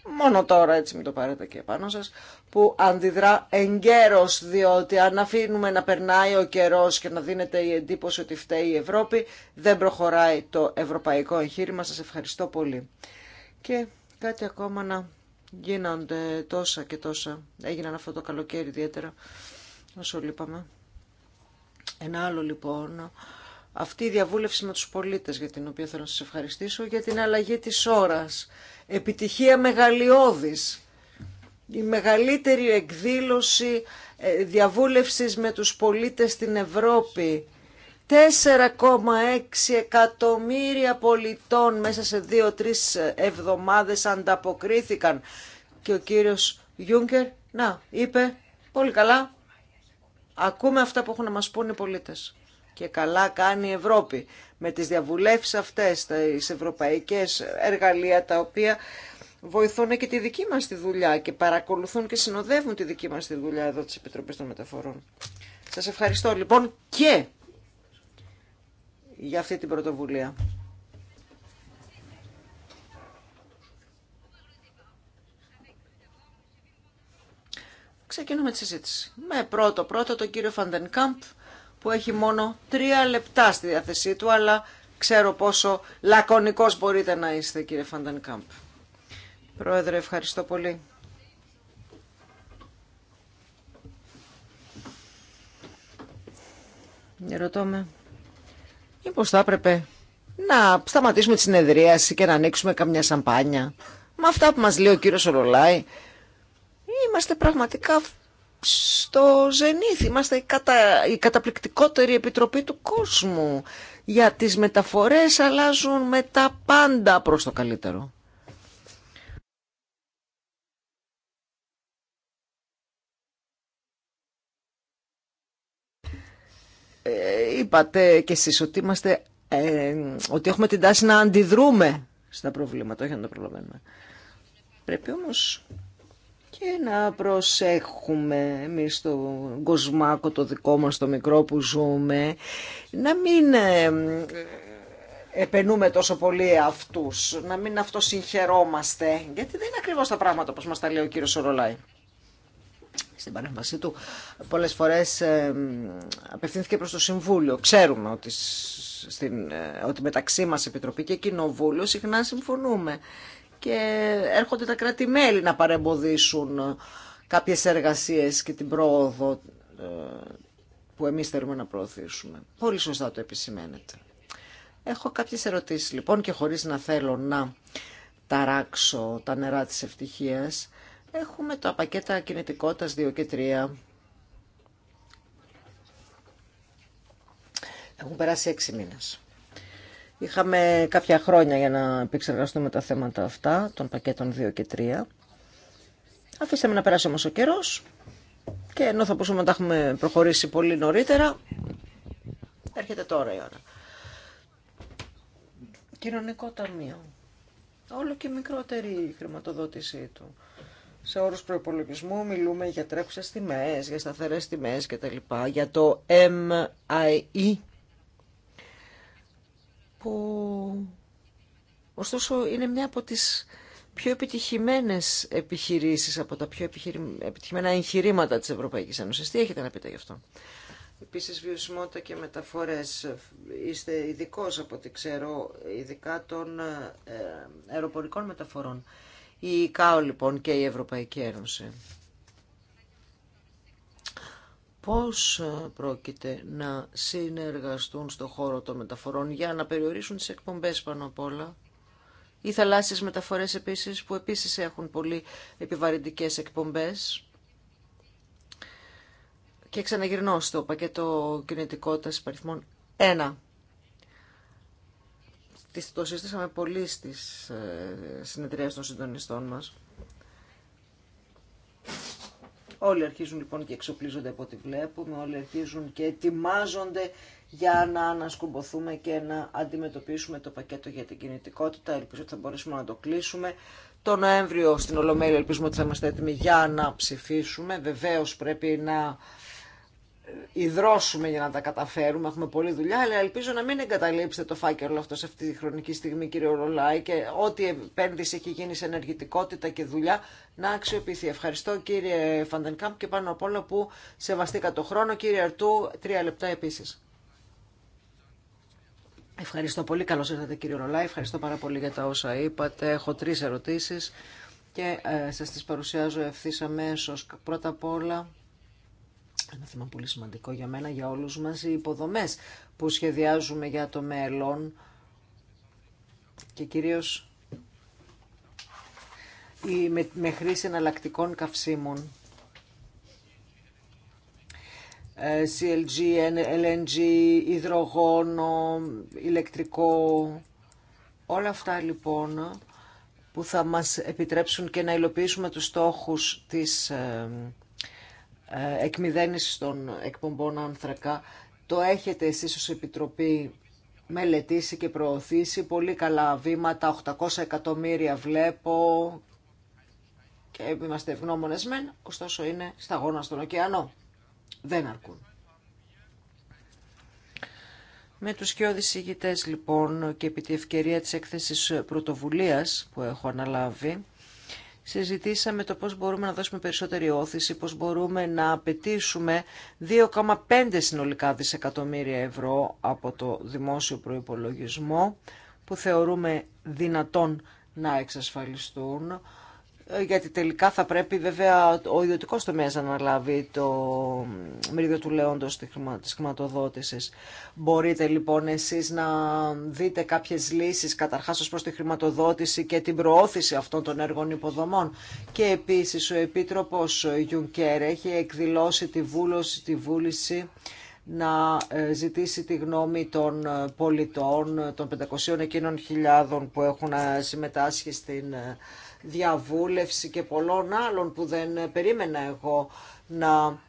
μόνο τώρα έτσι μην το πάρετε και επάνω σας, που αντιδρά εγκαίρως, διότι αν αφήνουμε να περνάει ο καιρός και να δίνεται η εντύπωση ότι φταίει η Ευρώπη, δεν προχωράει το ευρωπαϊκό εγχείρημα. Σας ευχαριστώ πολύ. Και κάτι ακόμα να γίνονται τόσα και τόσα, έγιναν αυτό το καλοκαίρι ιδιαίτερα, όσο λείπαμε. Ένα άλλο λοιπόν, αυτή η διαβούλευση με τους πολίτες για την οποία θέλω να σας ευχαριστήσω, για την αλλαγή της ώρας επιτυχία μεγαλειώδης. Η μεγαλύτερη εκδήλωση ε, διαβούλευσης με τους πολίτες στην Ευρώπη. 4,6 εκατομμύρια πολιτών μέσα σε δυο 3 ε, εβδομάδες ανταποκρίθηκαν. Και ο κύριος Γιούγκερ, να, είπε, πολύ καλά, ακούμε αυτά που έχουν να μας πούν οι πολίτες. Και καλά κάνει η Ευρώπη με τις διαβουλεύσεις αυτές, τα ευρωπαϊκές εργαλεία τα οποία βοηθούν και τη δική μας τη δουλειά και παρακολουθούν και συνοδεύουν τη δική μας τη δουλειά εδώ της Επιτροπής των Μεταφορών. Σας ευχαριστώ λοιπόν και για αυτή την πρωτοβουλία. Ξεκινούμε τη συζήτηση. Με πρώτο πρώτο τον κύριο Φαντενκάμπ που έχει μόνο τρία λεπτά στη διάθεσή του, αλλά ξέρω πόσο λακωνικός μπορείτε να είστε, κύριε Φαντανκάμπ. Πρόεδρε, ευχαριστώ πολύ. Ρωτώ με. Μήπως θα έπρεπε να σταματήσουμε τη συνεδρίαση και να ανοίξουμε καμιά σαμπάνια. Με αυτά που μας λέει ο κύριος Ρολάι. είμαστε πραγματικά στο ζενήθ. Είμαστε η, κατα... καταπληκτικότερη επιτροπή του κόσμου. Για τις μεταφορές αλλάζουν με τα πάντα προς το καλύτερο. Ε, είπατε και εσείς ότι, είμαστε, ε, ότι έχουμε την τάση να αντιδρούμε στα προβλήματα, όχι να τα προλαβαίνουμε. Πρέπει όμως και να προσέχουμε εμεί τον κοσμάκο το δικό μας το μικρό που ζούμε να μην ε, ε, επενούμε τόσο πολύ αυτούς, να μην αυτοσυγχαιρόμαστε, γιατί δεν είναι ακριβώς τα πράγματα όπως μας τα λέει ο κύριος Σορολάη. Στην παρέμβασή του πολλές φορές ε, απευθύνθηκε προς το Συμβούλιο. Ξέρουμε ότι, στην, ότι μεταξύ μας Επιτροπή και Κοινοβούλιο συχνά συμφωνούμε και έρχονται τα κρατη να παρεμποδίσουν ε, κάποιες εργασίες και την πρόοδο ε, που εμείς θέλουμε να προωθήσουμε. Πολύ σωστά το επισημαίνετε. Έχω κάποιες ερωτήσεις λοιπόν και χωρίς να θέλω να ταράξω τα νερά της ευτυχίας, έχουμε τα πακέτα κινητικότητας 2 και 3. Έχουν περάσει έξι μήνες. Είχαμε κάποια χρόνια για να επεξεργαστούμε τα θέματα αυτά, των πακέτων 2 και 3. Αφήσαμε να περάσει όμως ο καιρός και ενώ θα πούσουμε να τα έχουμε προχωρήσει πολύ νωρίτερα, έρχεται τώρα η ώρα. Κοινωνικό ταμείο. Όλο και μικρότερη η χρηματοδότησή του. Σε όρου προπολογισμού. μιλούμε για τρέχουσες τιμέ, για σταθερέ τιμέ κτλ. Για το MIE που ωστόσο είναι μια από τις πιο επιτυχημένες επιχειρήσεις, από τα πιο επιτυχημένα εγχειρήματα της Ευρωπαϊκής Ένωσης. Τι έχετε να πείτε γι' αυτό. Επίσης βιωσιμότητα και μεταφορές. Είστε ειδικό από ό,τι ξέρω, ειδικά των ε, αεροπορικών μεταφορών. Η ΚΑΟ λοιπόν και η Ευρωπαϊκή Ένωση πώς ε, πρόκειται να συνεργαστούν στον χώρο των μεταφορών για να περιορίσουν τις εκπομπές πάνω απ' όλα. Οι θαλάσσιες μεταφορές επίσης που επίσης έχουν πολύ επιβαρυντικές εκπομπές. Και ξαναγυρνώ στο πακέτο κινητικότητας υπαριθμών 1. Το συζήτησαμε πολύ στις ε, συνεδριάσεις των συντονιστών μας. Όλοι αρχίζουν λοιπόν και εξοπλίζονται από ό,τι βλέπουμε, όλοι αρχίζουν και ετοιμάζονται για να ανασκουμποθούμε και να αντιμετωπίσουμε το πακέτο για την κινητικότητα. Ελπίζω ότι θα μπορέσουμε να το κλείσουμε. Το Νοέμβριο στην Ολομέλεια ελπίζουμε ότι θα είμαστε έτοιμοι για να ψηφίσουμε. Βεβαίως πρέπει να υδρώσουμε για να τα καταφέρουμε. Έχουμε πολλή δουλειά, αλλά ελπίζω να μην εγκαταλείψετε το φάκελο αυτό σε αυτή τη χρονική στιγμή, κύριε Ρολάη, και ό,τι επένδυση έχει γίνει σε ενεργητικότητα και δουλειά να αξιοποιηθεί. Ευχαριστώ, κύριε Φαντενκάμπ, και πάνω απ' όλα που σεβαστήκα το χρόνο. Κύριε Αρτού, τρία λεπτά επίση. Ευχαριστώ πολύ. Καλώ ήρθατε, κύριε Ρολάη. Ευχαριστώ πάρα πολύ για τα όσα είπατε. Έχω τρει ερωτήσει και ε, σα τι παρουσιάζω ευθύ αμέσω. Πρώτα απ' όλα ένα θέμα πολύ σημαντικό για μένα, για όλους μας, οι υποδομές που σχεδιάζουμε για το μέλλον και κυρίως ή με, με χρήση εναλλακτικών καυσίμων. Ε, CLG, LNG, υδρογόνο, ηλεκτρικό, όλα αυτά λοιπόν που θα μας επιτρέψουν και να υλοποιήσουμε τους στόχους της ε, ε, εκμυδένισης των εκπομπών άνθρακα. Το έχετε εσείς ως Επιτροπή μελετήσει και προωθήσει. Πολύ καλά βήματα, 800 εκατομμύρια βλέπω και είμαστε ευγνώμονες μεν, ωστόσο είναι σταγόνα στον ωκεανό. Δεν αρκούν. Με τους και ηγητές λοιπόν και επί τη ευκαιρία της έκθεσης πρωτοβουλίας που έχω αναλάβει, συζητήσαμε το πώς μπορούμε να δώσουμε περισσότερη όθηση, πώς μπορούμε να απαιτήσουμε 2,5 συνολικά δισεκατομμύρια ευρώ από το δημόσιο προϋπολογισμό που θεωρούμε δυνατόν να εξασφαλιστούν ε, γιατί τελικά θα πρέπει βέβαια ο ιδιωτικό τομέα να αναλάβει το μερίδιο του λέοντο τη χρηματοδότηση. Μπορείτε λοιπόν εσεί να δείτε κάποιε λύσει καταρχά ω προ τη χρηματοδότηση και την προώθηση αυτών των έργων υποδομών. Και επίση ο Επίτροπο Γιουνκέρ έχει εκδηλώσει τη, βούληση, τη βούληση να ε, ζητήσει τη γνώμη των ε, πολιτών, των 500 εκείνων χιλιάδων που έχουν συμμετάσχει στην διαβούλευση και πολλών άλλων που δεν περίμενα εγώ να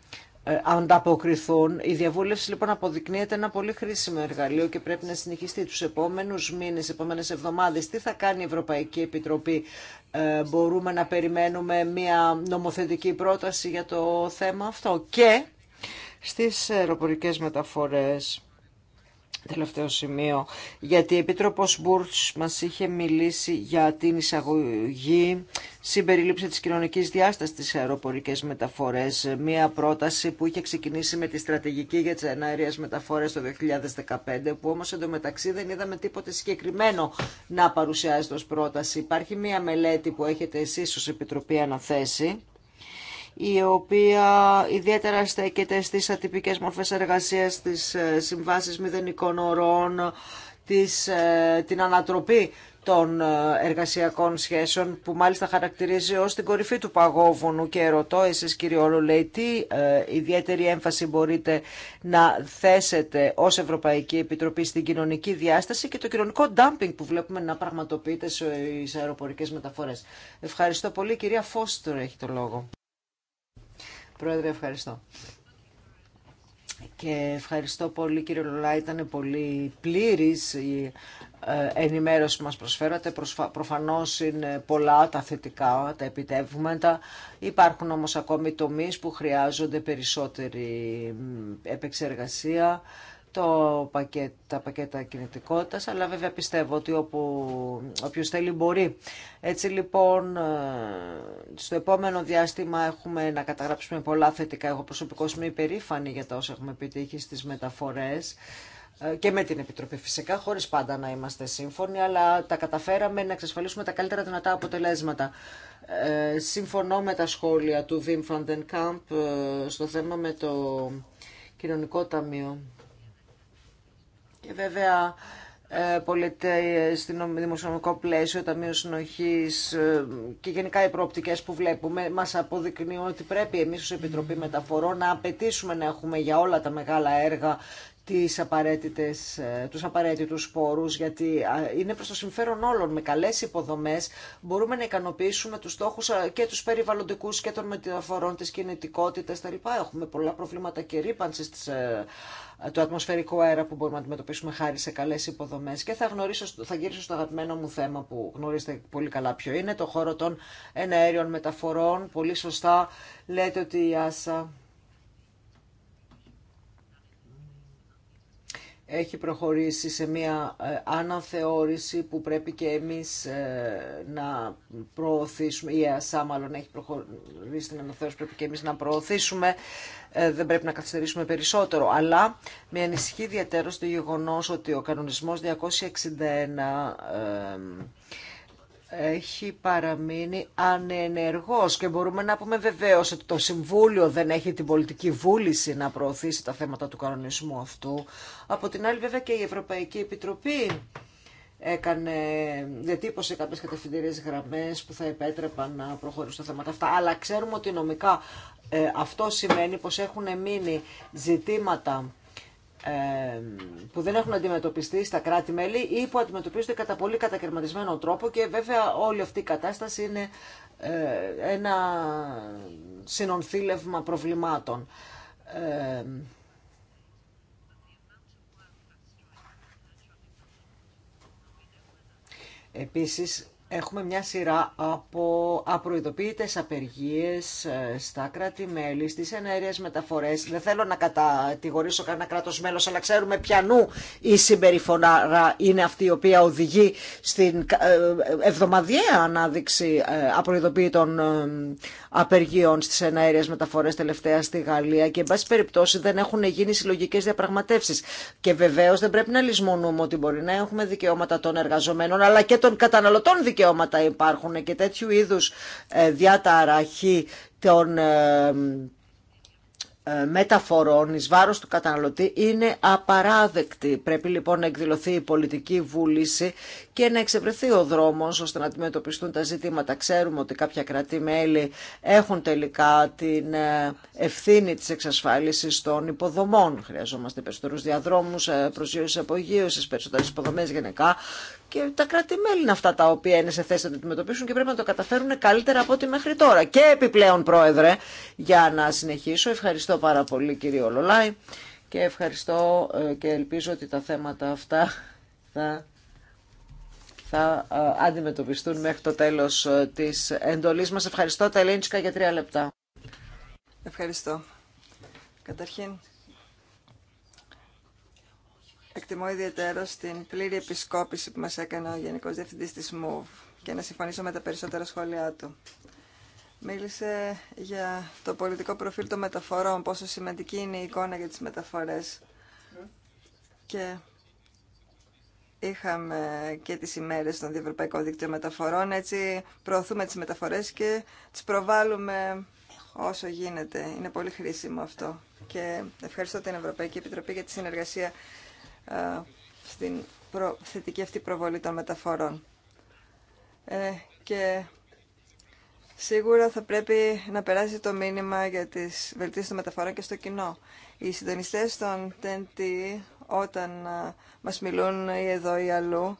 ε, ανταποκριθούν. Η διαβούλευση λοιπόν αποδεικνύεται ένα πολύ χρήσιμο εργαλείο και πρέπει να συνεχιστεί τους επόμενους μήνες, επόμενες εβδομάδες. Τι θα κάνει η Ευρωπαϊκή Επιτροπή. Ε, μπορούμε να περιμένουμε μια νομοθετική πρόταση για το θέμα αυτό. Και στις αεροπορικές μεταφορές τελευταίο σημείο, γιατί η Επίτροπος Μπούρτς μας είχε μιλήσει για την εισαγωγή συμπερίληψη της κοινωνικής διάστασης στις αεροπορικές μεταφορές. Μία πρόταση που είχε ξεκινήσει με τη στρατηγική για τις αερίες μεταφορές το 2015, που όμως εντωμεταξύ δεν είδαμε τίποτε συγκεκριμένο να παρουσιάζεται ως πρόταση. Υπάρχει μία μελέτη που έχετε εσείς ως Επιτροπή αναθέσει, η οποία ιδιαίτερα στέκεται στις ατυπικές μορφές εργασίας, στις ε, συμβάσεις μηδενικών ορών, της, ε, την ανατροπή των ε, εργασιακών σχέσεων που μάλιστα χαρακτηρίζει ως την κορυφή του παγόβουνου και ρωτώ εσείς κύριε λέει τι ιδιαίτερη έμφαση μπορείτε να θέσετε ως Ευρωπαϊκή Επιτροπή στην κοινωνική διάσταση και το κοινωνικό ντάμπινγκ που βλέπουμε να πραγματοποιείται στις αεροπορικές μεταφορές. Ευχαριστώ πολύ. Κυρία Φώστορ έχει το λόγο. Πρόεδρε, ευχαριστώ. Και ευχαριστώ πολύ κύριε Λουλά, ήταν πολύ πλήρης η ε, ενημέρωση που μας προσφέρατε. Προφανώς είναι πολλά τα θετικά, τα επιτεύγματα. Υπάρχουν όμως ακόμη τομείς που χρειάζονται περισσότερη επεξεργασία το πακέτ, τα πακέτα κινητικότητας, αλλά βέβαια πιστεύω ότι όπου, όποιος θέλει μπορεί. Έτσι λοιπόν, ε, στο επόμενο διάστημα έχουμε να καταγράψουμε πολλά θετικά. Εγώ προσωπικώς είμαι υπερήφανη για τα όσα έχουμε επιτύχει στις μεταφορές ε, και με την Επιτροπή φυσικά, χωρίς πάντα να είμαστε σύμφωνοι, αλλά τα καταφέραμε να εξασφαλίσουμε τα καλύτερα δυνατά αποτελέσματα. Ε, συμφωνώ με τα σχόλια του Wim van den Kamp στο θέμα με το κοινωνικό ταμείο. Και βέβαια ε, πολίτε στην δημοσιονομικό πλαίσιο, Ταμείο Συνοχής ε, και γενικά οι προοπτικές που βλέπουμε μας αποδεικνύουν ότι πρέπει εμείς ως Επιτροπή Μεταφορών να απαιτήσουμε να έχουμε για όλα τα μεγάλα έργα τις απαραίτητες, ε, τους απαραίτητους σπόρους, γιατί είναι προς το συμφέρον όλων. Με καλές υποδομές μπορούμε να ικανοποιήσουμε τους στόχους και τους περιβαλλοντικούς και των μεταφορών της κινητικότητας τα λοιπά. Έχουμε πολλά προβλήματα και ρήπανσης ε, του ατμοσφαιρικού αέρα που μπορούμε να αντιμετωπίσουμε χάρη σε καλέ υποδομέ. και θα, γνωρίσω, θα γυρίσω στο αγαπημένο μου θέμα που γνωρίζετε πολύ καλά ποιο είναι, το χώρο των εναέριων μεταφορών. Πολύ σωστά λέτε ότι η Άσα έχει προχωρήσει σε μια ε, αναθεώρηση που πρέπει και εμείς ε, να προωθήσουμε, η ΕΑΣΑ μάλλον έχει προχωρήσει την αναθεώρηση, πρέπει και εμείς να προωθήσουμε, ε, δεν πρέπει να καθυστερήσουμε περισσότερο. Αλλά με ανησυχεί ιδιαίτερο το γεγονός ότι ο κανονισμός 261 έχει παραμείνει ανενεργός και μπορούμε να πούμε βεβαίως ότι το Συμβούλιο δεν έχει την πολιτική βούληση να προωθήσει τα θέματα του κανονισμού αυτού. Από την άλλη βέβαια και η Ευρωπαϊκή Επιτροπή έκανε, διατύπωσε κάποιες κατευθυντήριες γραμμές που θα επέτρεπαν να προχωρήσουν τα θέματα αυτά. Αλλά ξέρουμε ότι νομικά ε, αυτό σημαίνει πως έχουν μείνει ζητήματα που δεν έχουν αντιμετωπιστεί στα κράτη-μέλη ή που αντιμετωπίζονται κατά πολύ κατακαιρματισμένο τρόπο και βέβαια όλη αυτή η κατάσταση είναι ε, ένα συνονθήλευμα προβλημάτων. Επίσης, έχουμε μια σειρά από απροειδοποιητές απεργίες ε, στα κράτη-μέλη, στις ενέργειες μεταφορές. Δεν θέλω να κατηγορήσω κανένα κράτος μέλος, αλλά ξέρουμε πιανού η συμπεριφορά είναι αυτή η οποία οδηγεί στην ε, ε, εβδομαδιαία ανάδειξη απροειδοποιητών απεργιών στι εναέριε μεταφορές τελευταία στη Γαλλία και εν πάση περιπτώσει δεν έχουν γίνει συλλογικέ διαπραγματεύσει. Και βεβαίω δεν πρέπει να λησμονούμε ότι μπορεί να έχουμε δικαιώματα των εργαζομένων αλλά και των καταναλωτών δικαιώματα υπάρχουν και τέτοιου είδους ε, διαταραχή των ε, ε, μεταφορών εις βάρος του καταναλωτή είναι απαράδεκτη. Πρέπει λοιπόν να εκδηλωθεί η πολιτική βούληση και να εξευρεθεί ο δρόμος ώστε να αντιμετωπιστούν τα ζητήματα. Ξέρουμε ότι κάποια κρατή-μέλη έχουν τελικά την ε, ευθύνη της εξασφάλισης των υποδομών. Χρειαζόμαστε περισσότερους διαδρόμους, ε, προσγείωσης απογείωσης, περισσότερες υποδομές γενικά και τα κράτη-μέλη είναι αυτά τα οποία είναι σε θέση να τα αντιμετωπίσουν και πρέπει να το καταφέρουν καλύτερα από ό,τι μέχρι τώρα. Και επιπλέον, Πρόεδρε, για να συνεχίσω, ευχαριστώ πάρα πολύ κύριο Ολολάη, και ευχαριστώ ε, και ελπίζω ότι τα θέματα αυτά θα, θα ε, αντιμετωπιστούν μέχρι το τέλος ε, της εντολής μας. Ευχαριστώ τα για τρία λεπτά. Ευχαριστώ. Καταρχήν, Εκτιμώ ιδιαίτερα την πλήρη επισκόπηση που μας έκανε ο Γενικός Διευθυντής της ΜΟΥΒ και να συμφωνήσω με τα περισσότερα σχόλιά του. Μίλησε για το πολιτικό προφίλ των μεταφορών, πόσο σημαντική είναι η εικόνα για τις μεταφορές. Και είχαμε και τις ημέρες των Διευρωπαϊκών Δίκτυων Μεταφορών, έτσι προωθούμε τις μεταφορές και τις προβάλλουμε όσο γίνεται. Είναι πολύ χρήσιμο αυτό. Και ευχαριστώ την Ευρωπαϊκή Επιτροπή για τη συνεργασία στην θετική αυτή προβολή των μεταφορών. Ε, και σίγουρα θα πρέπει να περάσει το μήνυμα για τις βελτίσεις των μεταφορών και στο κοινό. Οι συντονιστές των TNT όταν μας μιλούν ή εδώ ή αλλού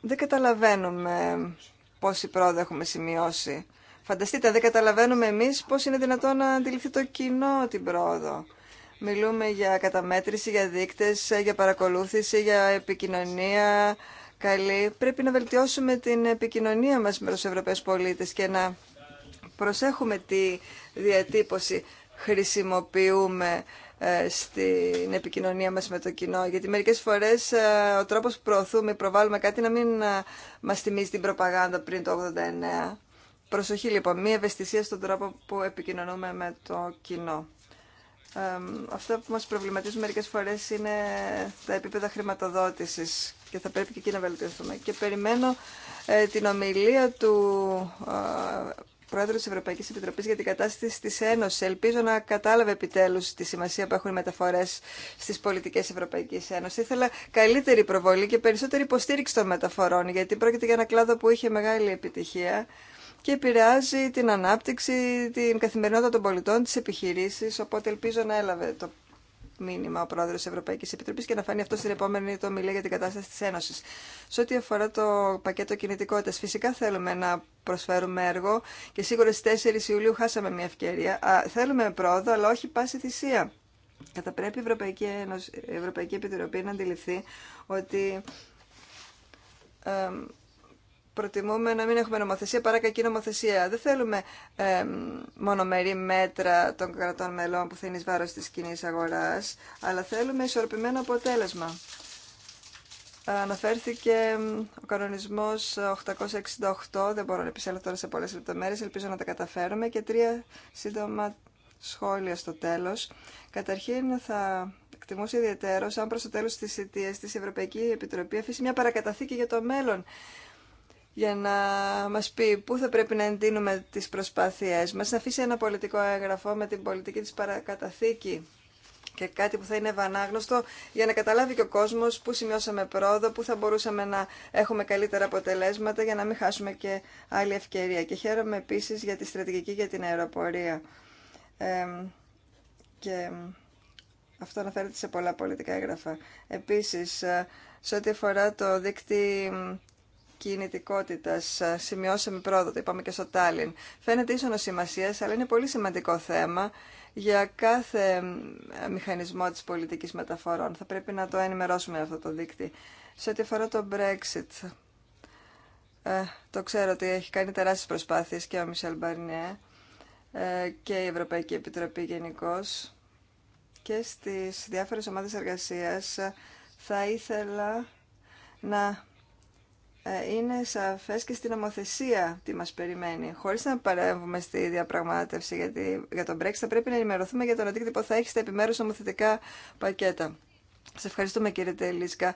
δεν καταλαβαίνουμε πόση πρόοδο έχουμε σημειώσει. Φανταστείτε, δεν καταλαβαίνουμε εμείς πώς είναι δυνατόν να αντιληφθεί το κοινό την πρόοδο. Μιλούμε για καταμέτρηση, για δείκτες, για παρακολούθηση, για επικοινωνία καλή. Πρέπει να βελτιώσουμε την επικοινωνία μας με τους Ευρωπαίους πολίτες και να προσέχουμε τη διατύπωση χρησιμοποιούμε ε, στην επικοινωνία μας με το κοινό. Γιατί μερικές φορές ε, ο τρόπος που προωθούμε ή προβάλλουμε κάτι να μην ε, μας θυμίζει την προπαγάνδα πριν το 89. Προσοχή λοιπόν, μία ευαισθησία στον τρόπο που επικοινωνούμε με το κοινό αυτό που μας προβληματίζουν μερικές φορές είναι τα επίπεδα χρηματοδότησης και θα πρέπει και εκεί να βελτιωθούμε. Και περιμένω ε, την ομιλία του ε, Πρόεδρου της Ευρωπαϊκής Επιτροπής για την κατάσταση της Ένωσης. Ελπίζω να κατάλαβε επιτέλους τη σημασία που έχουν οι μεταφορές στις πολιτικές Ευρωπαϊκής Ένωσης. Ήθελα καλύτερη προβολή και περισσότερη υποστήριξη των μεταφορών, γιατί πρόκειται για ένα κλάδο που είχε μεγάλη επιτυχία και επηρεάζει την ανάπτυξη, την καθημερινότητα των πολιτών, τις επιχειρήσεις, οπότε ελπίζω να έλαβε το μήνυμα ο πρόεδρο τη Ευρωπαϊκή Επιτροπή και να φανεί αυτό στην επόμενη το μιλή για την κατάσταση της Ένωσης. Σε ό,τι αφορά το πακέτο κινητικότητας, φυσικά θέλουμε να προσφέρουμε έργο και σίγουρα στις 4 Ιουλίου χάσαμε μια ευκαιρία. Α, θέλουμε πρόοδο, αλλά όχι πάση θυσία. Και πρέπει η Ευρωπαϊκή, Ευρωπαϊκή Επιτροπή να αντιληφθεί ότι προτιμούμε να μην έχουμε νομοθεσία παρά κακή νομοθεσία. Δεν θέλουμε ε, μονομερή μέτρα των κρατών μελών που θα είναι εις βάρος κοινή αγορά. αλλά θέλουμε ισορροπημένο αποτέλεσμα. Αναφέρθηκε ο κανονισμός 868, δεν μπορώ να επισέλθω τώρα σε πολλές λεπτομέρειες, ελπίζω να τα καταφέρουμε και τρία σύντομα σχόλια στο τέλος. Καταρχήν θα εκτιμούσε ιδιαίτερο αν προς το τέλος της ΕΤΕΣ τη Ευρωπαϊκή Επιτροπή αφήσει μια παρακαταθήκη για το μέλλον για να μας πει πού θα πρέπει να εντείνουμε τις προσπάθειές μας, να αφήσει ένα πολιτικό έγγραφο με την πολιτική της παρακαταθήκη και κάτι που θα είναι με την πολιτικη της παρακαταθηκη και κατι που θα ειναι βαναγνωστο για να καταλάβει και ο κόσμος πού σημειώσαμε πρόοδο, πού θα μπορούσαμε να έχουμε καλύτερα αποτελέσματα για να μην χάσουμε και άλλη ευκαιρία. Και χαίρομαι επίσης για τη στρατηγική για την αεροπορία. και αυτό αναφέρεται σε πολλά πολιτικά έγγραφα. Επίσης, ε, σε ό,τι αφορά το δίκτυο κινητικότητας. Σημειώσαμε πρόοδο, το είπαμε και στο Τάλιν. Φαίνεται ίσονο σημασία, αλλά είναι πολύ σημαντικό θέμα για κάθε μηχανισμό της πολιτικής μεταφορών. Θα πρέπει να το ενημερώσουμε αυτό το δίκτυ. Σε ό,τι αφορά το Brexit, ε, το ξέρω ότι έχει κάνει τεράστιες προσπάθειες και ο Μισελ Μπαρνιέ και η Ευρωπαϊκή Επιτροπή γενικώ και στις διάφορες ομάδες εργασίας ε, θα ήθελα να ε, είναι σαφές και στην νομοθεσία τι μας περιμένει. Χωρίς να παρέμβουμε στη διαπραγμάτευση γιατί για τον Brexit θα πρέπει να ενημερωθούμε για τον αντίκτυπο θα έχει στα επιμέρους νομοθετικά πακέτα. Σε ευχαριστούμε κύριε Τελίσκα.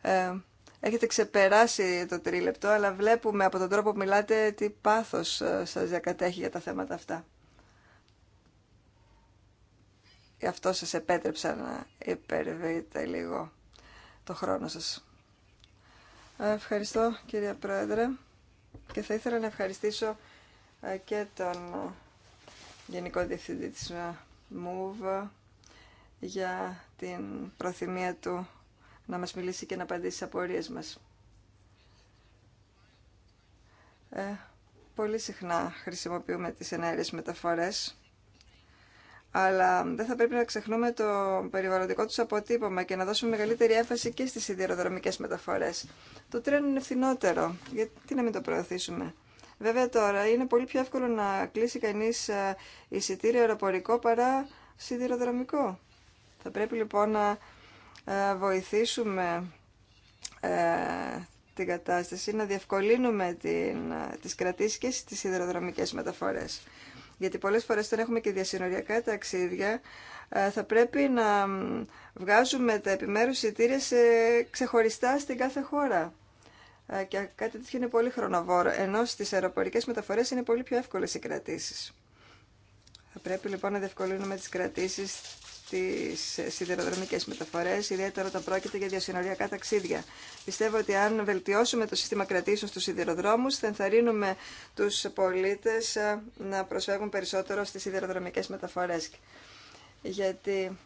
Ε, έχετε ξεπεράσει το τρίλεπτο, αλλά βλέπουμε από τον τρόπο που μιλάτε τι πάθος ε, σας διακατέχει για τα θέματα αυτά. Γι' αυτό σας επέτρεψα να υπερβείτε λίγο το χρόνο σας. Ευχαριστώ κύριε Πρόεδρε και θα ήθελα να ευχαριστήσω ε, και τον ε, Γενικό Διευθυντή της ε, ΜΟΥΒ για την προθυμία του να μας μιλήσει και να απαντήσει στις απορίες μας. Ε, πολύ συχνά χρησιμοποιούμε τις ενέργειες μεταφορές αλλά δεν θα πρέπει να ξεχνούμε το περιβαλλοντικό τους αποτύπωμα και να δώσουμε μεγαλύτερη έμφαση και στις σιδηροδρομικές μεταφορές. Το τρένο είναι φθηνότερο, γιατί να μην το προωθήσουμε. Βέβαια τώρα είναι πολύ πιο εύκολο να κλείσει κανείς ε, εισιτήριο αεροπορικό παρά σιδηροδρομικό. Θα πρέπει λοιπόν να ε, βοηθήσουμε ε, την κατάσταση, να διευκολύνουμε την, τις κρατήσεις και στις σιδηροδρομικές μεταφορές γιατί πολλές φορές όταν έχουμε και διασυνοριακά ταξίδια, ε, θα πρέπει να βγάζουμε τα επιμέρους εισιτήρια ξεχωριστά στην κάθε χώρα. Ε, και κάτι τέτοιο είναι πολύ χρονοβόρο, ενώ στις αεροπορικές μεταφορές είναι πολύ πιο εύκολες οι κρατήσεις. Θα πρέπει λοιπόν να διευκολύνουμε τις κρατήσεις τις σιδηροδρομικές μεταφορές, ιδιαίτερα όταν πρόκειται για διασυνοριακά ταξίδια. Πιστεύω ότι αν βελτιώσουμε το σύστημα κρατήσεων στους σιδηροδρόμους, θα ενθαρρύνουμε τους πολίτες ε, να προσφεύγουν περισσότερο στις σιδηροδρομικές μεταφορές. Γιατί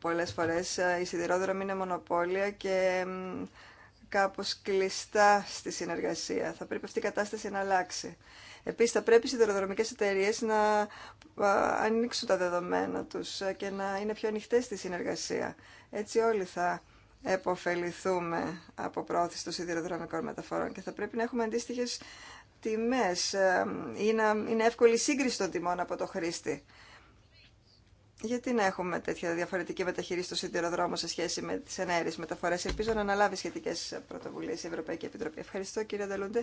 πολλές φορές ε, οι σιδηρόδρομοι είναι μονοπόλια και κάπως κλειστά στη συνεργασία. Θα πρέπει αυτή η κατάσταση να αλλάξει. Επίσης θα πρέπει οι σιδηροδρομικές εταιρείε να ανοίξουν τα δεδομένα τους και να είναι πιο ανοιχτές στη συνεργασία. Έτσι όλοι θα εποφεληθούμε από πρόθεση των σιδηροδρομικών μεταφορών και θα πρέπει να έχουμε αντίστοιχε τιμές ή ε, να είναι εύκολη σύγκριση των τιμών από το χρήστη. Γιατί να έχουμε τέτοια διαφορετική μεταχείριση στο σιδηροδρόμο σε σχέση με τι ενέργειε μεταφορέ. Ελπίζω να αναλάβει σχετικέ πρωτοβουλίε η Ευρωπαϊκή Επιτροπή. Ευχαριστώ, κύριε Νταλούντε.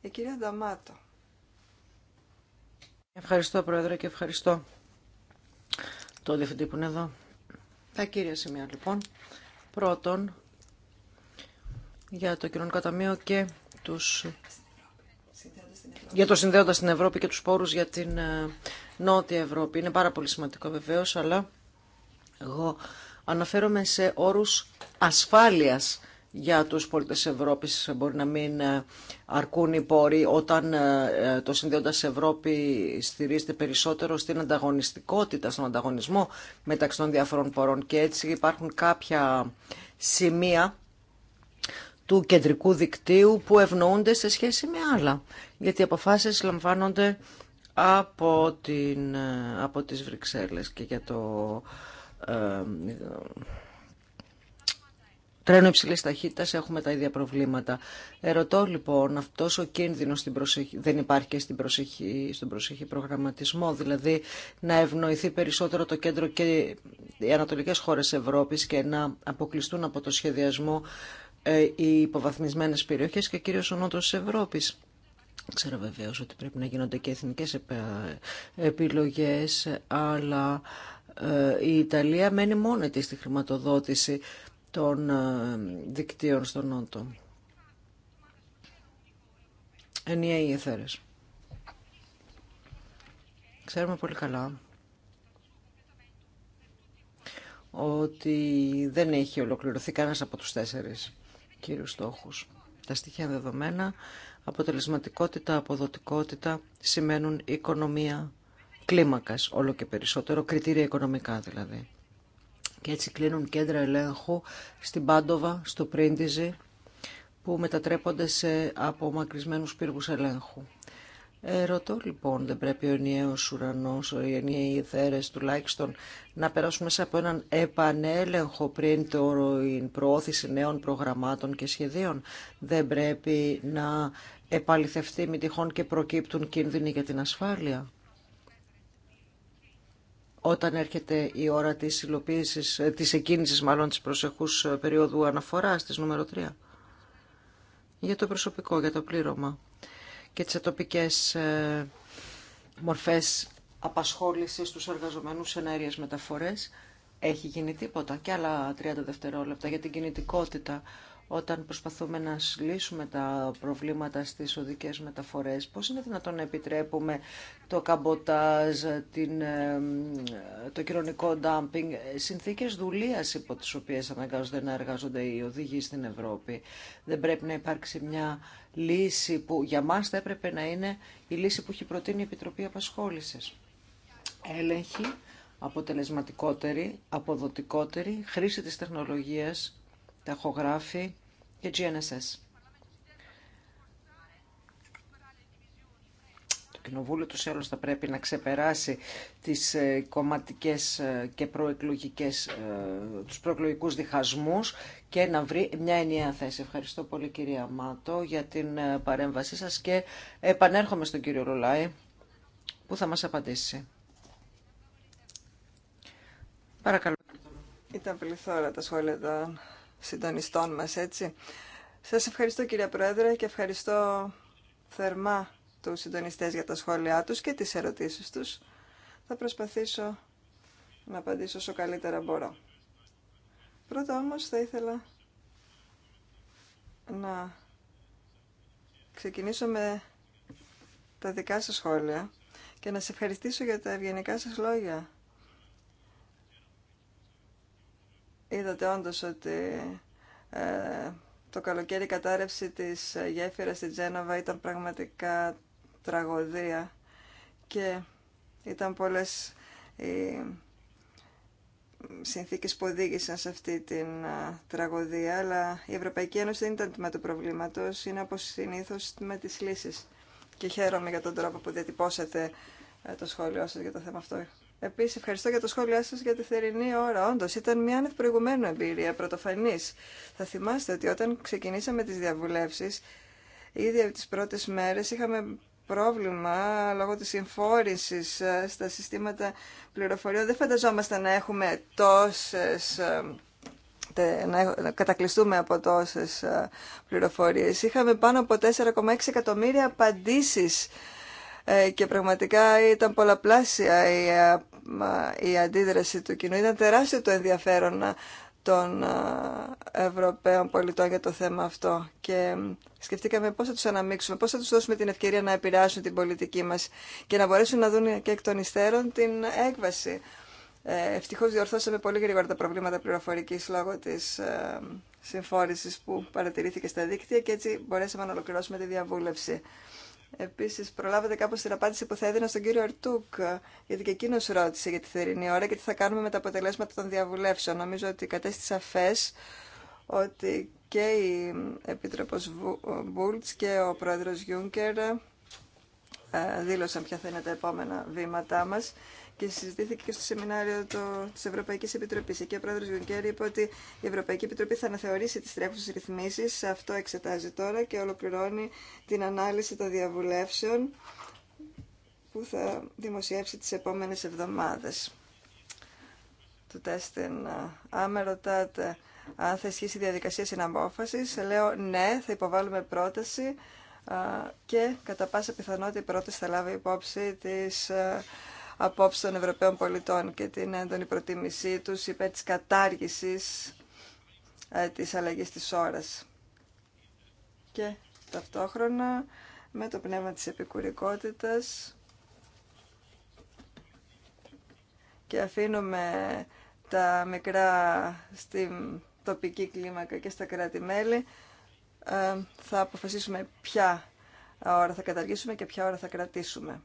Η ε, κυρία Νταμάτο. Ευχαριστώ, Πρόεδρε, και ευχαριστώ το Διευθυντή που είναι εδώ. Τα κύρια σημεία, λοιπόν. Πρώτον, για το Κοινωνικό Ταμείο και τους... Για το συνδέοντα στην Ευρώπη και τους πόρους για την ε, Νότια Ευρώπη. Είναι πάρα πολύ σημαντικό βεβαίως, αλλά εγώ αναφέρομαι σε όρους ασφάλειας για τους πολίτες Ευρώπης μπορεί να μην ε, αρκούν οι πόροι όταν ε, ε, το συνδέοντας Ευρώπη στηρίζεται περισσότερο στην ανταγωνιστικότητα, στον ανταγωνισμό μεταξύ των διαφορών πορών και έτσι υπάρχουν κάποια σημεία του κεντρικού δικτύου που ευνοούνται σε σχέση με άλλα. Γιατί οι αποφάσεις λαμβάνονται από, την, από τις Βρυξέλλες και για το τρένο υψηλή ταχύτητα έχουμε τα ίδια προβλήματα. Ερωτώ λοιπόν, αυτό ο κίνδυνο δεν υπάρχει και στην προσεχή, στον προσεχή προγραμματισμό, δηλαδή να ευνοηθεί περισσότερο το κέντρο και οι ανατολικέ χώρε Ευρώπη και να αποκλειστούν από το σχεδιασμό ε, οι υποβαθμισμένε περιοχέ και κυρίω ο νότο Ευρώπη. Ξέρω βεβαίω ότι πρέπει να γίνονται και εθνικέ επιλογέ, αλλά ε, η Ιταλία μένει μόνη τη στη χρηματοδότηση των ε, δικτύων στον Νότο. Ενιαίοι εθέρες. Ξέρουμε πολύ καλά ότι δεν έχει ολοκληρωθεί κανένας από τους τέσσερις κύριους στόχους. Τα στοιχεία δεδομένα, αποτελεσματικότητα, αποδοτικότητα σημαίνουν οικονομία κλίμακας, όλο και περισσότερο, κριτήρια οικονομικά δηλαδή. Και έτσι κλείνουν κέντρα ελέγχου στην Πάντοβα, στο Πρίντιζι, που μετατρέπονται σε απομακρυσμένους πύργους ελέγχου. Ρωτώ λοιπόν, δεν πρέπει ο ενιαίος ουρανός, ο ενιαίοι θέρες τουλάχιστον να περάσουν μέσα από έναν επανέλεγχο πριν την προώθηση νέων προγραμμάτων και σχεδίων. Δεν πρέπει να επαληθευτεί μη τυχόν και προκύπτουν κίνδυνοι για την ασφάλεια όταν έρχεται η ώρα της υλοποίησης, ε, της εκκίνησης μάλλον της προσεχούς ε, περίοδου αναφοράς, της νούμερο 3, για το προσωπικό, για το πλήρωμα και τις ατοπικές ε, μορφές απασχόλησης στους εργαζομένους σε αέριες μεταφορές. Έχει γίνει τίποτα και άλλα 30 δευτερόλεπτα για την κινητικότητα όταν προσπαθούμε να λύσουμε τα προβλήματα στις οδικές μεταφορές, πώς είναι δυνατόν να επιτρέπουμε το καμποτάζ, την, ε, το κοινωνικό ντάμπινγκ, συνθήκες δουλείας υπό τις οποίες αναγκάζονται να εργάζονται οι οδηγοί στην Ευρώπη. Δεν πρέπει να υπάρξει μια λύση που για μας θα έπρεπε να είναι η λύση που έχει προτείνει η Επιτροπή Απασχόλησης. Έλεγχη, αποτελεσματικότερη, αποδοτικότερη, χρήση της τεχνολογίας Ταχογράφη και GNSS. Το Κοινοβούλιο του Σέλος θα πρέπει να ξεπεράσει τις ε, κομματικές ε, και προεκλογικές, ε, τους προεκλογικούς διχασμούς και να βρει μια ενιαία θέση. Ευχαριστώ πολύ κυρία Μάτο για την παρέμβασή σας και επανέρχομαι στον κύριο Ρουλάη που θα μας απαντήσει. Παρακαλώ. Ήταν πληθώρα τα σχόλια των συντονιστών μας, έτσι. Σας ευχαριστώ κύριε Πρόεδρε και ευχαριστώ θερμά τους συντονιστές για τα σχόλιά τους και τις ερωτήσεις τους. Θα προσπαθήσω να απαντήσω όσο καλύτερα μπορώ. Πρώτα όμως θα ήθελα να ξεκινήσω με τα δικά σας σχόλια και να σε ευχαριστήσω για τα ευγενικά σας λόγια Είδατε όντως ότι ε, το καλοκαίρι η κατάρρευση της ε, γέφυρας στη Τζένοβα ήταν πραγματικά τραγωδία και ήταν πολλές οι ε, συνθήκες που οδήγησαν σε αυτή την ε, τραγωδία, αλλά η Ευρωπαϊκή Ένωση δεν ήταν τμήμα του προβλήματος, είναι όπως συνήθω με τις λύσεις. Και χαίρομαι για τον τρόπο που διατυπώσατε το σχόλιο σας για το θέμα αυτό. Επίση, ευχαριστώ για το σχόλιο σα για τη θερινή ώρα. όντω. ήταν μια προηγούμενη εμπειρία, πρωτοφανή. Θα θυμάστε ότι όταν ξεκινήσαμε τι διαβουλευσει, ήδη από τι πρώτε μέρε είχαμε πρόβλημα λόγω της συμφόρησης ε, στα συστήματα πληροφοριών. Δεν φανταζόμασταν να έχουμε τόσες ε, να κατακλειστούμε από τόσες ε, πληροφορίες. Είχαμε πάνω από 4,6 εκατομμύρια απαντήσεις και πραγματικά ήταν πολλαπλάσια η η αντίδραση του κοινού. Ήταν τεράστιο το ενδιαφέρον ε, των ε, Ευρωπαίων πολιτών για το θέμα αυτό και σκεφτήκαμε πώς θα τους αναμίξουμε, πώς θα τους δώσουμε την ευκαιρία να επηρεάσουν την πολιτική μας και να μπορέσουν να δουν και εκ των υστέρων την έκβαση. Ε, ευτυχώς διορθώσαμε πολύ γρήγορα τα προβλήματα πληροφορικής λόγω της συμφόρησης που παρατηρήθηκε στα δίκτυα και έτσι μπορέσαμε να ολοκληρώσουμε τη διαβούλευση. Επίσης, προλάβατε κάπως την απάντηση που θα έδινα στον κύριο Αρτούκ, γιατί και εκείνο ρώτησε για τη θερινή ώρα και τι θα κάνουμε με τα αποτελέσματα των διαβουλεύσεων. Νομίζω ότι κατέστησα φες ότι και η Επίτροπος Μπούλτς και ο Πρόεδρος Γιούνκερ ε, δήλωσαν ποια θα είναι τα επόμενα βήματά μας και συζητήθηκε και στο σεμινάριο τη ευρωπαϊκή επιτροπή Επιτροπής. Εκεί ο πρόεδρο είπε ότι η Ευρωπαϊκή Επιτροπή θα αναθεωρήσει τις τρέχουσες ρυθμίσεις. Αυτό εξετάζει τώρα και ολοκληρώνει την ανάλυση των διαβουλεύσεων που θα δημοσιεύσει τις επόμενες εβδομάδες. Του τέστην, άμα ρωτάτε αν θα ισχύσει η διαδικασία συναμόφασης, λέω ναι, θα υποβάλουμε πρόταση και κατά πάσα πιθανότητα η πρόταση θα λάβει υπόψη απόψη των Ευρωπαίων πολιτών και την έντονη προτίμησή τους υπέρ της κατάργησης ε, της αλλαγής της ώρας. Και ταυτόχρονα με το πνεύμα της επικουρικότητας και αφήνουμε τα μικρά στην τοπική κλίμακα και στα κράτη-μέλη ε, θα αποφασίσουμε ποια ώρα θα καταργήσουμε και ποια ώρα θα κρατήσουμε.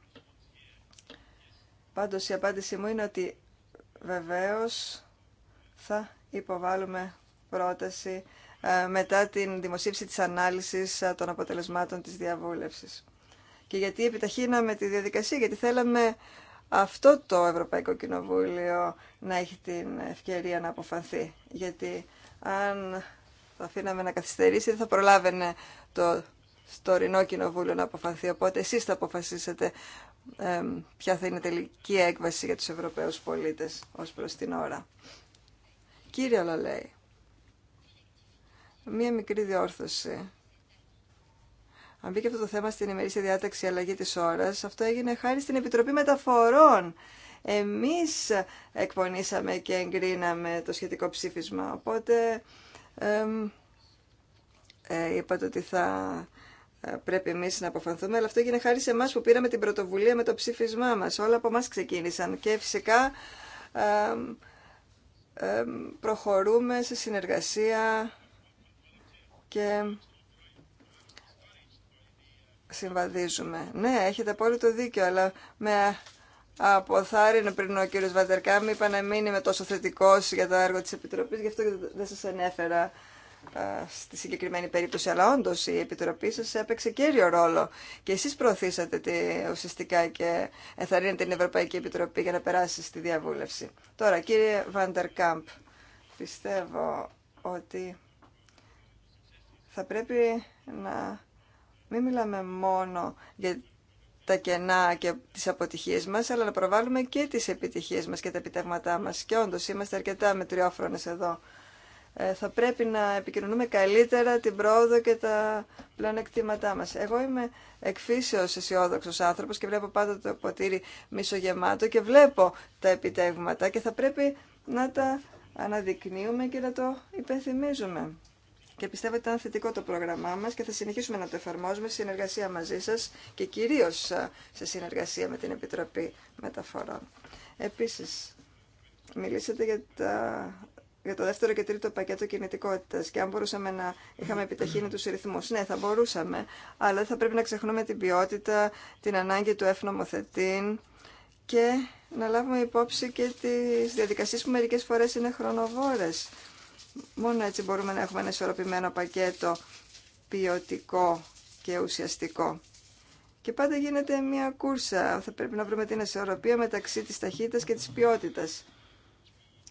Πάντως η απάντησή μου είναι ότι βεβαίως θα υποβάλουμε πρόταση ε, μετά την δημοσίευση της ανάλυσης ε, των αποτελεσμάτων της διαβούλευσης. Και γιατί επιταχύναμε τη διαδικασία, γιατί θέλαμε αυτό το Ευρωπαϊκό Κοινοβούλιο να έχει την ευκαιρία να αποφανθεί. Γιατί αν το αφήναμε να καθυστερήσει, δεν θα προλάβαινε το Ρινό κοινοβούλιο να αποφανθεί. Οπότε εσείς θα αποφασίσετε ε, ποια θα είναι τελική έκβαση για τους Ευρωπαίους πολίτες ως προς την ώρα. Κύριε Λαλέη, μία μικρή διόρθωση. Αν μπήκε αυτό το θέμα στην ημερήσια διάταξη αλλαγή της ώρας, αυτό έγινε χάρη στην Επιτροπή Μεταφορών. Εμείς εκπονήσαμε και εγκρίναμε το σχετικό ψήφισμα, οπότε ε, ε, είπατε ότι θα πρέπει εμεί να αποφανθούμε, αλλά αυτό έγινε χάρη σε εμά που πήραμε την πρωτοβουλία με το ψήφισμά μα. Όλα από εμά ξεκίνησαν και φυσικά προχωρούμε σε συνεργασία και συμβαδίζουμε. Ναι, έχετε απόλυτο δίκιο, αλλά με αποθάρρυνε πριν ο κύριος Βαντερκάμ είπα να μην είμαι τόσο θετικός για το έργο της Επιτροπής, γι' αυτό δεν σας ανέφερα στη συγκεκριμένη περίπτωση, αλλά όντω η Επιτροπή σα έπαιξε κέριο ρόλο και εσείς προωθήσατε τη, ουσιαστικά και εθαρρύνετε την Ευρωπαϊκή Επιτροπή για να περάσει στη διαβούλευση. Τώρα, κύριε Βάντερ πιστεύω ότι θα πρέπει να μην μιλάμε μόνο για τα κενά και τις αποτυχίες μας, αλλά να προβάλλουμε και τις επιτυχίες μας και τα επιτεύγματά μας. Και όντως είμαστε αρκετά μετριόφρονες εδώ ε, θα πρέπει να επικοινωνούμε καλύτερα την πρόοδο και τα πλεονεκτήματά μας. Εγώ είμαι εκφύσεως αισιόδοξο άνθρωπος και βλέπω πάντα το ποτήρι μισογεμάτο και βλέπω τα επιτεύγματα και θα πρέπει να τα αναδεικνύουμε και να το υπενθυμίζουμε. Και πιστεύω ότι ήταν θετικό το πρόγραμμά μας και θα συνεχίσουμε να το εφαρμόζουμε σε συνεργασία μαζί σας και κυρίως σε συνεργασία με την Επιτροπή Μεταφορών. Επίσης, μιλήσατε για τα για το δεύτερο και τρίτο πακέτο κινητικότητα και αν μπορούσαμε να είχαμε επιταχύνει του ρυθμού. Ναι, θα μπορούσαμε, αλλά δεν θα πρέπει να ξεχνούμε την ποιότητα, την ανάγκη του ευνομοθετήν και να λάβουμε υπόψη και τι διαδικασίε που μερικέ φορέ είναι χρονοβόρε. Μόνο έτσι μπορούμε να έχουμε ένα ισορροπημένο πακέτο ποιοτικό και ουσιαστικό. Και πάντα γίνεται μια κούρσα. Θα πρέπει να βρούμε την ισορροπία μεταξύ της ταχύτητας και της ποιότητα.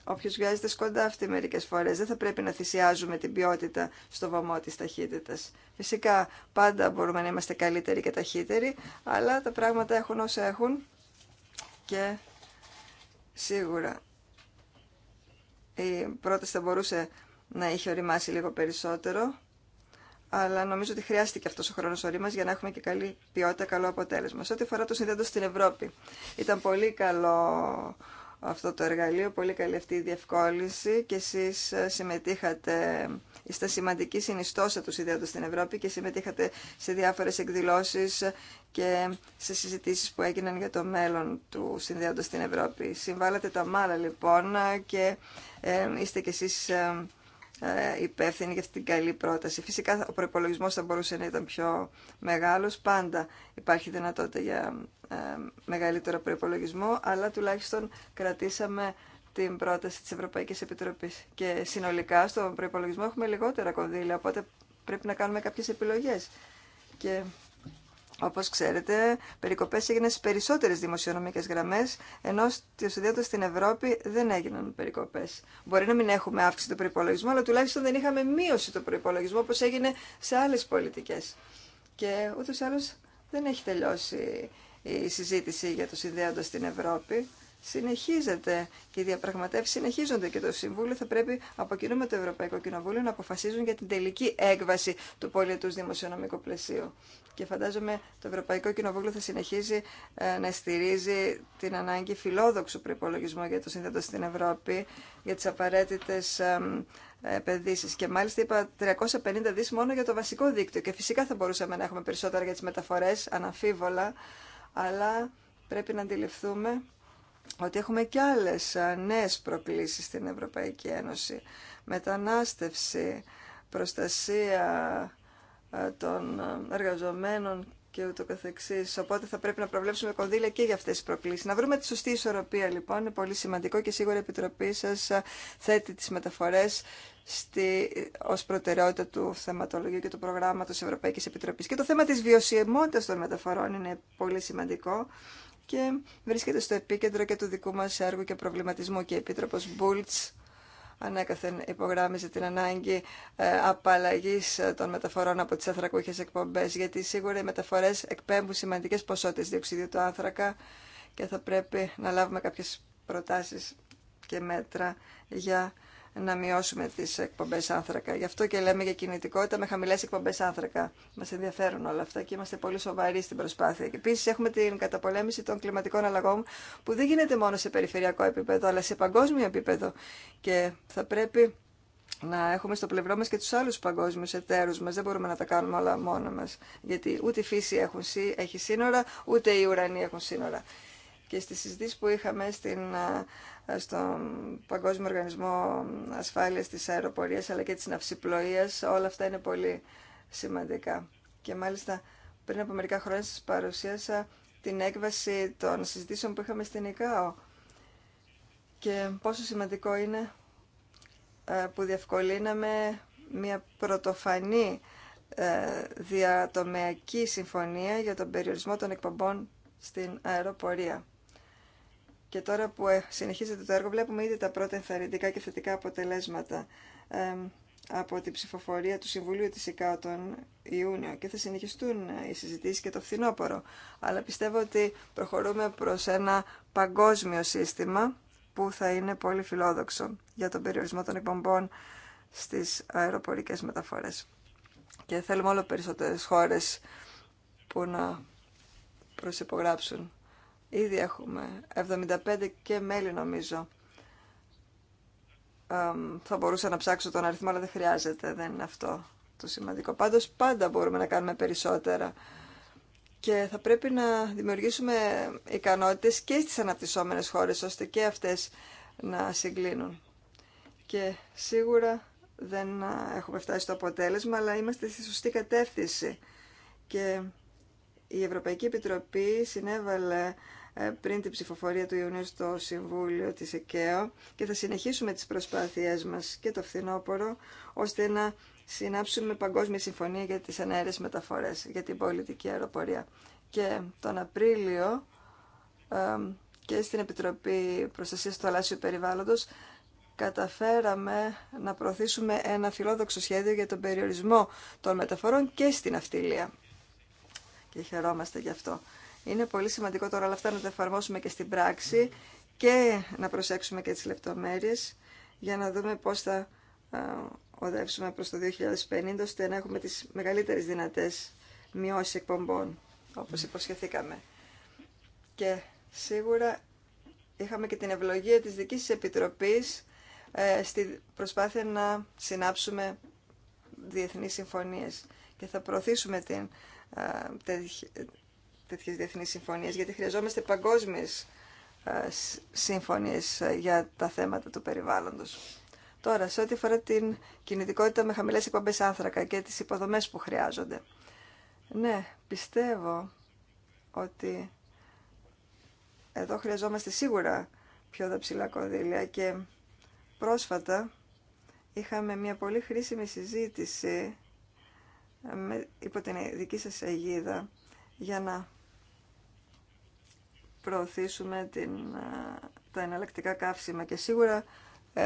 Όποιο βιάζεται αυτή μερικέ φορέ. Δεν θα πρέπει να θυσιάζουμε την ποιότητα στο βωμό τη ταχύτητα. Φυσικά πάντα μπορούμε να είμαστε καλύτεροι και ταχύτεροι, αλλά τα πράγματα έχουν όσα έχουν και σίγουρα η πρόταση θα μπορούσε να είχε οριμάσει λίγο περισσότερο, αλλά νομίζω ότι χρειάστηκε αυτό ο χρόνο όριμα για να έχουμε και καλή ποιότητα, καλό αποτέλεσμα. Σε ό,τι αφορά το συνδέοντο στην Ευρώπη, ήταν πολύ καλό αυτό το εργαλείο. Πολύ καλή αυτή η διευκόλυνση και εσείς ε, συμμετείχατε στα σημαντική συνιστόσα του ιδέατος στην Ευρώπη και συμμετείχατε σε διάφορες εκδηλώσεις και σε συζητήσεις που έγιναν για το μέλλον του συνδέοντος στην Ευρώπη. Συμβάλλατε τα μάλα λοιπόν ε, και ε, είστε κι εσείς ε, υπεύθυνοι για αυτή την καλή πρόταση. Φυσικά ο προπολογισμό θα μπορούσε να ήταν πιο μεγάλος. Πάντα υπάρχει δυνατότητα για ε, μεγαλύτερο προπολογισμό, αλλά τουλάχιστον κρατήσαμε την πρόταση της Ευρωπαϊκής Επιτροπής. Και συνολικά στον προπολογισμό έχουμε λιγότερα κονδύλια, οπότε πρέπει να κάνουμε κάποιες επιλογές. Και Όπω ξέρετε, περικοπές έγιναν στι περισσότερες δημοσιονομικές γραμμές, ενώ στο ιδιαίτερα στην Ευρώπη δεν έγιναν περικοπές. Μπορεί να μην έχουμε αύξηση του προπολογισμού, αλλά τουλάχιστον δεν είχαμε μείωση του προπολογισμού όπως έγινε σε άλλες πολιτικές. Και ούτως ή άλλως δεν έχει τελειώσει η συζήτηση για το συνδέοντα στην Ευρώπη συνεχίζεται και οι διαπραγματεύσει, συνεχίζονται και το Συμβούλιο θα πρέπει από κοινού με το Ευρωπαϊκό Κοινοβούλιο να αποφασίζουν για την τελική έκβαση του πολιτού δημοσιονομικού πλαισίου. Και φαντάζομαι το Ευρωπαϊκό Κοινοβούλιο θα συνεχίζει ε, να στηρίζει την ανάγκη φιλόδοξου προπολογισμού για το σύνθετο στην Ευρώπη, για τις απαραίτητες επενδύσει. Και μάλιστα είπα 350 δι μόνο για το βασικό δίκτυο. Και φυσικά θα μπορούσαμε να έχουμε περισσότερα για τι μεταφορέ, αναμφίβολα, αλλά πρέπει να αντιληφθούμε ότι έχουμε και άλλες ε, νέες προκλήσεις στην Ευρωπαϊκή Ένωση. Μετανάστευση, προστασία ε, των ε, εργαζομένων και ούτω καθεξής. Οπότε θα πρέπει να προβλέψουμε κονδύλια και για αυτές τις προκλήσεις. Να βρούμε τη σωστή ισορροπία λοιπόν, είναι πολύ σημαντικό και σίγουρα η Επιτροπή σας θέτει τις μεταφορές στη, ως προτεραιότητα του θεματολογίου και του προγράμματος Ευρωπαϊκής Επιτροπής. Και το θέμα της βιωσιμότητας των μεταφορών είναι πολύ σημαντικό και βρίσκεται στο επίκεντρο και του δικού μας έργου και προβληματισμού και η Επίτροπος Μπούλτς ανέκαθεν υπογράμμιζε την ανάγκη ε, απαλλαγή ε, των μεταφορών από τι ανθρακούχε εκπομπές, γιατί σίγουρα οι μεταφορές εκπέμπουν σημαντικές ποσότητες διοξιδίου του άνθρακα και θα πρέπει να λάβουμε κάποιες προτάσεις και μέτρα για να μειώσουμε τι εκπομπέ άνθρακα. Γι' αυτό και λέμε για κινητικότητα με χαμηλέ εκπομπέ άνθρακα. Μα ενδιαφέρουν όλα αυτά και είμαστε πολύ σοβαροί στην προσπάθεια. Και επίση έχουμε την καταπολέμηση των κλιματικών αλλαγών που δεν γίνεται μόνο σε περιφερειακό επίπεδο αλλά σε παγκόσμιο επίπεδο. Και θα πρέπει να έχουμε στο πλευρό μα και του άλλου παγκόσμιου εταίρους Μα. Δεν μπορούμε να τα κάνουμε όλα μόνο μα. Γιατί ούτε η φύση έχουν, έχει σύνορα, ούτε οι ουρανοί έχουν σύνορα και στις συζητήσεις που είχαμε στην, στον Παγκόσμιο Οργανισμό Ασφάλειας της Αεροπορίας αλλά και της Ναυσιπλοείας, όλα αυτά είναι πολύ σημαντικά. Και μάλιστα πριν από μερικά χρόνια σας παρουσίασα την έκβαση των συζητήσεων που είχαμε στην ΕΚΑΟ και πόσο σημαντικό είναι ε, που διευκολύναμε μια πρωτοφανή ε, διατομεακή συμφωνία για τον περιορισμό των εκπομπών στην αεροπορία. Και τώρα που ε, συνεχίζεται το έργο βλέπουμε ήδη τα πρώτα ενθαρρυντικά και θετικά αποτελέσματα από την ψηφοφορία του Συμβουλίου της ΕΚΑΟ τον Ιούνιο και θα συνεχιστούν ε, οι συζητήσεις και το φθινόπωρο. Αλλά πιστεύω ότι προχωρούμε προς ένα παγκόσμιο σύστημα που θα είναι πολύ φιλόδοξο για τον περιορισμό των εκπομπών στις αεροπορικές μεταφορές. Και θέλουμε όλο περισσότερες χώρες που να προσυπογράψουν Ήδη έχουμε 75 και μέλη νομίζω. θα μπορούσα να ψάξω τον αριθμό, αλλά δεν χρειάζεται, δεν είναι αυτό το σημαντικό. Πάντως πάντα μπορούμε να κάνουμε περισσότερα και θα πρέπει να δημιουργήσουμε ικανότητες και στις αναπτυσσόμενες χώρες, ώστε και αυτές να συγκλίνουν. Και σίγουρα δεν έχουμε φτάσει στο αποτέλεσμα, αλλά είμαστε στη σωστή κατεύθυνση. Και η Ευρωπαϊκή Επιτροπή συνέβαλε ε, πριν την ψηφοφορία του Ιουνίου στο Συμβούλιο της ΕΚΕΟ και θα συνεχίσουμε τις προσπάθειές μας και το φθινόπωρο ώστε να συνάψουμε παγκόσμια συμφωνία για τις ανέρες μεταφορές για την πολιτική αεροπορία. Και τον Απρίλιο ε, και στην Επιτροπή Προστασίας του Αλάσιου Περιβάλλοντος καταφέραμε να προωθήσουμε ένα φιλόδοξο σχέδιο για τον περιορισμό των μεταφορών και στην αυτιλία και χαιρόμαστε γι' αυτό. Είναι πολύ σημαντικό τώρα όλα αυτά να τα εφαρμόσουμε και στην πράξη και να προσέξουμε και τις λεπτομέρειες για να δούμε πώς θα οδεύσουμε προς το 2050 ώστε να έχουμε τις μεγαλύτερες δυνατές μειώσεις εκπομπών όπως υποσχεθήκαμε. Και σίγουρα είχαμε και την ευλογία της δικής της Επιτροπής ε, στη προσπάθεια να συνάψουμε διεθνείς συμφωνίες και θα προωθήσουμε την ε, τέτοιε διεθνεί συμφωνίε, γιατί χρειαζόμαστε παγκόσμιε ε, συμφωνίε ε, για τα θέματα του περιβάλλοντο. Τώρα, σε ό,τι αφορά την κινητικότητα με χαμηλέ εκπομπέ άνθρακα και τι υποδομέ που χρειάζονται. Ναι, πιστεύω ότι εδώ χρειαζόμαστε σίγουρα πιο δαψιλά κονδύλια και πρόσφατα είχαμε μια πολύ χρήσιμη συζήτηση υπό την δική σας αιγίδα για να προωθήσουμε την, τα εναλλακτικά καύσιμα και σίγουρα ε,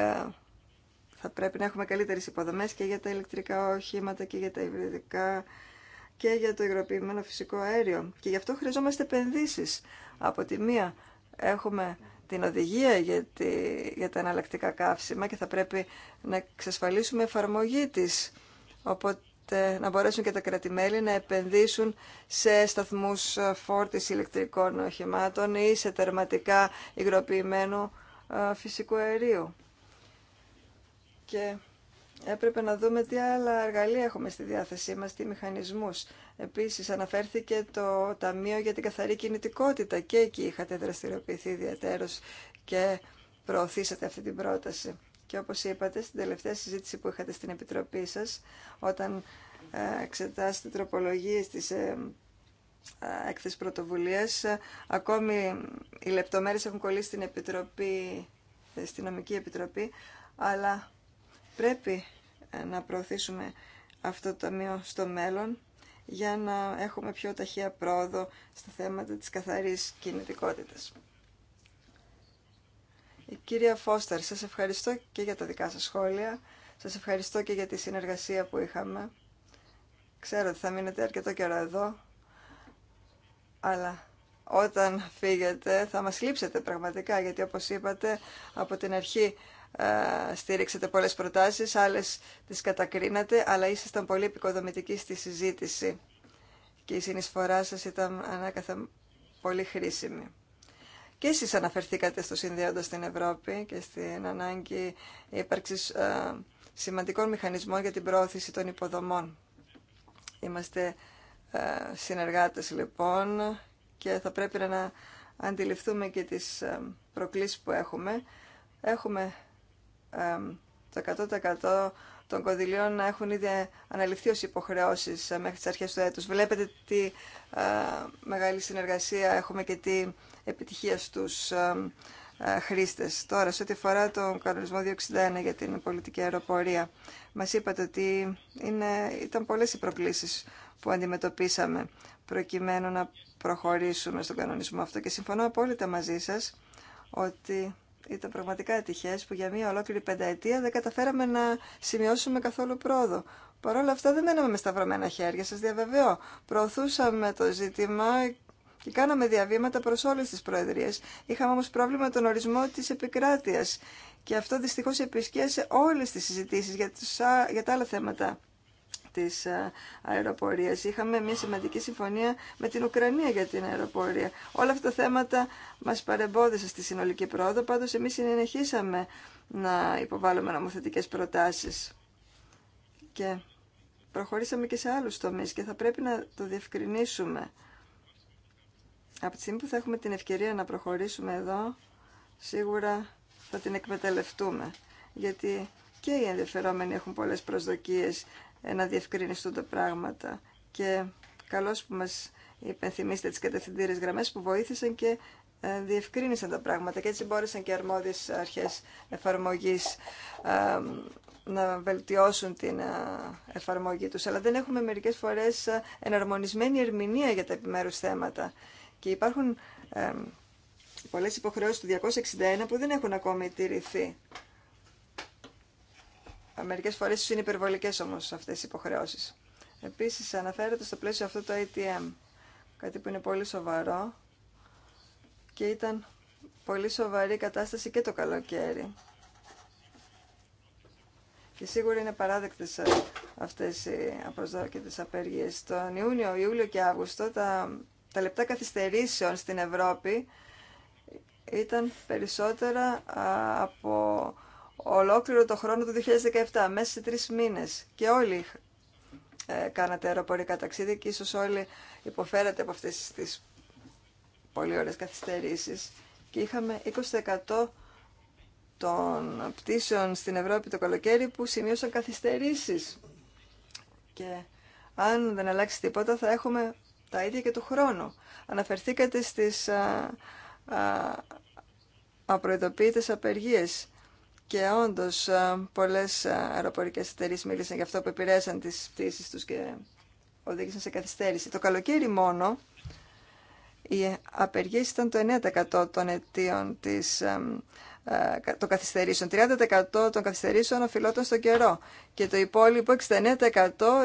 θα πρέπει να έχουμε καλύτερες υποδομές και για τα ηλεκτρικά οχήματα και για τα υβριδικά και για το υγροποιημένο φυσικό αέριο. Και γι' αυτό χρειαζόμαστε επενδύσει. Από τη μία έχουμε την οδηγία για, για τα εναλλακτικά καύσιμα και θα πρέπει να εξασφαλίσουμε εφαρμογή της. Οπότε να μπορέσουν και τα κρατημέλη να επενδύσουν σε σταθμούς ε, φόρτισης ηλεκτρικών οχημάτων ή σε τερματικά υγροποιημένου ε, φυσικού αερίου. Και έπρεπε να δούμε τι άλλα εργαλεία έχουμε στη διάθεσή μας, τι μηχανισμούς. Επίσης αναφέρθηκε το Ταμείο για την Καθαρή Κινητικότητα και εκεί είχατε δραστηριοποιηθεί ιδιαίτερως και προωθήσατε αυτή την πρόταση. Και όπως είπατε, στην τελευταία συζήτηση που είχατε στην Επιτροπή σας, όταν ε, εξετάσετε τροπολογίες της ε, ε, έκθεσης πρωτοβουλίας, ακόμη οι λεπτομέρειες έχουν κολλήσει στην Επιτροπή, στην Νομική Επιτροπή, αλλά πρέπει να προωθήσουμε αυτό το ταμείο στο μέλλον για να έχουμε πιο ταχεία πρόοδο στα θέματα της καθαρής κινητικότητας. Η κυρία Φώστερ, σας ευχαριστώ και για τα δικά σας σχόλια. Σας ευχαριστώ και για τη συνεργασία που είχαμε. Ξέρω ότι θα μείνετε αρκετό καιρό εδώ, αλλά όταν φύγετε θα μας λείψετε πραγματικά, γιατί όπως είπατε από την αρχή ε, στήριξετε πολλές προτάσεις, άλλες τις κατακρίνατε, αλλά ήσασταν πολύ επικοδομητικοί στη συζήτηση και η συνεισφορά σας ήταν ανάκαθα πολύ χρήσιμη. Και εσείς αναφερθήκατε στο συνδέοντα στην Ευρώπη και στην ανάγκη ύπαρξη ε, σημαντικών μηχανισμών για την πρόωθηση των υποδομών. Είμαστε ε, συνεργάτες λοιπόν και θα πρέπει να αντιληφθούμε και τις ε, προκλήσεις που έχουμε. Έχουμε το 100% των κονδυλίων να έχουν ήδη αναλυφθεί ως υποχρεώσεις μέχρι τις αρχές του έτους. Βλέπετε τι μεγάλη συνεργασία έχουμε και τι Επιτυχία στους ε, χρήστες. Τώρα, σε ό,τι αφορά τον κανονισμό 261 για την πολιτική αεροπορία, μας είπατε ότι είναι, ήταν πολλές οι προκλήσεις που αντιμετωπίσαμε προκειμένου να προχωρήσουμε στον κανονισμό αυτό και συμφωνώ απόλυτα μαζί σας ότι ήταν πραγματικά ατυχές που για μία ολόκληρη πενταετία δεν καταφέραμε να σημειώσουμε καθόλου πρόοδο. Παρ' όλα αυτά δεν μέναμε με σταυρωμένα χέρια, σας διαβεβαιώ. Προωθούσαμε το ζήτημα και κάναμε διαβήματα προς όλες τις προεδρίες. Είχαμε όμως πρόβλημα τον ορισμό της επικράτειας και αυτό δυστυχώς επισκέσε όλες τις συζητήσεις για, για τα άλλα θέματα της ε, αεροπορίας. Είχαμε μια σημαντική συμφωνία με την Ουκρανία για την αεροπορία. Όλα αυτά τα θέματα μας παρεμπόδισαν στη συνολική πρόοδο, πάντως εμείς συνεχίσαμε να υποβάλλουμε νομοθετικές προτάσεις. Και προχωρήσαμε και σε άλλους τομείς και θα πρέπει να το διευκρινίσουμε από τη στιγμή που θα έχουμε την ευκαιρία να προχωρήσουμε εδώ, σίγουρα θα την εκμεταλλευτούμε. Γιατί και οι ενδιαφερόμενοι έχουν πολλές προσδοκίες ε, να διευκρινιστούν τα πράγματα. Και καλώς που μας υπενθυμίσετε τις κατευθυντήρες γραμμές που βοήθησαν και ε, διευκρίνησαν τα πράγματα και έτσι μπόρεσαν και αρμόδιες αρχές εφαρμογής ε, να βελτιώσουν την εφαρμογή τους. Αλλά δεν έχουμε μερικές φορές εναρμονισμένη ερμηνεία για τα επιμέρους θέματα. Και υπάρχουν ε, πολλές υποχρεώσεις του 261 που δεν έχουν ακόμη τηρηθεί. Μερικές φορές είναι υπερβολικές όμως αυτές οι υποχρεώσεις. Επίσης αναφέρεται στο πλαίσιο αυτό το ATM, κάτι που είναι πολύ σοβαρό και ήταν πολύ σοβαρή κατάσταση και το καλοκαίρι. Και σίγουρα είναι παράδεκτες ε, αυτές οι απροσδόκητες απεργίες. Τον Ιούνιο, Ιούλιο και Αύγουστο τα λεπτά καθυστερήσεων στην Ευρώπη ήταν περισσότερα από ολόκληρο το χρόνο του 2017, μέσα σε τρεις μήνες. Και όλοι ε, κάνατε αεροπορικά ταξίδια και ίσως όλοι υποφέρατε από αυτές τις πολύ ωραίες καθυστερήσεις. Και είχαμε 20% των πτήσεων στην Ευρώπη το καλοκαίρι που σημείωσαν καθυστερήσεις. Και αν δεν αλλάξει τίποτα θα έχουμε τα ίδια και του χρόνου. Αναφερθήκατε στις α, α, απροειδοποιητές απεργίες και όντως α, πολλές αεροπορικές εταιρείες μίλησαν για αυτό που επηρέασαν τις πτήσεις τους και οδήγησαν σε καθυστέρηση. Το καλοκαίρι μόνο οι απεργίες ήταν το 9% των αιτίων της, των καθυστερήσεων. 30% των καθυστερήσεων οφειλόταν στον καιρό και το υπόλοιπο 69%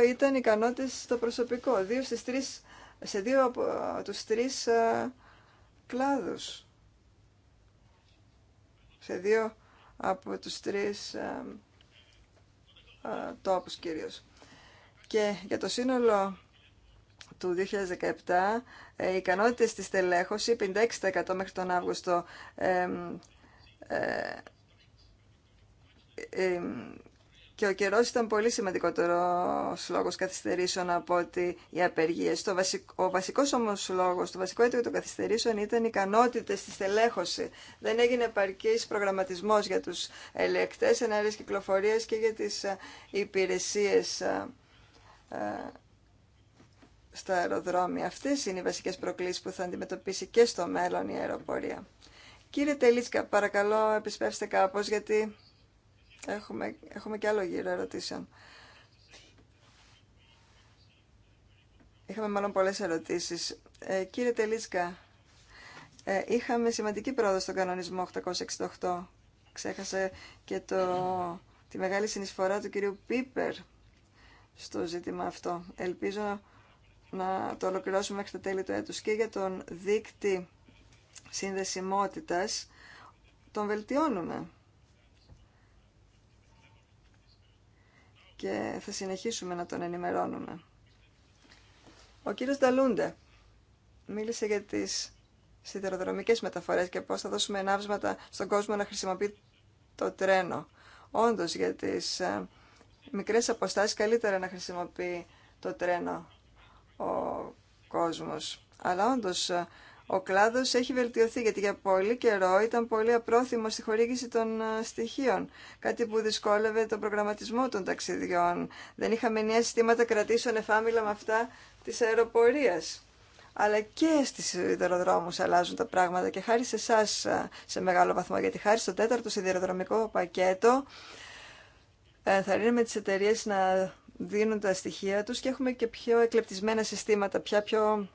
ήταν ικανότητες στο προσωπικό. Δύο στις τρεις σε δύο από ε, τους τρεις ε, κλάδους. Σε δύο από τους τρεις ε, τόπους κυρίως. Και για το σύνολο του 2017 οι ικανότητες της τελέχωση 56% μέχρι τον Αύγουστο ε, ε, και ο καιρό ήταν πολύ σημαντικότερο λόγο καθυστερήσεων από ότι οι απεργίε. Ο βασικό όμω λόγο, το βασικό έτοιμο των καθυστερήσεων ήταν οι ικανότητε στη στελέχωση. Δεν έγινε επαρκή προγραμματισμό για του ελεκτέ ενέργεια κυκλοφορία και για τι ε, υπηρεσίε ε, ε, στα αεροδρόμια. Αυτέ είναι οι βασικέ προκλήσει που θα αντιμετωπίσει και στο μέλλον η αεροπορία. Κύριε Τελίτσκα, παρακαλώ επισπεύστε κάπως γιατί Έχουμε, έχουμε και άλλο γύρο ερωτήσεων. Είχαμε μάλλον πολλές ερωτήσεις. Ε, κύριε Τελίσκα, ε, είχαμε σημαντική πρόοδο στον κανονισμό 868. Ξέχασε και το, τη μεγάλη συνεισφορά του κυρίου Πίπερ στο ζήτημα αυτό. Ελπίζω να το ολοκληρώσουμε μέχρι τα τέλη του έτους και για τον δίκτυ συνδεσιμότητας τον βελτιώνουμε και θα συνεχίσουμε να τον ενημερώνουμε. Ο κύριος Νταλούντε μίλησε για τις σιδηροδρομικές μεταφορές και πώς θα δώσουμε ενάψματα στον κόσμο να χρησιμοποιεί το τρένο. Όντως για τις ε, μικρές αποστάσεις καλύτερα να χρησιμοποιεί το τρένο ο κόσμος. Αλλά όντως ε, ο κλάδο έχει βελτιωθεί γιατί για πολύ καιρό ήταν πολύ απρόθυμο στη χορήγηση των ε, στοιχείων. Κάτι που δυσκόλευε τον προγραμματισμό των ταξιδιών. Δεν είχαμε νέα συστήματα κρατήσεων εφάμιλα με αυτά τη αεροπορία. Αλλά και στις σιδηροδρόμου αλλάζουν τα πράγματα και χάρη σε εσά ε, σε μεγάλο βαθμό. Γιατί χάρη στο τέταρτο σιδηροδρομικό πακέτο ε, θα ρίνουμε τι εταιρείε να δίνουν τα στοιχεία τους και έχουμε και πιο εκλεπτισμένα συστήματα, πια πιο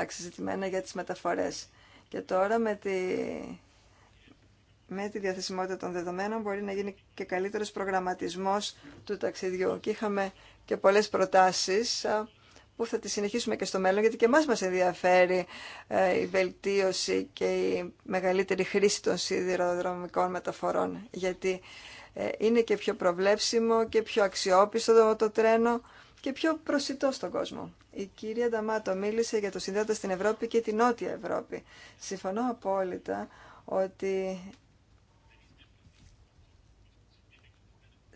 αξιζητημένα για τις μεταφορές. Και τώρα με τη, με τη διαθεσιμότητα των δεδομένων μπορεί να γίνει και καλύτερος προγραμματισμός του ταξιδιού. Και είχαμε και πολλές προτάσεις που θα τις συνεχίσουμε και στο μέλλον, γιατί και εμάς μας ενδιαφέρει ε, η βελτίωση και η μεγαλύτερη χρήση των σιδηροδρομικών μεταφορών, γιατί ε, είναι και πιο προβλέψιμο και πιο αξιόπιστο το τρένο και πιο προσιτό στον κόσμο. Η κυρία Νταμάτο μίλησε για το συνδέοντα στην Ευρώπη και την Νότια Ευρώπη. Συμφωνώ απόλυτα ότι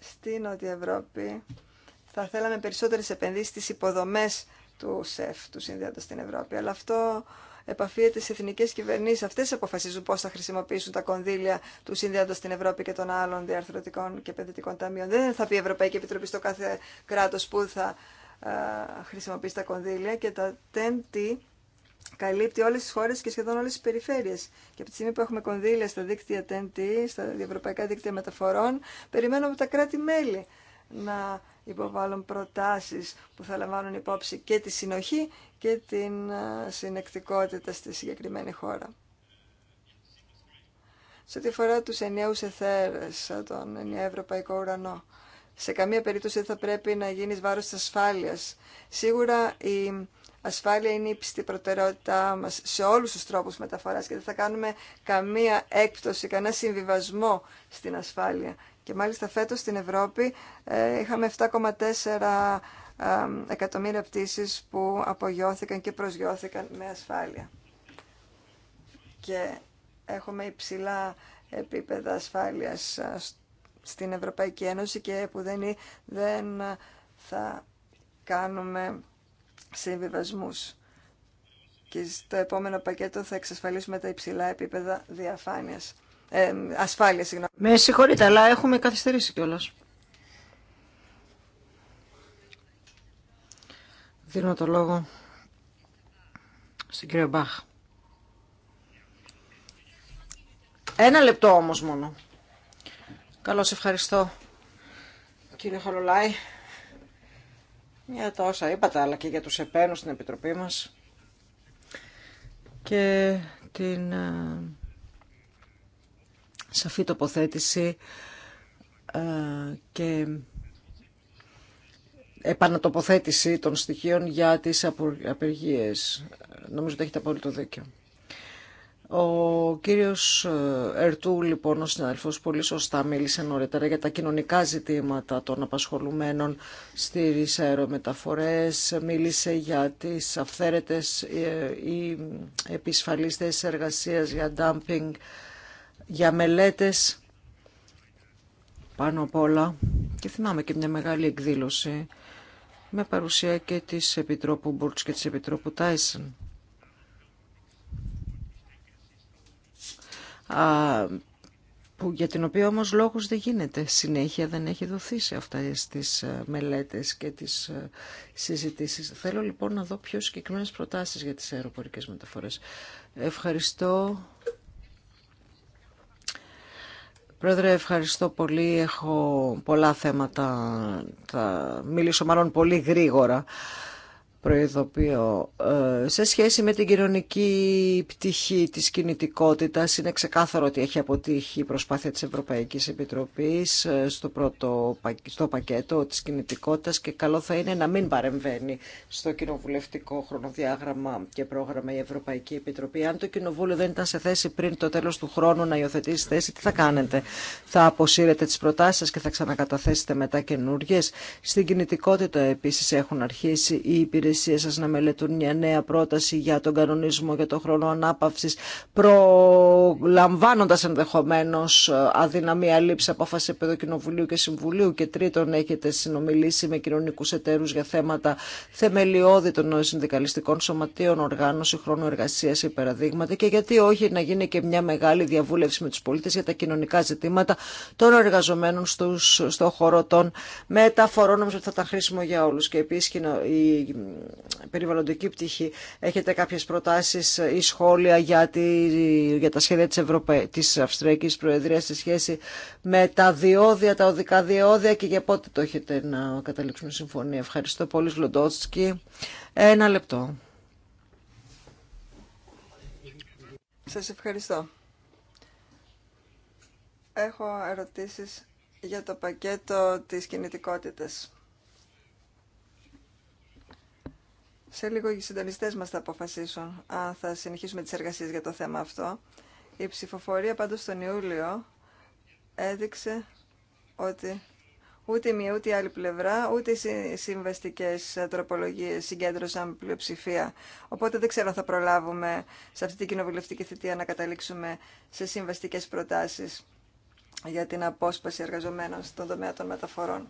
στη Νότια Ευρώπη θα θέλαμε περισσότερες επενδύσεις στις υποδομές του ΣΕΦ, του συνδέοντα στην Ευρώπη. Αλλά αυτό επαφίεται τη εθνικέ κυβερνήσει. Αυτέ αποφασίζουν πώ θα χρησιμοποιήσουν τα κονδύλια του συνδέοντα στην Ευρώπη και των άλλων διαρθρωτικών και επενδυτικών ταμείων. Δεν θα πει η Ευρωπαϊκή Επιτροπή στο κάθε κράτο που θα ε, χρησιμοποιήσει τα κονδύλια και τα TEN-T καλύπτει όλε τι χώρε και σχεδόν όλε τι περιφέρειε. Και από τη στιγμή που έχουμε κονδύλια στα δίκτυα TEN-T, στα διευρωπαϊκά δίκτυα μεταφορών, περιμένουμε τα κράτη-μέλη να υποβάλουν προτάσεις που θα λαμβάνουν υπόψη και τη συνοχή και την ε, συνεκτικότητα στη συγκεκριμένη χώρα. Σε ό,τι αφορά τους ενιαίους εθέρες, ε, τον ενιαίο ευρωπαϊκό ουρανό, σε καμία περίπτωση δεν θα πρέπει να γίνεις βάρος της ασφάλειας. Σίγουρα η ασφάλεια είναι η πιστή προτεραιότητά μας σε όλους τους τρόπους μεταφοράς και δεν θα κάνουμε καμία έκπτωση, κανένα συμβιβασμό στην ασφάλεια. Και μάλιστα φέτος στην Ευρώπη ε, είχαμε 7,4 εκατομμύρια πτήσεις που απογειώθηκαν και προσγειώθηκαν με ασφάλεια. Και έχουμε υψηλά επίπεδα ασφάλειας ε, στην Ευρωπαϊκή Ένωση και που δεν, ε, θα κάνουμε συμβιβασμούς. Και στο επόμενο πακέτο θα εξασφαλίσουμε τα υψηλά επίπεδα διαφάνειας. Ε, ασφάλεια, Με συγχωρείτε, αλλά έχουμε καθυστερήσει κιόλας. Δίνω το λόγο στην κυρία Μπάχ. Ένα λεπτό όμως μόνο. Καλώς ευχαριστώ κύριε Χαλολάη για τα όσα είπατε αλλά και για τους επένους στην Επιτροπή μας και την ε, σαφή τοποθέτηση ε, και επανατοποθέτηση των στοιχείων για τις απεργίες. Νομίζω ότι έχετε απόλυτο δίκιο. Ο κύριος ε, Ερτού, λοιπόν, ο συναδελφός, πολύ σωστά μίλησε νωρίτερα για τα κοινωνικά ζητήματα των απασχολουμένων στις αερομεταφορές, μίλησε για τις αυθαίρετες ή ε, επισφαλείς θέσεις εργασίας, για ντάμπινγκ, για μελέτες, πάνω απ' όλα. Και θυμάμαι και μια μεγάλη εκδήλωση με παρουσία και της Επιτρόπου Μπούρτς και της Επιτρόπου Τάισεν, που, για την οποία όμως λόγος δεν γίνεται. Συνέχεια δεν έχει δοθεί σε αυτά τις ε, μελέτες και τις ε, συζητήσεις. Θέλω λοιπόν να δω πιο συγκεκριμένες προτάσεις για τις αεροπορικές μεταφορές. Ευχαριστώ. Πρόεδρε, ευχαριστώ πολύ. Έχω πολλά θέματα. Θα μιλήσω μάλλον πολύ γρήγορα προειδοποιώ. Ε, σε σχέση με την κοινωνική πτυχή της κινητικότητας, είναι ξεκάθαρο ότι έχει αποτύχει η προσπάθεια της Ευρωπαϊκής Επιτροπής ε, στο πρώτο στο πακέτο της κινητικότητας και καλό θα είναι να μην παρεμβαίνει στο κοινοβουλευτικό χρονοδιάγραμμα και πρόγραμμα η Ευρωπαϊκή Επιτροπή. Αν το Κοινοβούλιο δεν ήταν σε θέση πριν το τέλος του χρόνου να υιοθετήσει θέση, τι θα κάνετε. Θα αποσύρετε τις προτάσεις σας και θα ξανακαταθέσετε μετά καινούργιες. Στην κινητικότητα επίσης έχουν αρχίσει οι υπηρεσίες σας να μελετούν μια νέα πρόταση για τον κανονισμό για τον χρόνο ανάπαυσης προλαμβάνοντας ενδεχομένως ε, αδυναμία λήψη απόφαση επίπεδο Κοινοβουλίου και Συμβουλίου και τρίτον έχετε συνομιλήσει με κοινωνικού εταίρους για θέματα θεμελιώδη των συνδικαλιστικών σωματείων οργάνωση χρόνου εργασίας παραδείγματα. και γιατί όχι να γίνει και μια μεγάλη διαβούλευση με τους πολίτες για τα κοινωνικά ζητήματα των εργαζομένων στους, στο χώρο των μεταφορών. Νομίζω ότι θα ήταν χρήσιμο για όλους. Και επίσης η περιβαλλοντική πτυχή. Έχετε κάποιες προτάσεις ή σχόλια για, για τα σχέδια της, ευρωπαϊκής της Προεδρίας σε σχέση με τα διόδια, τα οδικά διόδια και για πότε το έχετε να καταλήξουμε συμφωνία. Ευχαριστώ πολύ, Λοντότσκι. Ένα λεπτό. Σας ευχαριστώ. Έχω ερωτήσεις για το πακέτο της κινητικότητας. Σε λίγο οι συντονιστέ μα θα αποφασίσουν αν θα συνεχίσουμε τι εργασίε για το θέμα αυτό. Η ψηφοφορία πάντως τον Ιούλιο έδειξε ότι ούτε η μία ούτε η άλλη πλευρά, ούτε οι συμβαστικέ τροπολογίε συγκέντρωσαν πλειοψηφία. Οπότε δεν ξέρω αν θα προλάβουμε σε αυτή την κοινοβουλευτική θητεία να καταλήξουμε σε συμβαστικέ προτάσει για την απόσπαση εργαζομένων στον τομέα των μεταφορών.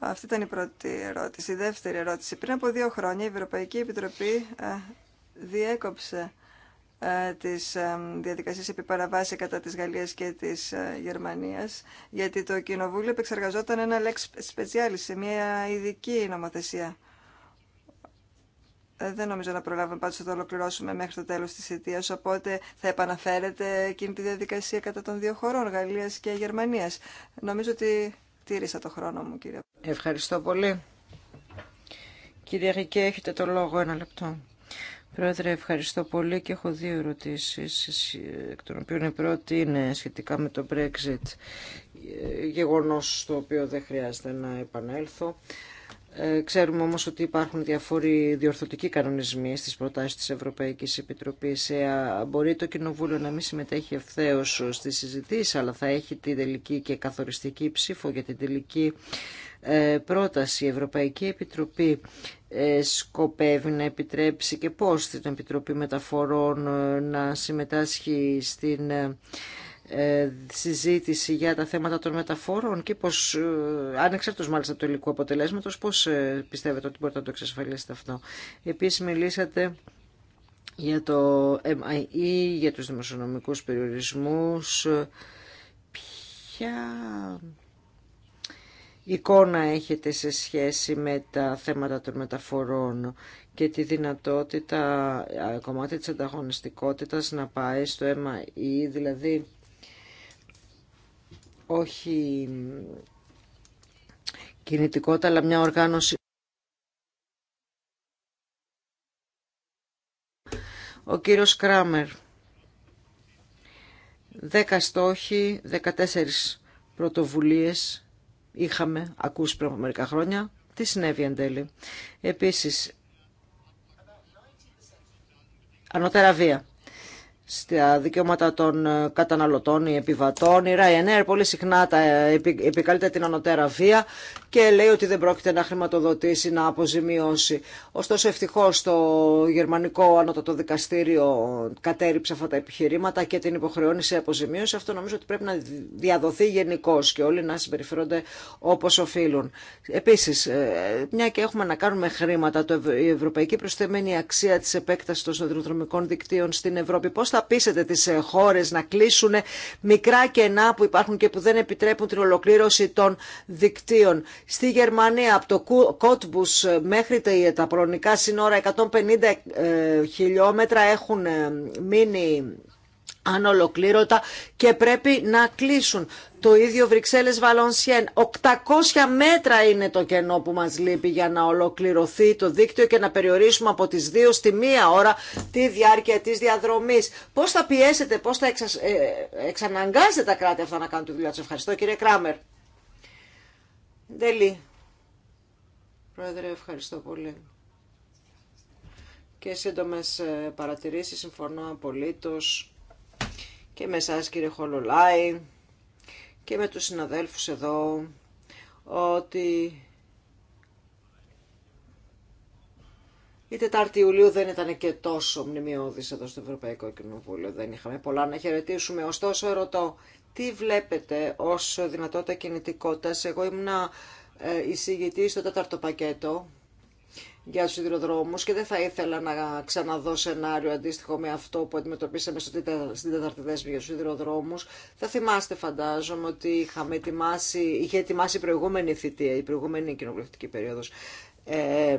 Αυτή ήταν η πρώτη ερώτηση. Η δεύτερη ερώτηση. Πριν από δύο χρόνια η Ευρωπαϊκή Επιτροπή ε, διέκοψε ε, τις ε, διαδικασίες επί παραβάση κατά της Γαλλίας και της Γερμανίας γιατί το Κοινοβούλιο επεξεργαζόταν ένα lex specialis σε μια ειδική νομοθεσία. Δεν νομίζω να προλάβουμε πάντως να το ολοκληρώσουμε μέχρι το τέλος της αιτίας οπότε θα επαναφέρεται εκείνη τη διαδικασία κατά των δύο χωρών, Γαλλίας και Γερμανίας. Νομίζω ότι Τήρησα το χρόνο μου, κύριε. Ευχαριστώ πολύ. Κύριε Ρικέ, έχετε το λόγο ένα λεπτό. Πρόεδρε, ευχαριστώ πολύ και έχω δύο ερωτήσει: εκ των οποίων η πρώτη είναι σχετικά με το Brexit, ε, γεγονός στο οποίο δεν χρειάζεται να επανέλθω. Ε, ξέρουμε όμως ότι υπάρχουν διαφόροι διορθωτικοί κανονισμοί στις προτάσεις της Ευρωπαϊκής Επιτροπής. Ε, μπορεί το Κοινοβούλιο να μην συμμετέχει ευθέω στη συζητήση, αλλά θα έχει τη τελική και καθοριστική ψήφο για την τελική ε, πρόταση. Η Ευρωπαϊκή Επιτροπή σκοπεύει να επιτρέψει και πώς την Επιτροπή Μεταφορών να συμμετάσχει στην ε, συζήτηση για τα θέματα των μεταφόρων και πώς, ε, ανεξάρτητος μάλιστα του υλικού αποτελέσματος, πώς ε, πιστεύετε ότι μπορείτε να το εξασφαλίσετε αυτό. Επίσης μιλήσατε για το MIE, για τους δημοσιονομικούς περιορισμούς, ποια εικόνα έχετε σε σχέση με τα θέματα των μεταφορών και τη δυνατότητα, κομμάτι της ανταγωνιστικότητας να πάει στο MIE, δηλαδή όχι κινητικότητα, αλλά μια οργάνωση. Ο κύριος Κράμερ. 10 στόχοι, 14 πρωτοβουλίες είχαμε ακούσει πριν από μερικά χρόνια. Τι συνέβη εν τέλει. Επίσης, ανώτερα βία στα δικαιώματα των ε, καταναλωτών ή επιβατών. Η Ryanair πολύ συχνά ε, επικαλείται την ανωτέρα βία και λέει ότι δεν πρόκειται να χρηματοδοτήσει, να αποζημιώσει. Ωστόσο ευτυχώ το γερμανικό ανώτατο δικαστήριο κατέριψε αυτά τα επιχειρήματα και την υποχρεώνει σε αποζημίωση. Αυτό νομίζω ότι πρέπει να διαδοθεί γενικώ και όλοι να συμπεριφέρονται όπως οφείλουν. Επίσης, ε, μια και έχουμε να κάνουμε χρήματα, η ευρωπαϊκή προσθεμένη αξία της επέκτασης των σιδηροδρομικών δικτύων στην Ευρώπη, θα πείσετε τις ε, χώρες να κλείσουν μικρά κενά που υπάρχουν και που δεν επιτρέπουν την ολοκλήρωση των δικτύων. Στη Γερμανία από το Κότμπους ε, μέχρι τα προνοϊκά σύνορα 150 ε, χιλιόμετρα έχουν μείνει ανολοκλήρωτα και πρέπει να κλείσουν. Το ίδιο Βρυξέλλες Βαλονσιέν. 800 μέτρα είναι το κενό που μας λείπει για να ολοκληρωθεί το δίκτυο και να περιορίσουμε από τις δύο στη μία ώρα τη διάρκεια της διαδρομής. Πώς θα πιέσετε, πώς θα εξα... Ε, τα κράτη αυτά να κάνουν τη δουλειά τους. Ευχαριστώ κύριε Κράμερ. Δελή. Πρόεδρε, ευχαριστώ πολύ. Και σύντομες ε, παρατηρήσεις, συμφωνώ απολύτως και με εσάς κύριε Χολολάη και με τους συναδέλφους εδώ ότι η Τετάρτη Ιουλίου δεν ήταν και τόσο μνημειώδης εδώ στο Ευρωπαϊκό Κοινοβούλιο. Δεν είχαμε πολλά να χαιρετήσουμε. Ωστόσο ρωτώ, τι βλέπετε ως δυνατότητα κινητικότητας. Εγώ ήμουνα ε, εισηγητή στο τέταρτο πακέτο για του σιδηροδρόμους και δεν θα ήθελα να ξαναδώ σενάριο αντίστοιχο με αυτό που αντιμετωπίσαμε στην τέταρτη δέσμη για του σιδηροδρόμου. Θα θυμάστε φαντάζομαι ότι είχαμε ετοιμάσει, είχε ετοιμάσει η προηγούμενη θητεία, η προηγούμενη κοινοβουλευτική περίοδο. ε,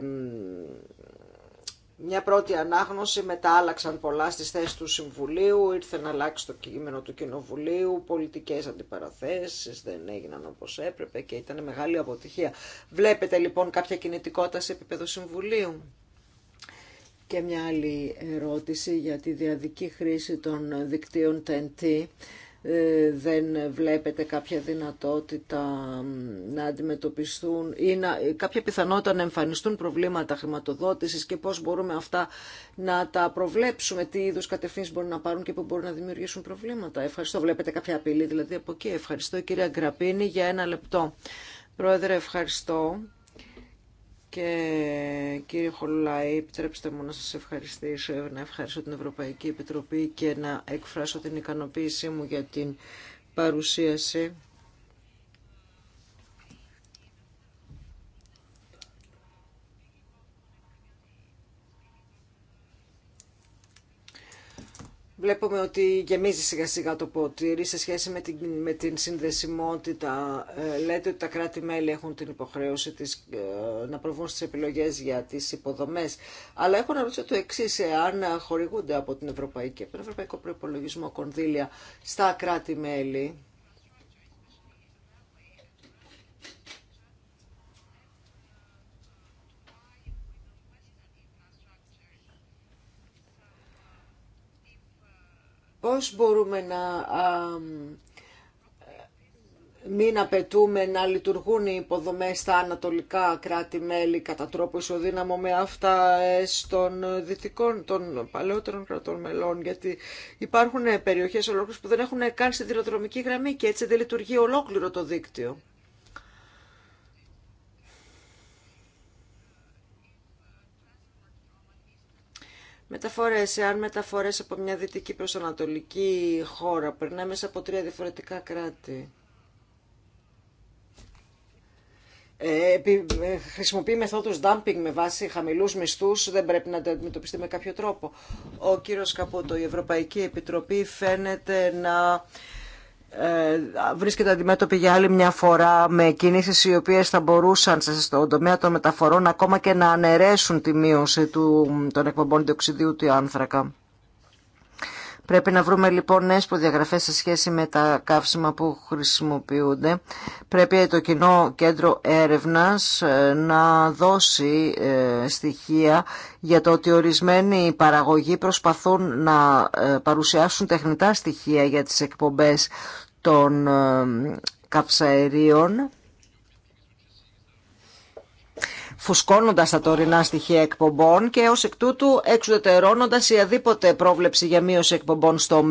μια πρώτη ανάγνωση, μετά άλλαξαν πολλά στις θέσεις του Συμβουλίου, ήρθε να αλλάξει το κείμενο του Κοινοβουλίου, πολιτικές αντιπαραθέσεις δεν έγιναν όπως έπρεπε και ήταν μεγάλη αποτυχία. Βλέπετε λοιπόν κάποια κινητικότητα σε επίπεδο Συμβουλίου. Και μια άλλη ερώτηση για τη διαδική χρήση των δικτύων TNT. Ε, δεν βλέπετε κάποια δυνατότητα να αντιμετωπιστούν ή κάποια πιθανότητα να εμφανιστούν προβλήματα χρηματοδότησης και πώς μπορούμε αυτά να τα προβλέψουμε, τι είδους κατευθύνσεις μπορούν να πάρουν και πού μπορούν να δημιουργήσουν προβλήματα. Ευχαριστώ. Βλέπετε κάποια απειλή δηλαδή από εκεί. Ευχαριστώ κυρία Γκραπίνη για ένα λεπτό. Πρόεδρε, ευχαριστώ. Και κύριε Χολουλάη, επιτρέψτε μου να σας ευχαριστήσω, να ευχαριστώ την Ευρωπαϊκή Επιτροπή και να εκφράσω την ικανοποίησή μου για την παρουσίαση Βλέπουμε ότι γεμίζει σιγά σιγά το ποτήρι σε σχέση με την, με την συνδεσιμότητα. Ε, λέτε ότι τα κράτη-μέλη έχουν την υποχρέωση της, ε, να προβούν στις επιλογές για τις υποδομές. Αλλά έχω να ρωτήσω το εξή εάν χορηγούνται από, την Ευρωπαϊκή, από τον Ευρωπαϊκό Προϋπολογισμό κονδύλια στα κράτη-μέλη Πώς μπορούμε να μην απαιτούμε να λειτουργούν οι υποδομές στα ανατολικά κράτη-μέλη κατά τρόπο ισοδύναμο με αυτά των δυτικών, των παλαιότερων κρατών μελών, γιατί υπάρχουν περιοχές ολόκληρες που δεν έχουν καν σιδηροδρομική γραμμή και έτσι δεν λειτουργεί ολόκληρο το δίκτυο. Μεταφορές. Εάν μεταφορές από μια δυτική προς ανατολική χώρα περνάμε μέσα από τρία διαφορετικά κράτη. Ε, ε, χρησιμοποιεί μεθόδους dumping με βάση χαμηλούς μισθούς, δεν πρέπει να το αντιμετωπιστεί με κάποιο τρόπο. Ο κύριος Καπούτο, η Ευρωπαϊκή Επιτροπή φαίνεται να ε, βρίσκεται αντιμέτωπη για άλλη μια φορά με κινήσεις οι οποίες θα μπορούσαν στον τομέα των μεταφορών ακόμα και να αναιρέσουν τη μείωση του, των εκπομπών διοξιδίου του άνθρακα. Πρέπει να βρούμε λοιπόν νέες προδιαγραφές σε σχέση με τα καύσιμα που χρησιμοποιούνται. Πρέπει το κοινό κέντρο έρευνας ε, να δώσει ε, στοιχεία για το ότι ορισμένοι παραγωγοί προσπαθούν να ε, παρουσιάσουν τεχνητά στοιχεία για τις εκπομπές των καυσαερίων φουσκώνοντα τα τωρινά στοιχεία εκπομπών και ω εκ τούτου εξουδετερώνοντα η αδίποτε πρόβλεψη για μείωση εκπομπών στο,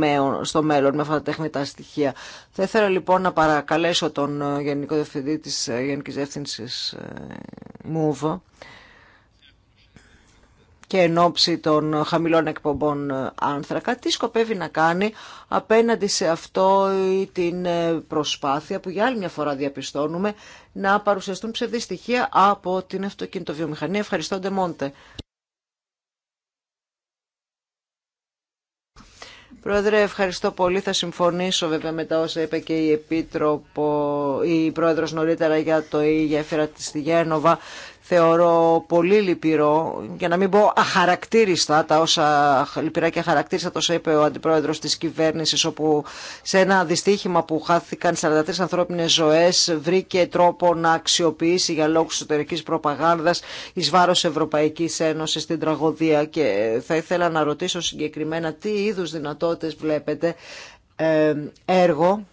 στο μέλλον με αυτά τα τεχνητά στοιχεία. Θα ήθελα λοιπόν να παρακαλέσω τον ε, Γενικό Διευθυντή τη ε, Γενική Διεύθυνση MOVE ε, και εν ώψη των χαμηλών εκπομπών ε, άνθρακα, τι σκοπεύει να κάνει απέναντι σε αυτό την ε, προσπάθεια που για άλλη μια φορά διαπιστώνουμε να παρουσιαστούν ψευδή στοιχεία από την αυτοκινητοβιομηχανία. Ευχαριστώ, Ντεμόντε. Πρόεδρε, ευχαριστώ πολύ. Θα συμφωνήσω βέβαια με τα όσα είπε και η Επίτροπο, η Πρόεδρος νωρίτερα για το ΙΓΕΦΕΡΑ της Γένοβα θεωρώ πολύ λυπηρό, για να μην πω αχαρακτήριστα τα όσα λυπηρά και αχαρακτήριστα τόσα είπε ο αντιπρόεδρος της κυβέρνησης όπου σε ένα δυστύχημα που χάθηκαν 43 ανθρώπινες ζωές βρήκε τρόπο να αξιοποιήσει για λόγους εσωτερικής προπαγάνδας εις βάρος Ευρωπαϊκής Ένωσης την τραγωδία και θα ήθελα να ρωτήσω συγκεκριμένα τι είδους δυνατότητες βλέπετε ε, έργο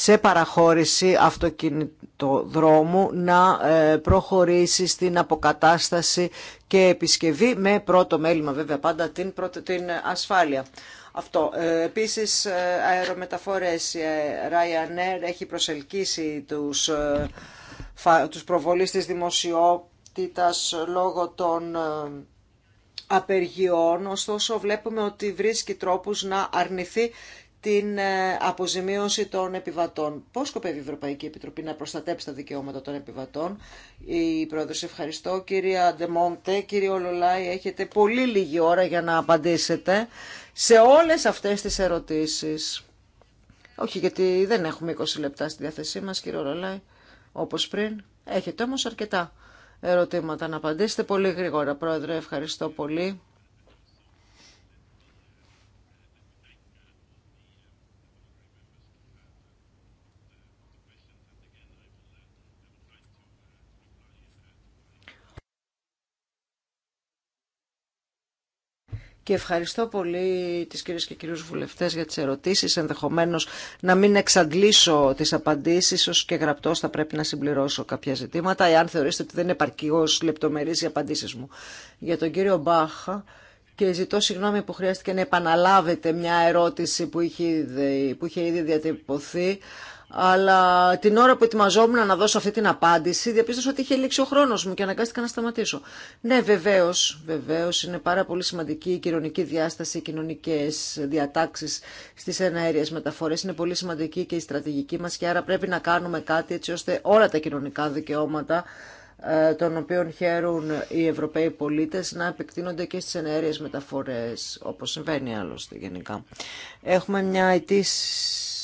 σε παραχώρηση αυτοκινητοδρόμου να ε, προχωρήσει στην αποκατάσταση και επισκευή με πρώτο μέλημα βέβαια πάντα την, την ασφάλεια. Αυτό. Ε, επίσης ε, αερομεταφορές Ryanair έχει προσελκύσει τους, τους προβολείς της δημοσιότητας λόγω των απεργιών, ωστόσο βλέπουμε ότι βρίσκει τρόπους να αρνηθεί την ε, αποζημίωση των επιβατών. Πώς σκοπεύει η Ευρωπαϊκή Επιτροπή να προστατέψει τα δικαιώματα των επιβατών. Η Πρόεδρος ευχαριστώ. Κύριε Αντεμόντε, κύριε Ολολάη, έχετε πολύ λίγη ώρα για να απαντήσετε σε όλες αυτές τις ερωτήσεις. Όχι, γιατί δεν έχουμε 20 λεπτά στη διάθεσή μας, κύριε Ολολάη, όπως πριν. Έχετε όμως αρκετά ερωτήματα να απαντήσετε. Πολύ γρήγορα, Πρόεδρε, ευχαριστώ πολύ. και ευχαριστώ πολύ τις κυρίες και κυρίους βουλευτές για τις ερωτήσεις. Ενδεχομένως να μην εξαντλήσω τις απαντήσεις, ίσως και γραπτός θα πρέπει να συμπληρώσω κάποια ζητήματα, εάν θεωρήσετε ότι δεν είναι επαρκείως λεπτομερείς οι απαντήσεις μου. Για τον κύριο Μπάχα, και ζητώ συγγνώμη που χρειάστηκε να επαναλάβετε μια ερώτηση που είχε που είχε ήδη διατυπωθεί αλλά την ώρα που ετοιμαζόμουν να δώσω αυτή την απάντηση, διαπίστωσα ότι είχε λήξει ο χρόνο μου και αναγκάστηκα να σταματήσω. Ναι, βεβαίω, βεβαίω είναι πάρα πολύ σημαντική η κοινωνική διάσταση, οι κοινωνικέ διατάξει στι εναέρειε μεταφορέ. Είναι πολύ σημαντική και η στρατηγική μα και άρα πρέπει να κάνουμε κάτι έτσι ώστε όλα τα κοινωνικά δικαιώματα ε, των οποίων χαίρουν οι Ευρωπαίοι πολίτες να επεκτείνονται και στις εναέριες μεταφορές, όπως συμβαίνει άλλωστε γενικά. Έχουμε μια αιτήση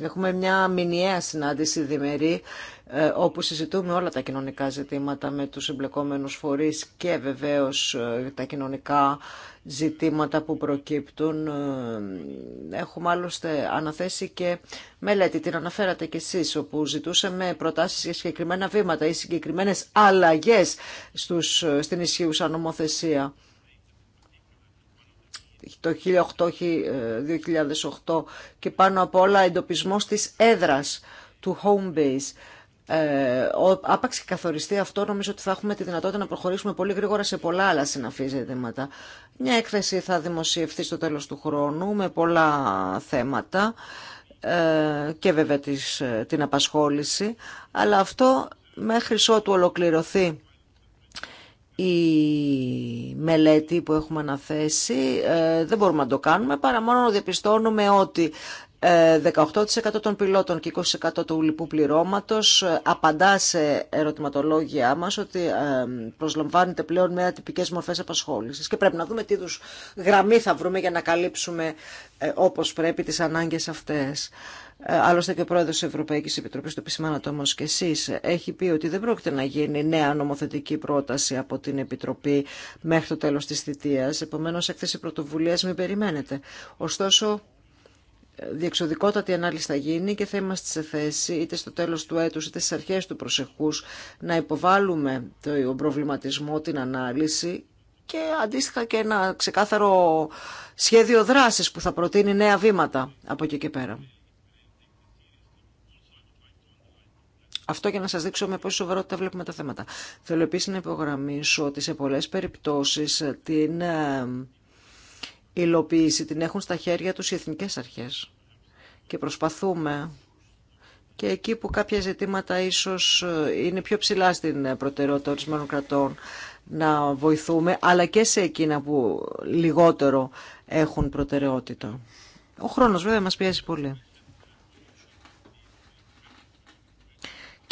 Έχουμε μια μηνιαία συνάντηση διμερή ε, όπου συζητούμε όλα τα κοινωνικά ζητήματα με τους εμπλεκόμενους φορείς και βεβαίως ε, τα κοινωνικά ζητήματα που προκύπτουν. Ε, έχουμε άλλωστε αναθέσει και μελέτη, την αναφέρατε κι εσείς, όπου ζητούσαμε προτάσεις για συγκεκριμένα βήματα ή συγκεκριμένες αλλαγές στους, στην ισχύουσα νομοθεσία το 2008 ε, και πάνω απ' όλα εντοπισμός της έδρας του home base. Ε, άπαξ και καθοριστεί αυτό, νομίζω ότι θα έχουμε τη δυνατότητα να προχωρήσουμε πολύ γρήγορα σε πολλά άλλα συναφή ζητήματα. Μια έκθεση θα δημοσιευθεί στο τέλος του χρόνου με πολλά θέματα ε, και βέβαια της, ε, την απασχόληση, αλλά αυτό μέχρι ότου ολοκληρωθεί η μελέτη που έχουμε αναθέσει ε, δεν μπορούμε να το κάνουμε παρά μόνο να διαπιστώνουμε ότι 18% ε, των πιλότων και 20% του λοιπού πληρώματος ε, απαντά σε ερωτηματολόγια μας ότι προσλαμβάνεται πλέον με ατυπικές μορφές απασχόλησης και πρέπει να δούμε τι είδους γραμμή θα βρούμε για να καλύψουμε όπως πρέπει τις ανάγκες αυτές. Ε, άλλωστε και ο πρόεδρο τη Ευρωπαϊκή Επιτροπή, το επισημάνατε όμω και εσεί, έχει πει ότι δεν πρόκειται να γίνει νέα νομοθετική πρόταση από την Επιτροπή μέχρι το τέλο τη θητεία. Επομένω, έκθεση πρωτοβουλία μην περιμένετε. Ωστόσο, διεξοδικότατη ανάλυση θα γίνει και θα είμαστε σε θέση είτε στο τέλος του έτους είτε στις αρχές του προσεχούς να υποβάλουμε τον προβληματισμό, την ανάλυση και αντίστοιχα και ένα ξεκάθαρο σχέδιο δράσης που θα προτείνει νέα βήματα από εκεί και πέρα. Αυτό για να σας δείξω με πόση σοβαρότητα βλέπουμε τα θέματα. Θέλω επίσης να υπογραμμίσω ότι σε πολλές περιπτώσεις ε, την ε, υλοποίηση την έχουν στα χέρια τους οι εθνικές αρχές. Και προσπαθούμε και εκεί που κάποια ζητήματα ίσως ε, είναι πιο ψηλά στην προτεραιότητα ορισμένων κρατών να βοηθούμε, αλλά και σε εκείνα που λιγότερο έχουν προτεραιότητα. Ο χρόνος βέβαια μας πιέζει πολύ.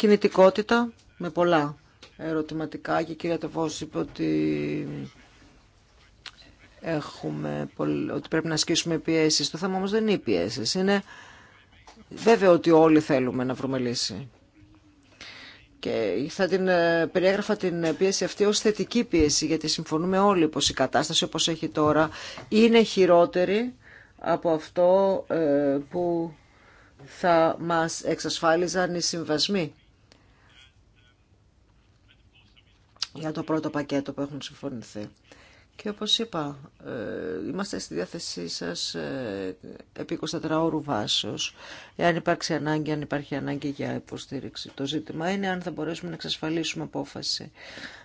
Κινητικότητα με πολλά ερωτηματικά και η κυρία Τεβός είπε ότι έχουμε, ότι πρέπει να ασκήσουμε πιέσεις. Το θέμα όμως δεν είναι οι πιέσεις. Είναι βέβαιο ότι όλοι θέλουμε να βρούμε λύση. Και θα την ε, περιέγραφα την πίεση αυτή ως θετική πίεση, γιατί συμφωνούμε όλοι πως η κατάσταση όπως έχει τώρα είναι χειρότερη από αυτό ε, που θα μας εξασφάλιζαν οι συμβασμοί. για το πρώτο πακέτο που έχουν συμφωνηθεί. Και όπως είπα, ε, είμαστε στη διάθεσή σας ε, επί 24 ώρου βάσεως. Εάν υπάρξει ανάγκη, αν υπάρχει ανάγκη για υποστήριξη. Το ζήτημα είναι αν θα μπορέσουμε να εξασφαλίσουμε απόφαση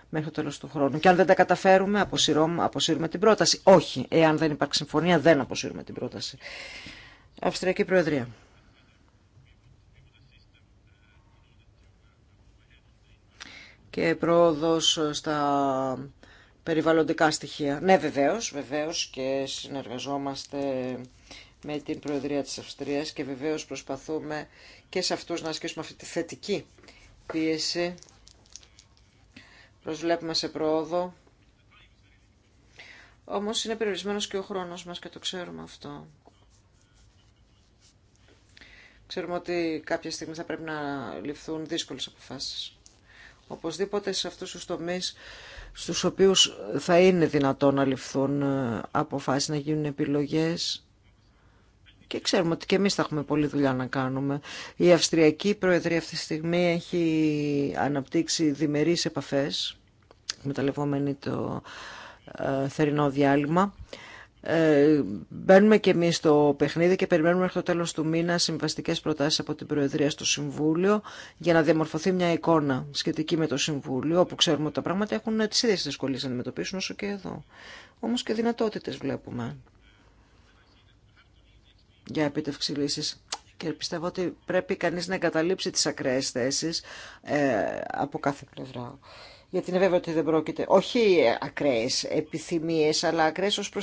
μέχρι το τέλος του χρόνου. Και αν δεν τα καταφέρουμε, αποσύρουμε, αποσύρουμε την πρόταση. Όχι, εάν δεν υπάρχει συμφωνία, δεν αποσύρουμε την πρόταση. Αυστριακή Προεδρία. και πρόοδος στα περιβαλλοντικά στοιχεία. Ναι, βεβαίως, βεβαίως και συνεργαζόμαστε με την Προεδρία της Αυστρίας και βεβαίως προσπαθούμε και σε αυτούς να ασκήσουμε αυτή τη θετική πίεση. Προσβλέπουμε σε πρόοδο. Όμως είναι περιορισμένος και ο χρόνος μας και το ξέρουμε αυτό. Ξέρουμε ότι κάποια στιγμή θα πρέπει να ληφθούν δύσκολες αποφάσεις. Οπωσδήποτε σε αυτούς τους τομείς στους οποίους θα είναι δυνατόν να ληφθούν ε, αποφάσεις, να γίνουν επιλογές και ξέρουμε ότι και εμείς θα έχουμε πολλή δουλειά να κάνουμε. Η Αυστριακή Προεδρία αυτή τη στιγμή έχει αναπτύξει διμερείς επαφές, λεβόμενη το ε, θερινό διάλειμμα ε, μπαίνουμε και εμείς στο παιχνίδι και περιμένουμε μέχρι το τέλος του μήνα συμβαστικές προτάσεις από την Προεδρία στο Συμβούλιο για να διαμορφωθεί μια εικόνα σχετική με το Συμβούλιο όπου ξέρουμε ότι τα πράγματα έχουν τις ίδιες δυσκολίες να αντιμετωπίσουν όσο και εδώ. Όμως και δυνατότητες βλέπουμε για επίτευξη λύσης. Και πιστεύω ότι πρέπει κανείς να εγκαταλείψει τις ακραίες θέσεις ε, από κάθε πλευρά γιατί είναι βέβαιο ότι δεν πρόκειται, όχι ακραίε επιθυμίε, αλλά ακραίε ω προ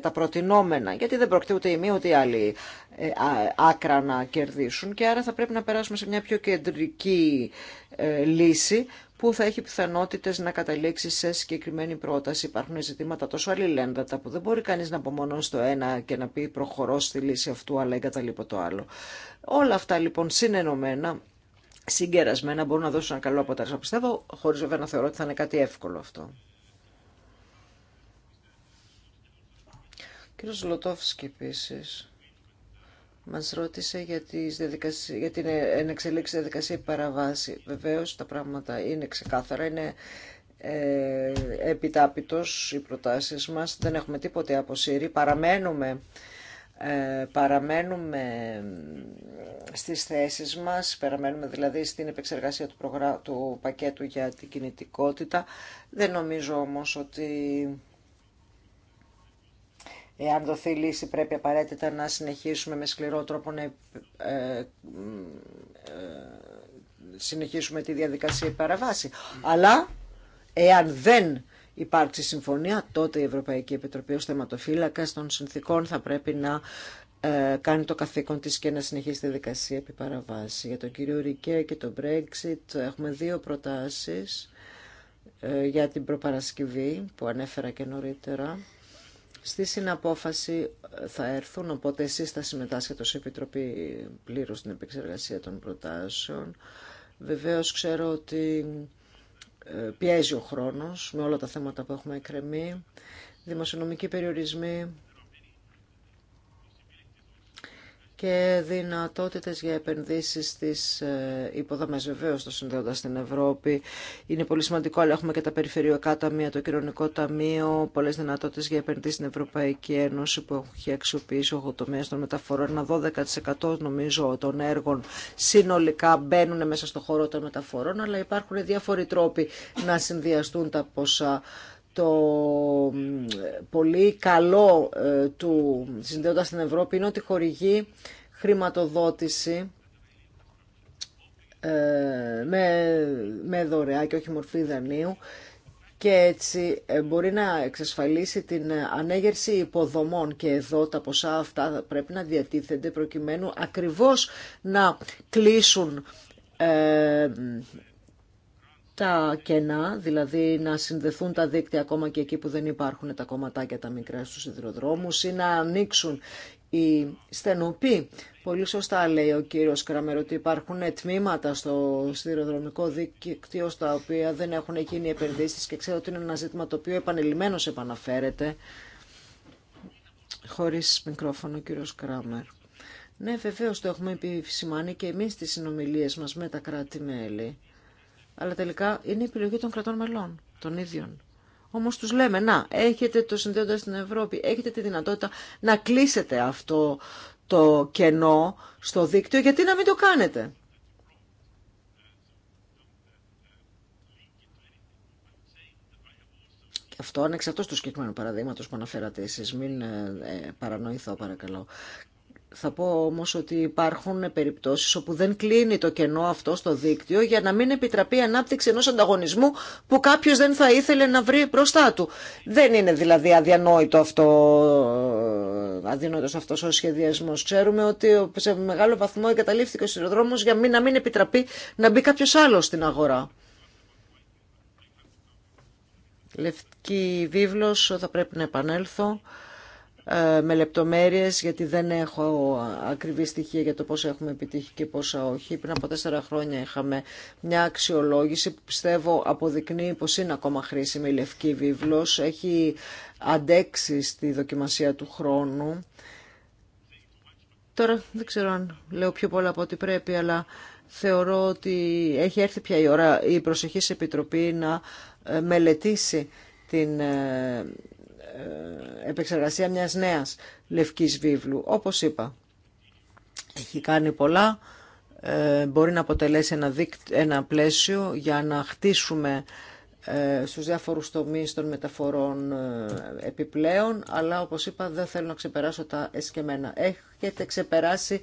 τα προτινόμενα. Γιατί δεν πρόκειται ούτε η μία ούτε η άλλοι ε, άκρα να κερδίσουν. Και άρα θα πρέπει να περάσουμε σε μια πιο κεντρική ε, λύση που θα έχει πιθανότητες να καταλήξει σε συγκεκριμένη πρόταση. Υπάρχουν ζητήματα τόσο αλληλέντατα που δεν μπορεί κανείς να απομονώσει στο ένα και να πει προχωρώ στη λύση αυτού αλλά εγκαταλείπω το άλλο. Όλα αυτά λοιπόν συνενωμένα συγκερασμένα μπορούν να δώσουν ένα καλό αποτέλεσμα. Πιστεύω, Χωρί βέβαια να θεωρώ ότι θα είναι κάτι εύκολο αυτό. Ο κύριος Λοτόφσκι επίση μας ρώτησε για, τις για την ενεξελίξη διαδικασία παραβάση. Βεβαίως τα πράγματα είναι ξεκάθαρα, είναι ε, επιτάπητος οι προτάσεις μας, δεν έχουμε τίποτε αποσύρει, παραμένουμε ε, παραμένουμε στις θέσεις μας, παραμένουμε δηλαδή στην επεξεργασία του, προγρά... του πακέτου για την κινητικότητα. Δεν νομίζω όμως ότι εάν δοθεί λύση πρέπει απαραίτητα να συνεχίσουμε με σκληρό τρόπο να ε, ε, συνεχίσουμε τη διαδικασία παραβάση. Αλλά εάν δεν υπάρξει συμφωνία, τότε η Ευρωπαϊκή Επιτροπή ως θεματοφύλακας των συνθήκων θα πρέπει να ε, κάνει το καθήκον της και να συνεχίσει τη δικασία επί παραβάση. Για τον κύριο Ρικέ και το Brexit έχουμε δύο προτάσεις ε, για την προπαρασκευή που ανέφερα και νωρίτερα. Στη συναπόφαση ε, θα έρθουν, οπότε εσείς θα συμμετάσχετε ως Επιτροπή πλήρως στην επεξεργασία των προτάσεων. Βεβαίως ξέρω ότι πιέζει ο χρόνος με όλα τα θέματα που έχουμε εκκρεμεί, δημοσιονομικοί περιορισμοί, και δυνατότητες για επενδύσεις στις ε, υποδομές. Βεβαίω το συνδέοντας στην Ευρώπη είναι πολύ σημαντικό, αλλά έχουμε και τα περιφερειακά ταμεία, το κοινωνικό ταμείο, πολλές δυνατότητες για επενδύσεις στην Ευρωπαϊκή Ένωση που έχει αξιοποιήσει ο τομέα των μεταφορών. Ένα 12% νομίζω των έργων συνολικά μπαίνουν μέσα στο χώρο των μεταφορών, αλλά υπάρχουν διάφοροι τρόποι να συνδυαστούν τα ποσά το πολύ καλό ε, του συνδέοντας στην Ευρώπη είναι ότι χορηγεί χρηματοδότηση ε, με, με δωρεά και όχι μορφή δανείου και έτσι ε, μπορεί να εξασφαλίσει την ανέγερση υποδομών και εδώ τα ποσά αυτά πρέπει να διατίθενται προκειμένου ακριβώς να κλείσουν τα κενά, δηλαδή να συνδεθούν τα δίκτυα ακόμα και εκεί που δεν υπάρχουν τα κομματάκια τα μικρά στους σιδηροδρόμους ή να ανοίξουν οι στενοποί. Πολύ σωστά λέει ο κύριος Κράμερ ότι υπάρχουν τμήματα στο σιδηροδρομικό δίκτυο στα οποία δεν έχουν γίνει επενδύσεις και ξέρω ότι είναι ένα ζήτημα το οποίο επανελειμμένως επαναφέρεται χωρίς μικρόφωνο ο κύριος Κράμερ. Ναι, βεβαίως το έχουμε επισημάνει και εμείς στις συνομιλίες μας με τα κράτη-μέλη αλλά τελικά είναι η επιλογή των κρατών μελών, των ίδιων. Όμως τους λέμε, να, έχετε το συνδέοντα στην Ευρώπη, έχετε τη δυνατότητα να κλείσετε αυτό το κενό στο δίκτυο, γιατί να μην το κάνετε. αυτό ανεξαρτό του συγκεκριμένου παραδείγματος που αναφέρατε εσείς, μην ε, ε παρανοηθώ παρακαλώ. Θα πω όμως ότι υπάρχουν περιπτώσεις όπου δεν κλείνει το κενό αυτό στο δίκτυο για να μην επιτραπεί η ανάπτυξη ενός ανταγωνισμού που κάποιος δεν θα ήθελε να βρει μπροστά του. Δεν είναι δηλαδή αδιανόητο αυτό, αδιανόητος αυτός ο σχεδιασμός. Ξέρουμε ότι σε μεγάλο βαθμό εγκαταλείφθηκε ο σειροδρόμος για να μην επιτραπεί να μπει κάποιο άλλος στην αγορά. Λευκή βίβλος, θα πρέπει να επανέλθω. Ε, με λεπτομέρειες γιατί δεν έχω ακριβή στοιχεία για το πόσα έχουμε επιτύχει και πόσα όχι. Πριν από τέσσερα χρόνια είχαμε μια αξιολόγηση που πιστεύω αποδεικνύει πως είναι ακόμα χρήσιμη η Λευκή Βίβλος. Έχει αντέξει στη δοκιμασία του χρόνου. Τώρα δεν ξέρω αν λέω πιο πολλά από ό,τι πρέπει, αλλά θεωρώ ότι έχει έρθει πια η ώρα η προσεχής επιτροπή να ε, μελετήσει την ε, ε, επεξεργασία μιας νέας λευκής βίβλου. Όπως είπα, έχει κάνει πολλά, ε, μπορεί να αποτελέσει ένα, ένα πλαίσιο για να χτίσουμε ε, στους διάφορους τομείς των μεταφορών επιπλέον, αλλά όπως είπα δεν θέλω να ξεπεράσω τα εσκεμένα. Έχετε ξεπεράσει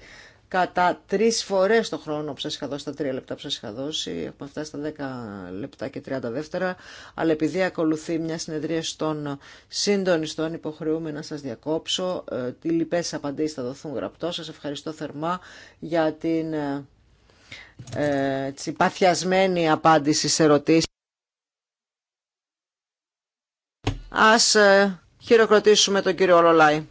κατά τρεις φορές το χρόνο που σα είχα δώσει, τα τρία λεπτά που σα είχα δώσει, έχουμε φτάσει στα 10 λεπτά και 30 δεύτερα, αλλά επειδή ακολουθεί μια συνεδρία των συντονιστών, υποχρεούμε να σας διακόψω. Ε, τι λοιπέ απαντήσει θα δοθούν γραπτό. Σας ευχαριστώ θερμά για την ε, ε παθιασμένη απάντηση σε ερωτήσεις. Ας ε, χειροκροτήσουμε τον κύριο Ρολάι.